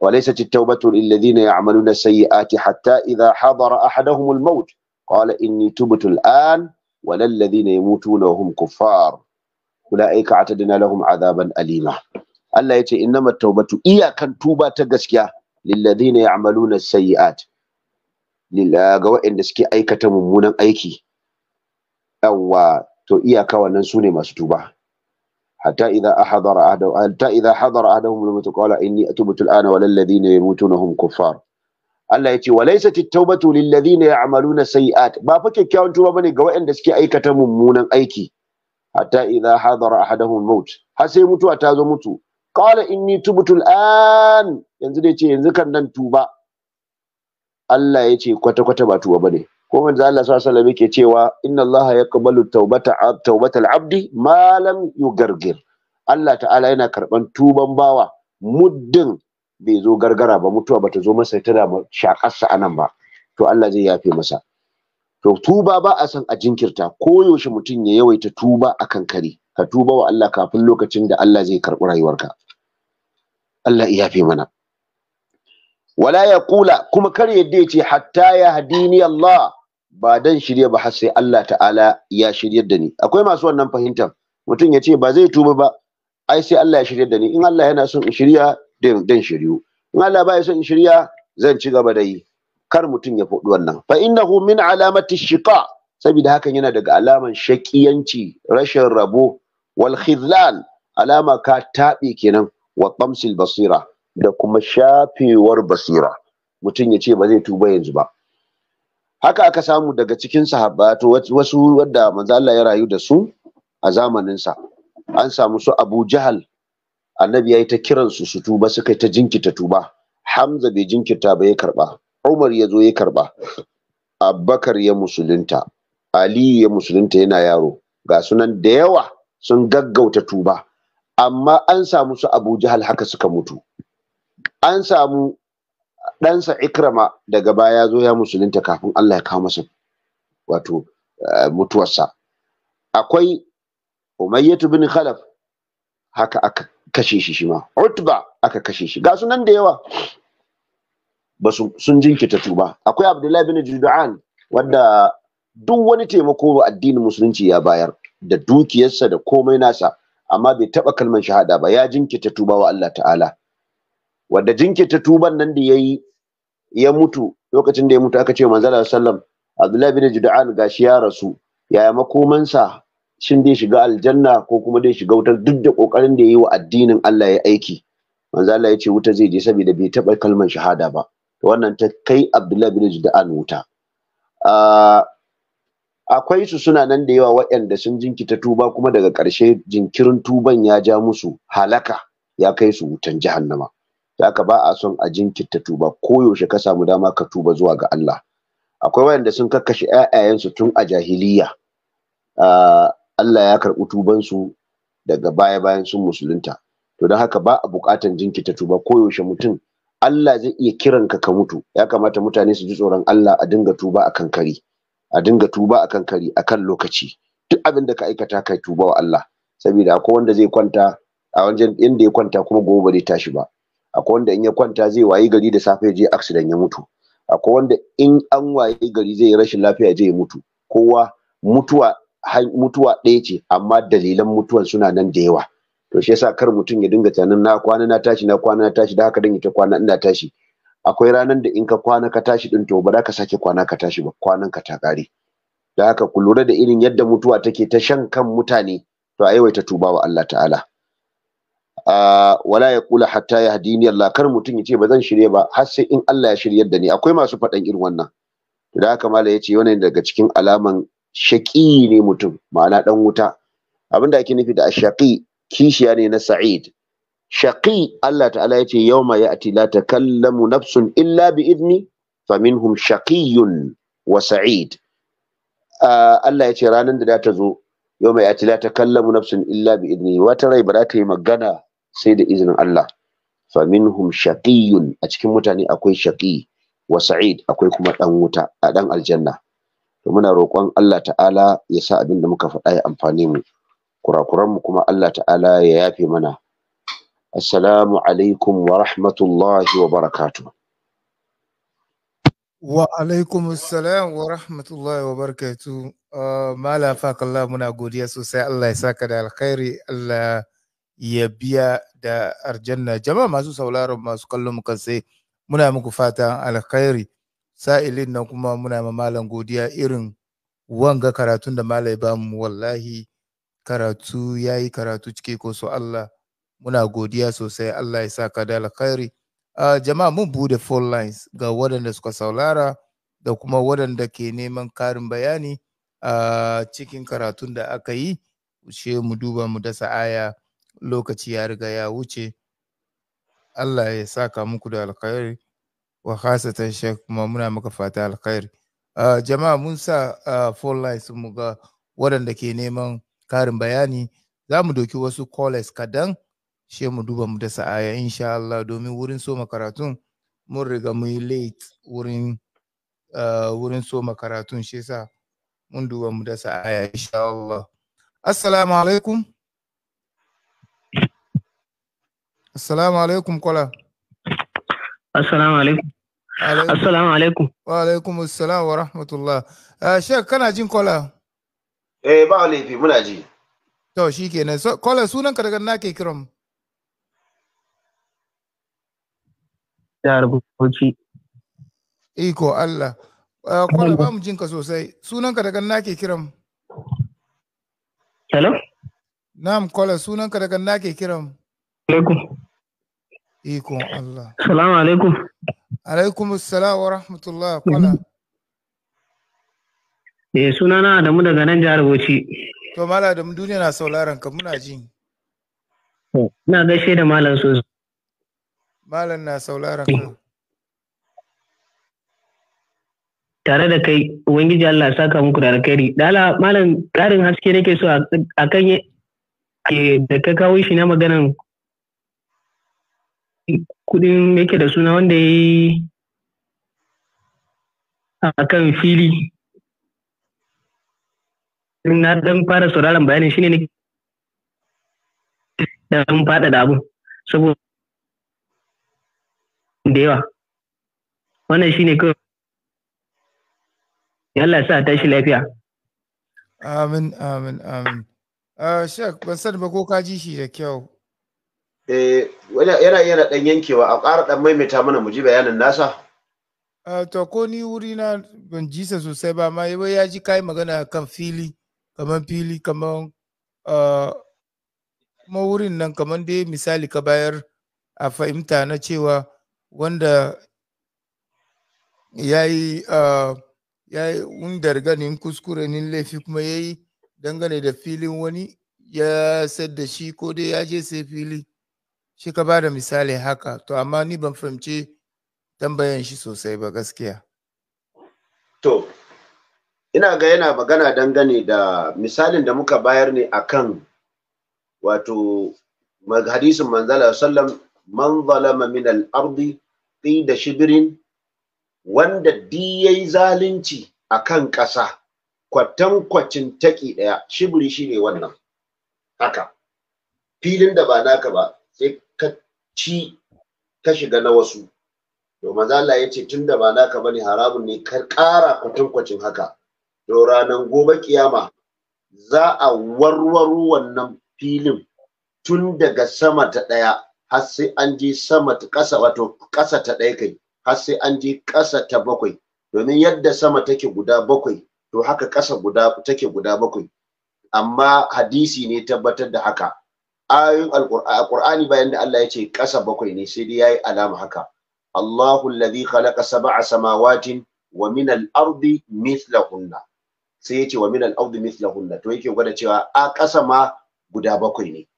وليست التوبة للذين يعملون السيئات حتى إذا حضر أحدهم الموت قال إني تبت الآن ولا الذين يموتون وهم كفار أولئك اعتدنا لهم عذابا أليما الله يتي إنما التوبة إيا كان توبة تقسكيا للذين يعملون السيئات للغوائن دسكي أيكة ممونا أيكي أو تو إيا كوانا سوني ما ستوبة حتى إذا أحضر أحدهم حتى إذا حضر أحدهم الموت قال إني أتبت الآن ولا الذين يموتون هم كفار Allah ya ce wa laysat at-taubatu lil ladina ya'maluna sayi'at ba fa kyakkyawan tuba bane ga waɗanda suke aikata mummunan aiki hatta idza hadara ahaduhum maut har sai mutuwa ta zo mutu qala inni tubtu yanzu dai ce yanzu kan nan tuba Allah ya ce kwata kwata ba tuba bane ko manzo Allah sallallahu alaihi wasallam yake cewa inna Allah yaqbalu tawbata tawbatal abdi ma lam yugargir Allah ta'ala yana karban tuban bawa muddin bai zo gargara ba mutuwa bata zo masa tana shakarsa anan ba to Allah zai yafe masa to tuba ba a san a jinkirta koyaushe mutum ya yawaita tuba akan kare ka tuba wa Allah kafin lokacin da Allah zai karɓi rayuwarka Allah ya mana wala ya kula kuma kar ya ce hatta ya hadini Allah ba dan shirya ba har sai Allah ta'ala ya shiryar da ni akwai masu wannan fahimtar mutum ya ce ba zai tuba ba ai sai Allah ya shiryar da ni in Allah yana son in shirya dan shiryu in Allah ba ya son in shirya zan ci gaba da yi kar mutum ya faɗi wannan fa innahu min alamati shiqa saboda hakan yana daga alaman shakiyanci rashin rabo wal khizlan alama ka taɓe kenan wa tamsil basira da kuma shafewar basira mutum ya ce ba zai tuba yanzu ba haka aka samu daga cikin sahaba to wasu wadda manzo ya rayu da su a zamanin sa an samu su Abu Jahal annabi yayi ta kiran su su tuba suka ta jinkita tuba Hamza bai jinkita ba ya karba Umar ya zo ya karba Abubakar ya musulunta Aliyu ya musulunta yana yaro ga sunan da yawa sun gaggauta tuba amma an samu su Abu Jahal haka suka mutu an samu ɗansa ikrama daga baya zo ya musulunta kafin Allah ya kawo masa wato eh, mutuwarsa akwai umayyatu bin khalaf haka aka kashe shi shima utba aka kashe shi ga sunan da yawa ba sun jinkita tuba akwai abdullahi bin judu'an wanda duk wani taimako addinin musulunci ya bayar da dukiyarsa da komai nasa amma bai taba kalman shahada ba ya jinkita tuba wa Allah ta'ala wanda jinkita tuban nan da yayi ya mutu lokacin da ya mutu aka ce Allah sallam abdullahi bin Jud'an gashi ya rasu yaya makomansa shin dai shiga aljanna ko kuma dai shiga wutar duk da kokarin da yayi wa addinin Allah ya aiki manzo Allah ya ce wuta zai je saboda bai taba kalmar shahada ba wannan ta kai Abdullahi bin Jud'an wuta akwai su suna nan da yawa waɗanda sun jinkita tuba kuma daga ƙarshe jinkirin tuban ya ja musu halaka ya kai su wutan jahannama zaka ba a son a jinkirta tuba ko yaushe ka samu dama ka tuba zuwa ga Allah akwai wayanda sun kakkashe ƴaƴayensu tun a jahiliya ah, Allah ya karɓi tubansu daga baya bayan sun musulunta to don haka ba a buƙatan jinkirta tuba ko yaushe mutum Allah zai iya kiranka ka mutu ya kamata mutane su ji tsoron Allah a dinga tuba akan kari a dinga tuba akan kari akan lokaci duk abin da ka aikata kai tuba wa Allah saboda akwai wanda zai kwanta a wajen inda ya kwanta kuma gobe bai tashi ba akwai wanda in ya kwanta zai wayi gari da safe je accident ya mutu akwai wanda in an wayi gari zai rashin lafiya je ya mutu kowa mutuwa mutuwa ɗaya ce amma dalilan mutuwan suna nan da yawa to shi yasa kar mutum ya dinga tunanin na kwana na tashi na kwana na tashi da haka dan ita kwana ina tashi akwai ranar da in ka kwana ka tashi din to ba za ka sake kwana ka tashi ba kwanan ka ta kare da haka ku lura da irin yadda mutuwa take ta shan kan mutane to a yawaita tuba wa Allah ta'ala Ah, wala ya kula hatta ya hadini Allah kar mutum ya ce ba zan shirye ba har sai in Allah ya shiryar da ni akwai masu faɗan irin wannan da haka malai yace wannan daga cikin alaman shaƙi ne mutum ma'ana ɗan wuta abinda da ake nufi da shaki kishiya ne na sa'id shaqi Allah ta'ala ya ce yawma ya'ti la takallamu nafsun illa bi idni faminhum shaqiyyun wa sa'id ah, Allah yace ce ranar da ta zo yau mai atila ta kallamu nafsin illa bi idni wata rai ba za ta yi magana sai da izinin Allah fa minhum shaqiyyun a cikin mutane akwai shaqi wa sa'id akwai kuma dan wuta a dan aljanna to muna roƙon Allah ta'ala ya sa abin da muka faɗa ya amfane mu kurakuran mu kuma Allah ta'ala ya yafe mana assalamu alaikum wa rahmatullahi wa barakatuh wa alaikum assalam wa rahmatullahi wa barakatuh ah, mala fakallah muna godiya sosai Allah ya saka da alkhairi Allah ya biya da arjanna jama'a masu sauraron masu kallon mu kan sai muna muku fatan alkhairi sa'ilin nan kuma muna ma malam godiya irin wanga karatun da malai ba mu wallahi karatu yayi karatu cike ko so Allah muna godiya sosai Allah ya sa ka da alkhairi uh, jama'a mun bude phone lines ga waɗanda suka saulara da kuma waɗanda ke neman karin bayani a uh, cikin karatun da aka yi she mu duba mu dasa aya lokaci ya riga ya wuce Allah ya saka muku da alkhairi wa khasatan shek kuma muna maka fata alkhairi uh, jama'a mun sa uh, phone lines mu ga waɗanda ke neman karin bayani za mu doki wasu callers kadan she mu duba mu da sa'aya insha Allah domin wurin soma karatun mun riga mu yi late wurin uh, wurin soma karatun shi sa mun duba mu da sa'aya insha Allah assalamu alaikum Assalamu alaikum kwala. Assalamu alaikum. Assalamu alaikum. Wa alaikum assalam wa rahmatullah. Eh, Shek kana jin kwala? Eh ba laifi muna ji. To shi kenan. Kwala sunan ka daga nake kiran. Jihar Bauchi. Iko Allah. Eh, kwala ba mu jin ka sosai. Sunan ka daga nake kiran. Hello? Na'am kwala sunan ka daga nake kiran. Alaikum. ikon Allah salamu alaikum alaikum assalam wa rahmatullah kwala eh sunana Adamu daga nan jihar Bauchi to mala Adamu duniya na sauraron ka muna ji ina gaishe da malam sosai malam na sauraron ka tare da kai ubangiji Allah saka muku da alkhairi dala malam karin haske nake so akan da ka kawo shi na maganan kudin yake da suna wanda ya yi a kan fili na dan fara sauraron bayanin shine ne dan fada da abun saboda da yawa wannan shine kawai Yalla sa tashi lafiya amin amin amin ah, shek ban sani ba ko ka ji shi da kyau Eh, yana yana ɗan yankewa a ƙara ɗan maimaita mana mu ji bayanin nasa ah, to ko ni wuri na ban jisa sosai ba ma yau ya ji kai magana kan fili kaman fili kaman ah, kuma wurin nan kaman dai misali ka bayar a fahimta na cewa wanda ya yi ah, ya yi wundar ganin kuskure ni laifi kuma ya yi dangane da filin wani ya sayar da shi ko dai ya je sai fili shi ka ba da misali haka to amma ni ban fahimci tambayan shi sosai ba gaskiya to ina ga yana magana dangane da misalin da muka bayar ne akan wato hadisin manzala sallam man zalama min al-ardi qida shibrin wanda di yayi zalunci akan ƙasa kwacin taki ɗaya shibiri shine wannan haka filin da ba naka ba sai ci ta shiga na wasu to maza Allah ya ce tunda ba naka bane haramun ne kar ƙara kwatankwacin haka to ranar gobe kiyama za a warwaro wannan filin tun daga sama ta ɗaya har sai an je sama ta ƙasa wato ƙasa ta ɗaya kai har sai an je ƙasa ta bakwai domin yadda sama take guda bakwai to haka kasa guda take guda bakwai amma hadisi ne tabbatar da haka ayoyin Alƙur'ani. bayan da Allah ya ce ƙasa bakwai ne sai dai yayi alama haka Allahu alladhi khalaka sab'a samawatin wa min al-ardi mithlahunna sai yace wa min al-ardi mithlahunna to yake gwada cewa a ƙasa ma guda bakwai ne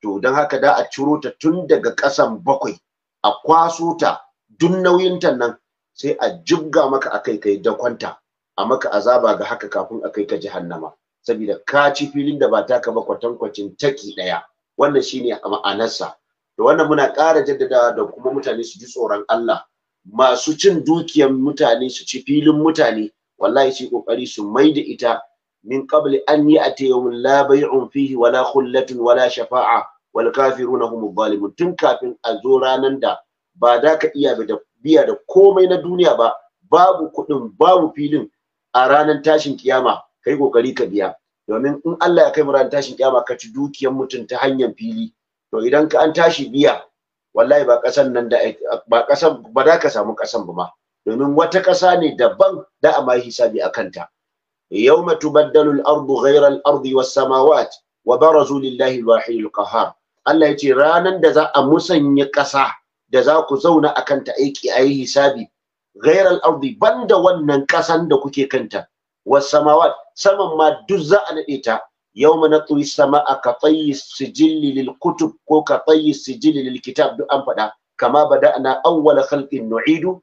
to don haka da a ciro ta tun daga ƙasan bakwai a kwaso ta duk nauyin ta nan sai a jibga maka akai kai da kwanta a maka azaba ga haka kafin a kai ka jahannama saboda ka ci filin da ba taka ba kwatankwacin taki daya. wannan shine a ma'anarsa da wannan muna ƙara jaddadawa da kuma mutane su ji tsoron Allah masu cin dukiyan mutane su ci filin mutane wallahi shi kokari su mai da ita min qabli an yi atayhum la bay'un fihi wala khullatun wala shafa'a wal kafiruna hum zalimun tun kafin a zo ranan da ba da ka iya da biya da komai na duniya ba babu kuɗin babu filin a ranar tashin kiyama kai kokari ka biya domin in Allah ya kai mu ran tashin kiyama ka ci dukiyar mutum ta hanyar fili to idan ka an tashi biya wallahi ba kasan nan da ba kasan ba da ka samu kasan ba domin wata kasa ne daban da a mai hisabi a kanta. yawma tubaddalu al-ardu ghayra al-ardi was-samawat wa barazu lillahi al-wahid al-qahhar Allah yace ranan da za a musanya kasa da za ku zauna a kanta aiki ayi hisabi ghayra al-ardi banda wannan kasan da kuke kanta was saman ma duk za a nade ta yawma natwi samaa ka tayyi sijilli kutub ko ka tayyi sijilli kitab duk an faɗa kama bada'na awwala khalqin nu'idu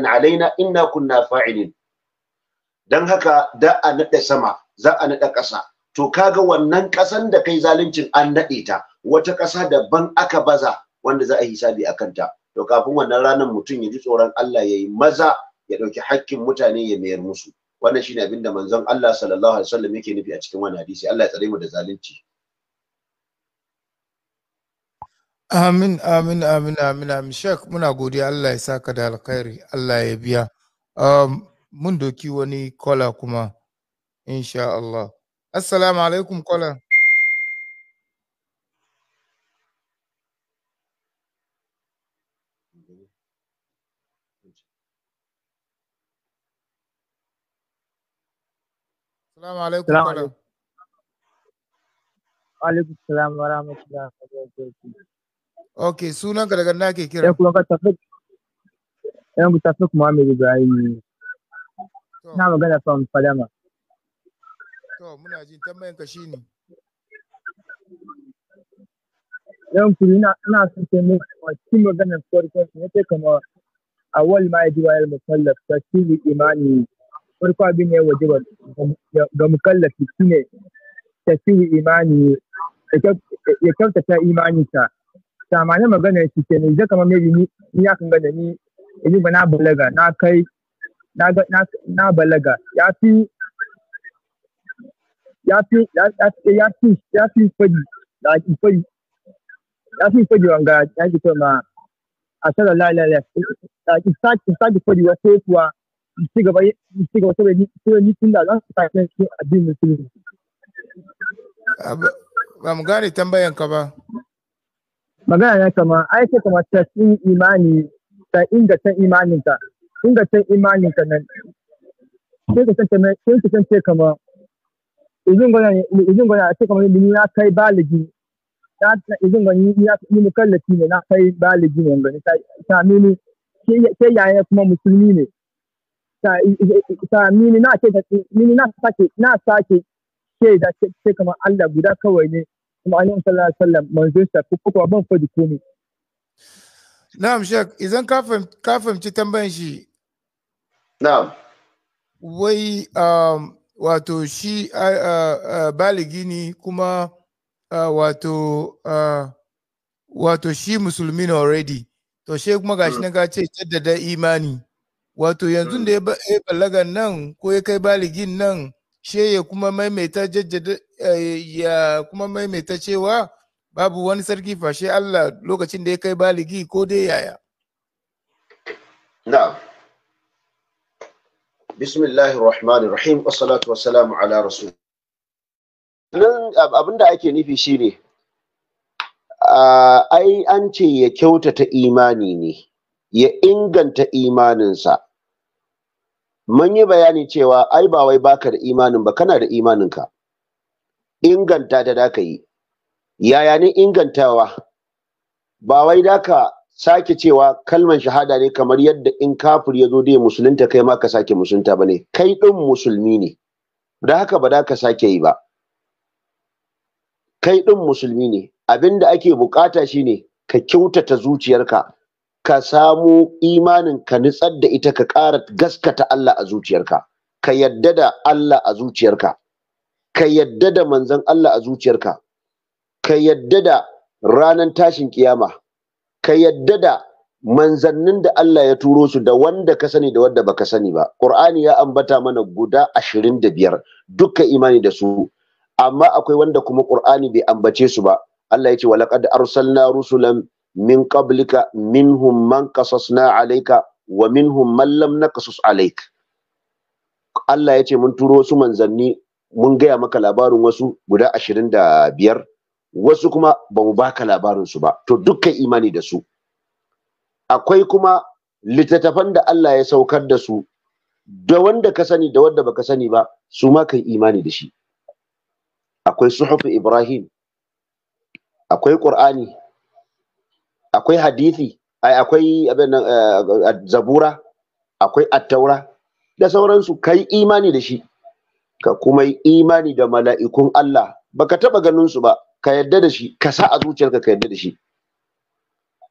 na alaina na kunna fa'ilin dan haka da a nade sama za'a a ƙasa to kaga wannan ƙasan da kai zaluncin an nade ta wata ƙasa daban aka baza wanda za a yi hisabi a kanta to kafin wannan ranar mutum ya ji tsoron Allah ya yi maza ya ɗauki hakkin mutane ya mayar musu wannan shine abin da manzon Allah sallallahu alaihi wasallam yake nufi a cikin wannan hadisi Allah ya tsare mu da zalunci amin amin amin amin amin shek muna godiya Allah ya saka da alkhairi Allah ya biya um, mun doki wani kola kuma insha Allah assalamu alaikum kola Salamu alaikum. Salamu alaikum. alaikum salam wa rahmatullahi wa barakatuh. Okay, sunan eh, ka daga na ke kira. Yan ka Tafik. Yan eh, ku Tafik Muhammad Ibrahim. Na magana from Fadama. To, muna jin tambayan ka shine. cikin maganar farko ne sai kamar awwal ma musallaf tasiri imani farko abin ya waje ba ga mukallafi su ne shiru imani ya kyautata imaninsa samanin magana shi ke ne zai kama maybe ni ya kan gane ni yanzu ba na balaga na kai na balaga ya fi ya fi ya fi ya fi fadi fadi ya fi fadi wanga ya ki kama ma a sallallahu alaihi wasallam ki saki fadi wasu kuwa ci gaba ci gaba saboda ni tun da zan sa kan shi addinin musulunci ba mu gane tambayan ka ba magana na kama ai sai kama ta sun imani ta inda ta imanin ka inda ta imanin ka nan sai ka san kama sai ka san kama izin gwana izin gwana kama ni na kai baligi na izin gwana ni na ni mukallafi ne na kai baligi ne ngani ta ta mini sai yaya kuma musulmi ne sami na ce mini na sake na sake ce da ce kamar Allah guda kawai ne kuma an yi sallallahu alaihi wasallam manzon sa ko kuma ban fadi komai na'am shek idan ka fahimci ka fahimci tambayan shi na'am wai um, wato shi uh, uh, baligi ne kuma uh, wato uh, wato shi musulmi ne already to she kuma gashi hmm. na ga ce jaddada imani wato yanzu da ya balaga nan ko ya kai baligin nan she ya kuma maimaita jajjada eh, ya kuma maimaita cewa babu wani sarki fashe Allah lokacin da ya kai baligi ko dai yaya na'am bismillahir rahmanir rahim wassalatu wassalamu ala rasul nan abinda ake nufi shine ai an ce ya kyautata imani ne ya inganta imaninsa mun yi bayani cewa ai ba wai baka da imanin ba kana da imaninka inganta da ka yi yaya ne ingantawa ba wai da ka sake cewa kalman shahada ne kamar yadda in kafir ya zo dai musulunta kai ma ka sake musulunta ba ne kai ɗin musulmi ne da haka ba da ka sake yi ba kai ɗin musulmi ne Abinda da ake bukata shine ka kyautata zuciyarka ka samu imanin ka nitsar da ita ka ƙara gaskata Allah a zuciyarka ka yadda da Allah a zuciyarka ka yadda da manzon Allah a zuciyarka ka yadda da ranar tashin kiyama ka yadda da manzannin da Allah ya turo su da wanda ka sani da wanda baka sani ba Qur'ani ya ambata mana guda ashirin da biyar duka imani da su amma akwai wanda kuma Qur'ani bai ambace su ba Allah ya ce walaqad arsalna rusulan min qablika minhum man qasasna alayka wa minhum man lam naqasus alayk Allah ya ce mun turo su manzanni mun gaya maka labarin wasu guda ashirin da biyar wasu kuma ba mu baka labarin su ba to dukkan imani da su akwai kuma littattafan da Allah ya saukar da su da wanda ka sani da wanda baka sani ba su ma kai imani da shi akwai suhufu Ibrahim akwai Qur'ani akwai hadithi akwai abin eh, zabura akwai attaura da sauransu kai imani da shi ka kuma yi imani da mala'ikun Allah baka taba ganin su ba ka yadda da shi ka sa a zuciyarka ka yadda da shi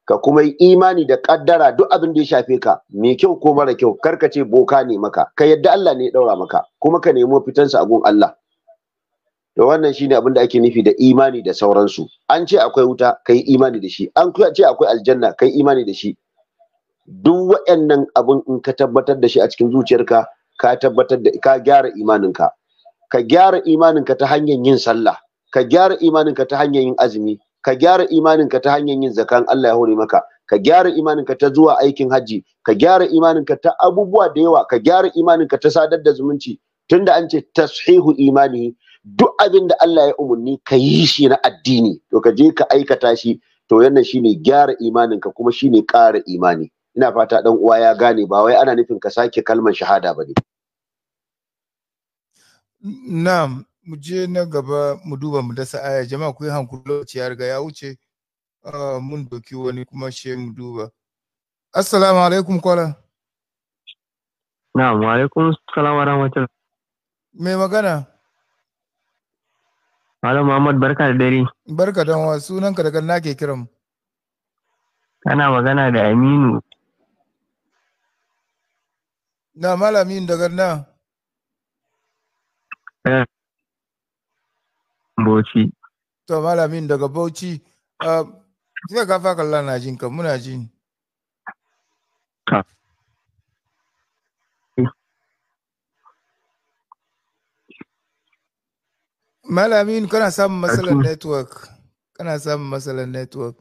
ka kuma yi imani da kaddara duk abin da ya shafe ka mai kyau ko mara kyau kar ka ce boka ne maka ka yadda Allah ne ya daura maka kuma ka nemo fitansa a gun Allah to wannan shine abin da ake nufi da imani da sauransu an ce akwai wuta kai imani da shi an ce akwai aljanna kai imani da shi duk waɗannan abin in ka tabbatar da shi a cikin zuciyarka ka tabbatar da ka gyara imaninka ka gyara imaninka ta hanyar yin sallah ka gyara imaninka ta hanyar yin azumi ka gyara imaninka ta hanyar yin zakan Allah ya hore maka ka gyara imaninka ta zuwa aikin hajji ka gyara imaninka ta abubuwa da yawa ka gyara imaninka ta sadar da zumunci tunda an ce tashihu imani duk abin da Allah ya umarni ka yi shi na addini to ka je ka aikata shi to wannan shine gyara imaninka kuma shine ƙara imani ina fata dan uwa ya gane ba wai ana nufin ka sake kalmar shahada ba ne na'am mu je na gaba mu duba mu dasa aya jama'a ku yi hankuri lokaci ya riga ya wuce ah, mun doki wani kuma she mu duba assalamu alaikum kwala na'am wa alaikum assalam wa rahmatullah me magana Malam Muhammad barka da dare. Barka da wa sunan ka daga nake ke kiran. Kana magana da Aminu. Na malamin daga na. Eh. Bauchi. To malamin daga Bauchi. Zai ah, fa kallon na jinka muna jin. Ka. Malamin kana samun matsalar network. Kana samun matsalar network.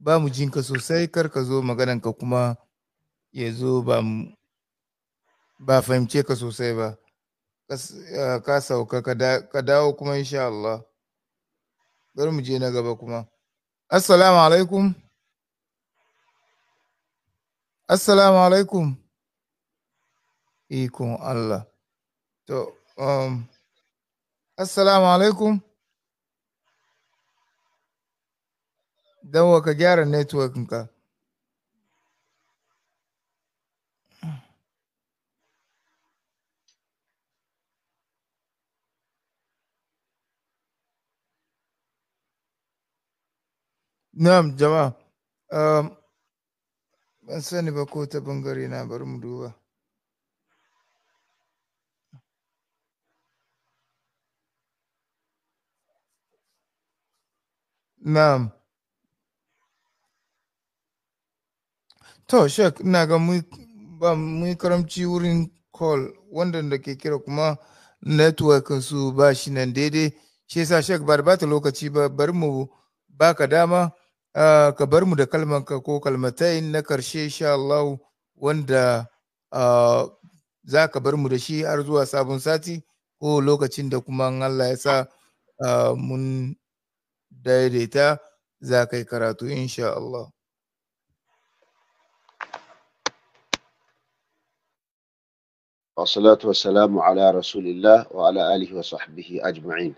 Ba mu jinka sosai kar ka zo maganarka kuma ya zo ba mu ba fahimce ka sosai ba. Ka sauka ka dawo kuma insha Allah. Bari mu je na gaba kuma. Assalamu alaikum. Assalamu alaikum. Ikon Allah. To, um, Assalamu alaikum. Dawo ka gyara networkinka. Na'am jama'a. ban sani ba ko ta bangare na bari mu duba. Na'am. To, Sheik, ina ga mun ba karamci wurin call wanda da ke kira kuma network su ba shi nan daidai. Shi yasa Sheik ba da bata lokaci ba bari mu baka dama uh, ka bar mu da kalmanka ko kalmatai na karshe insha Allah wanda uh, za ka bar mu da shi har zuwa sabon sati ko lokacin da kuma Allah ya sa mun daidaita za ka yi karatu insha Allah. wasalatu wasalamu ala rasulillah wa ala alihi wa sahbihi ajma'in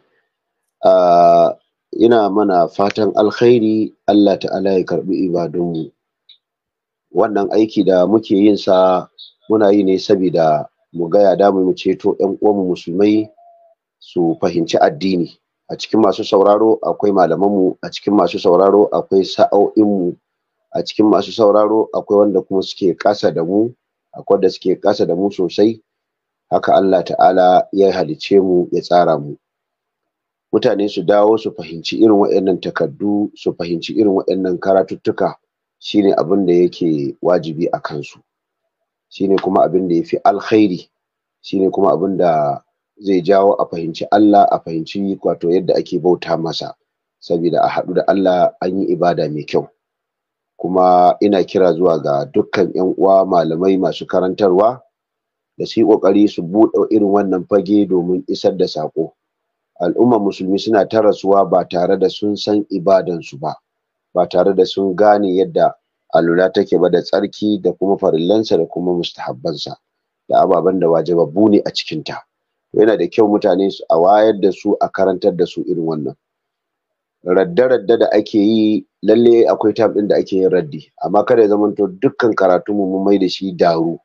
ah, ina mana fatan alkhairi Allah ta'ala ya karbi ibadunmu wannan aiki da muke yin sa muna yi ne saboda mu gaya damu mu ceto 'yan uwanmu musulmai su fahimci addini a cikin masu sauraro akwai malamanmu a cikin masu sauraro akwai sa'o'inmu a cikin masu sauraro akwai wanda kuma suke ƙasa da mu akwai da suke ƙasa da mu sosai haka Allah ta'ala ya halice mu ya tsara mu mutane su dawo su fahimci irin waɗannan takardu su fahimci irin waɗannan karatuttuka shine abin da yake wajibi a kansu shine kuma abin da ya fi alkhairi shine kuma abin da zai jawo a fahimci Allah a fahimci wato yadda ake bauta masa saboda a haɗu da Allah an yi ibada mai kyau kuma ina kira zuwa ga dukkan yan uwa malamai masu karantarwa da su yi ƙoƙari su buɗe irin wannan fage domin isar da saƙo al'ummar musulmi suna ta rasuwa ba tare da sun san ibadan su ba ba tare da sun gane yadda alula take ba da tsarki da kuma farillansa da kuma mustahabbansa da ababen da wajibabbu ne a cikinta. yana da kyau mutane su a wayar da su a karantar da su irin wannan radda-radda da ake yi lalle akwai tab ɗin da ake yin raddi amma kada ya zamanto dukkan karatu mu mai da shi daru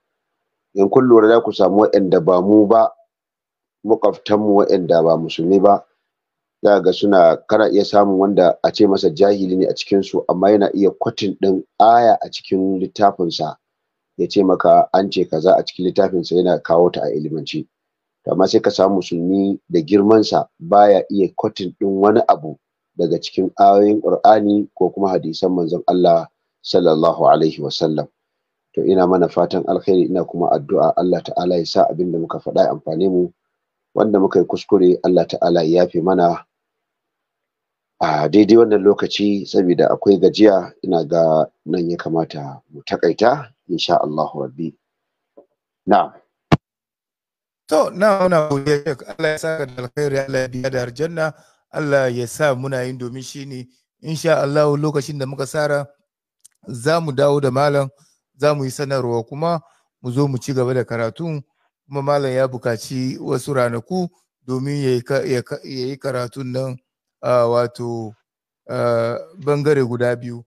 in kun lura za ku samu waɗanda ba mu ba mu waɗanda ba musulmi ba za ga suna kana iya samun wanda a ce masa jahili ne a cikin su amma yana iya kwatin ɗin aya a cikin littafinsa ya ce maka an ce kaza a cikin littafinsa yana kawo ta a ilimance amma sai ka samu musulmi da girmansa baya iya kwatin ɗin wani abu daga cikin ayoyin ƙur'ani ko kuma hadisan manzon Allah sallallahu alaihi wasallam to ina mana fatan alkhairi ina kuma addu'a Allah ta'ala ya sa abin da muka faɗa amfane mu wanda muka yi kuskure Allah ta'ala ya yafe mana a daidai wannan lokaci saboda akwai gajiya ina ga nan ya kamata mu takaita insha Allah rabbi na'am To, na muna godiya shek Allah ya saka da alkhairi Allah ya biya da harjanna, Allah ya sa muna yin domin shi ne insha Allah lokacin da muka sara za mu dawo da malam za mu yi sanarwa kuma mu zo mu ci gaba da karatu kuma malam ya bukaci wasu ranaku domin ya yi karatun nan wato bangare guda biyu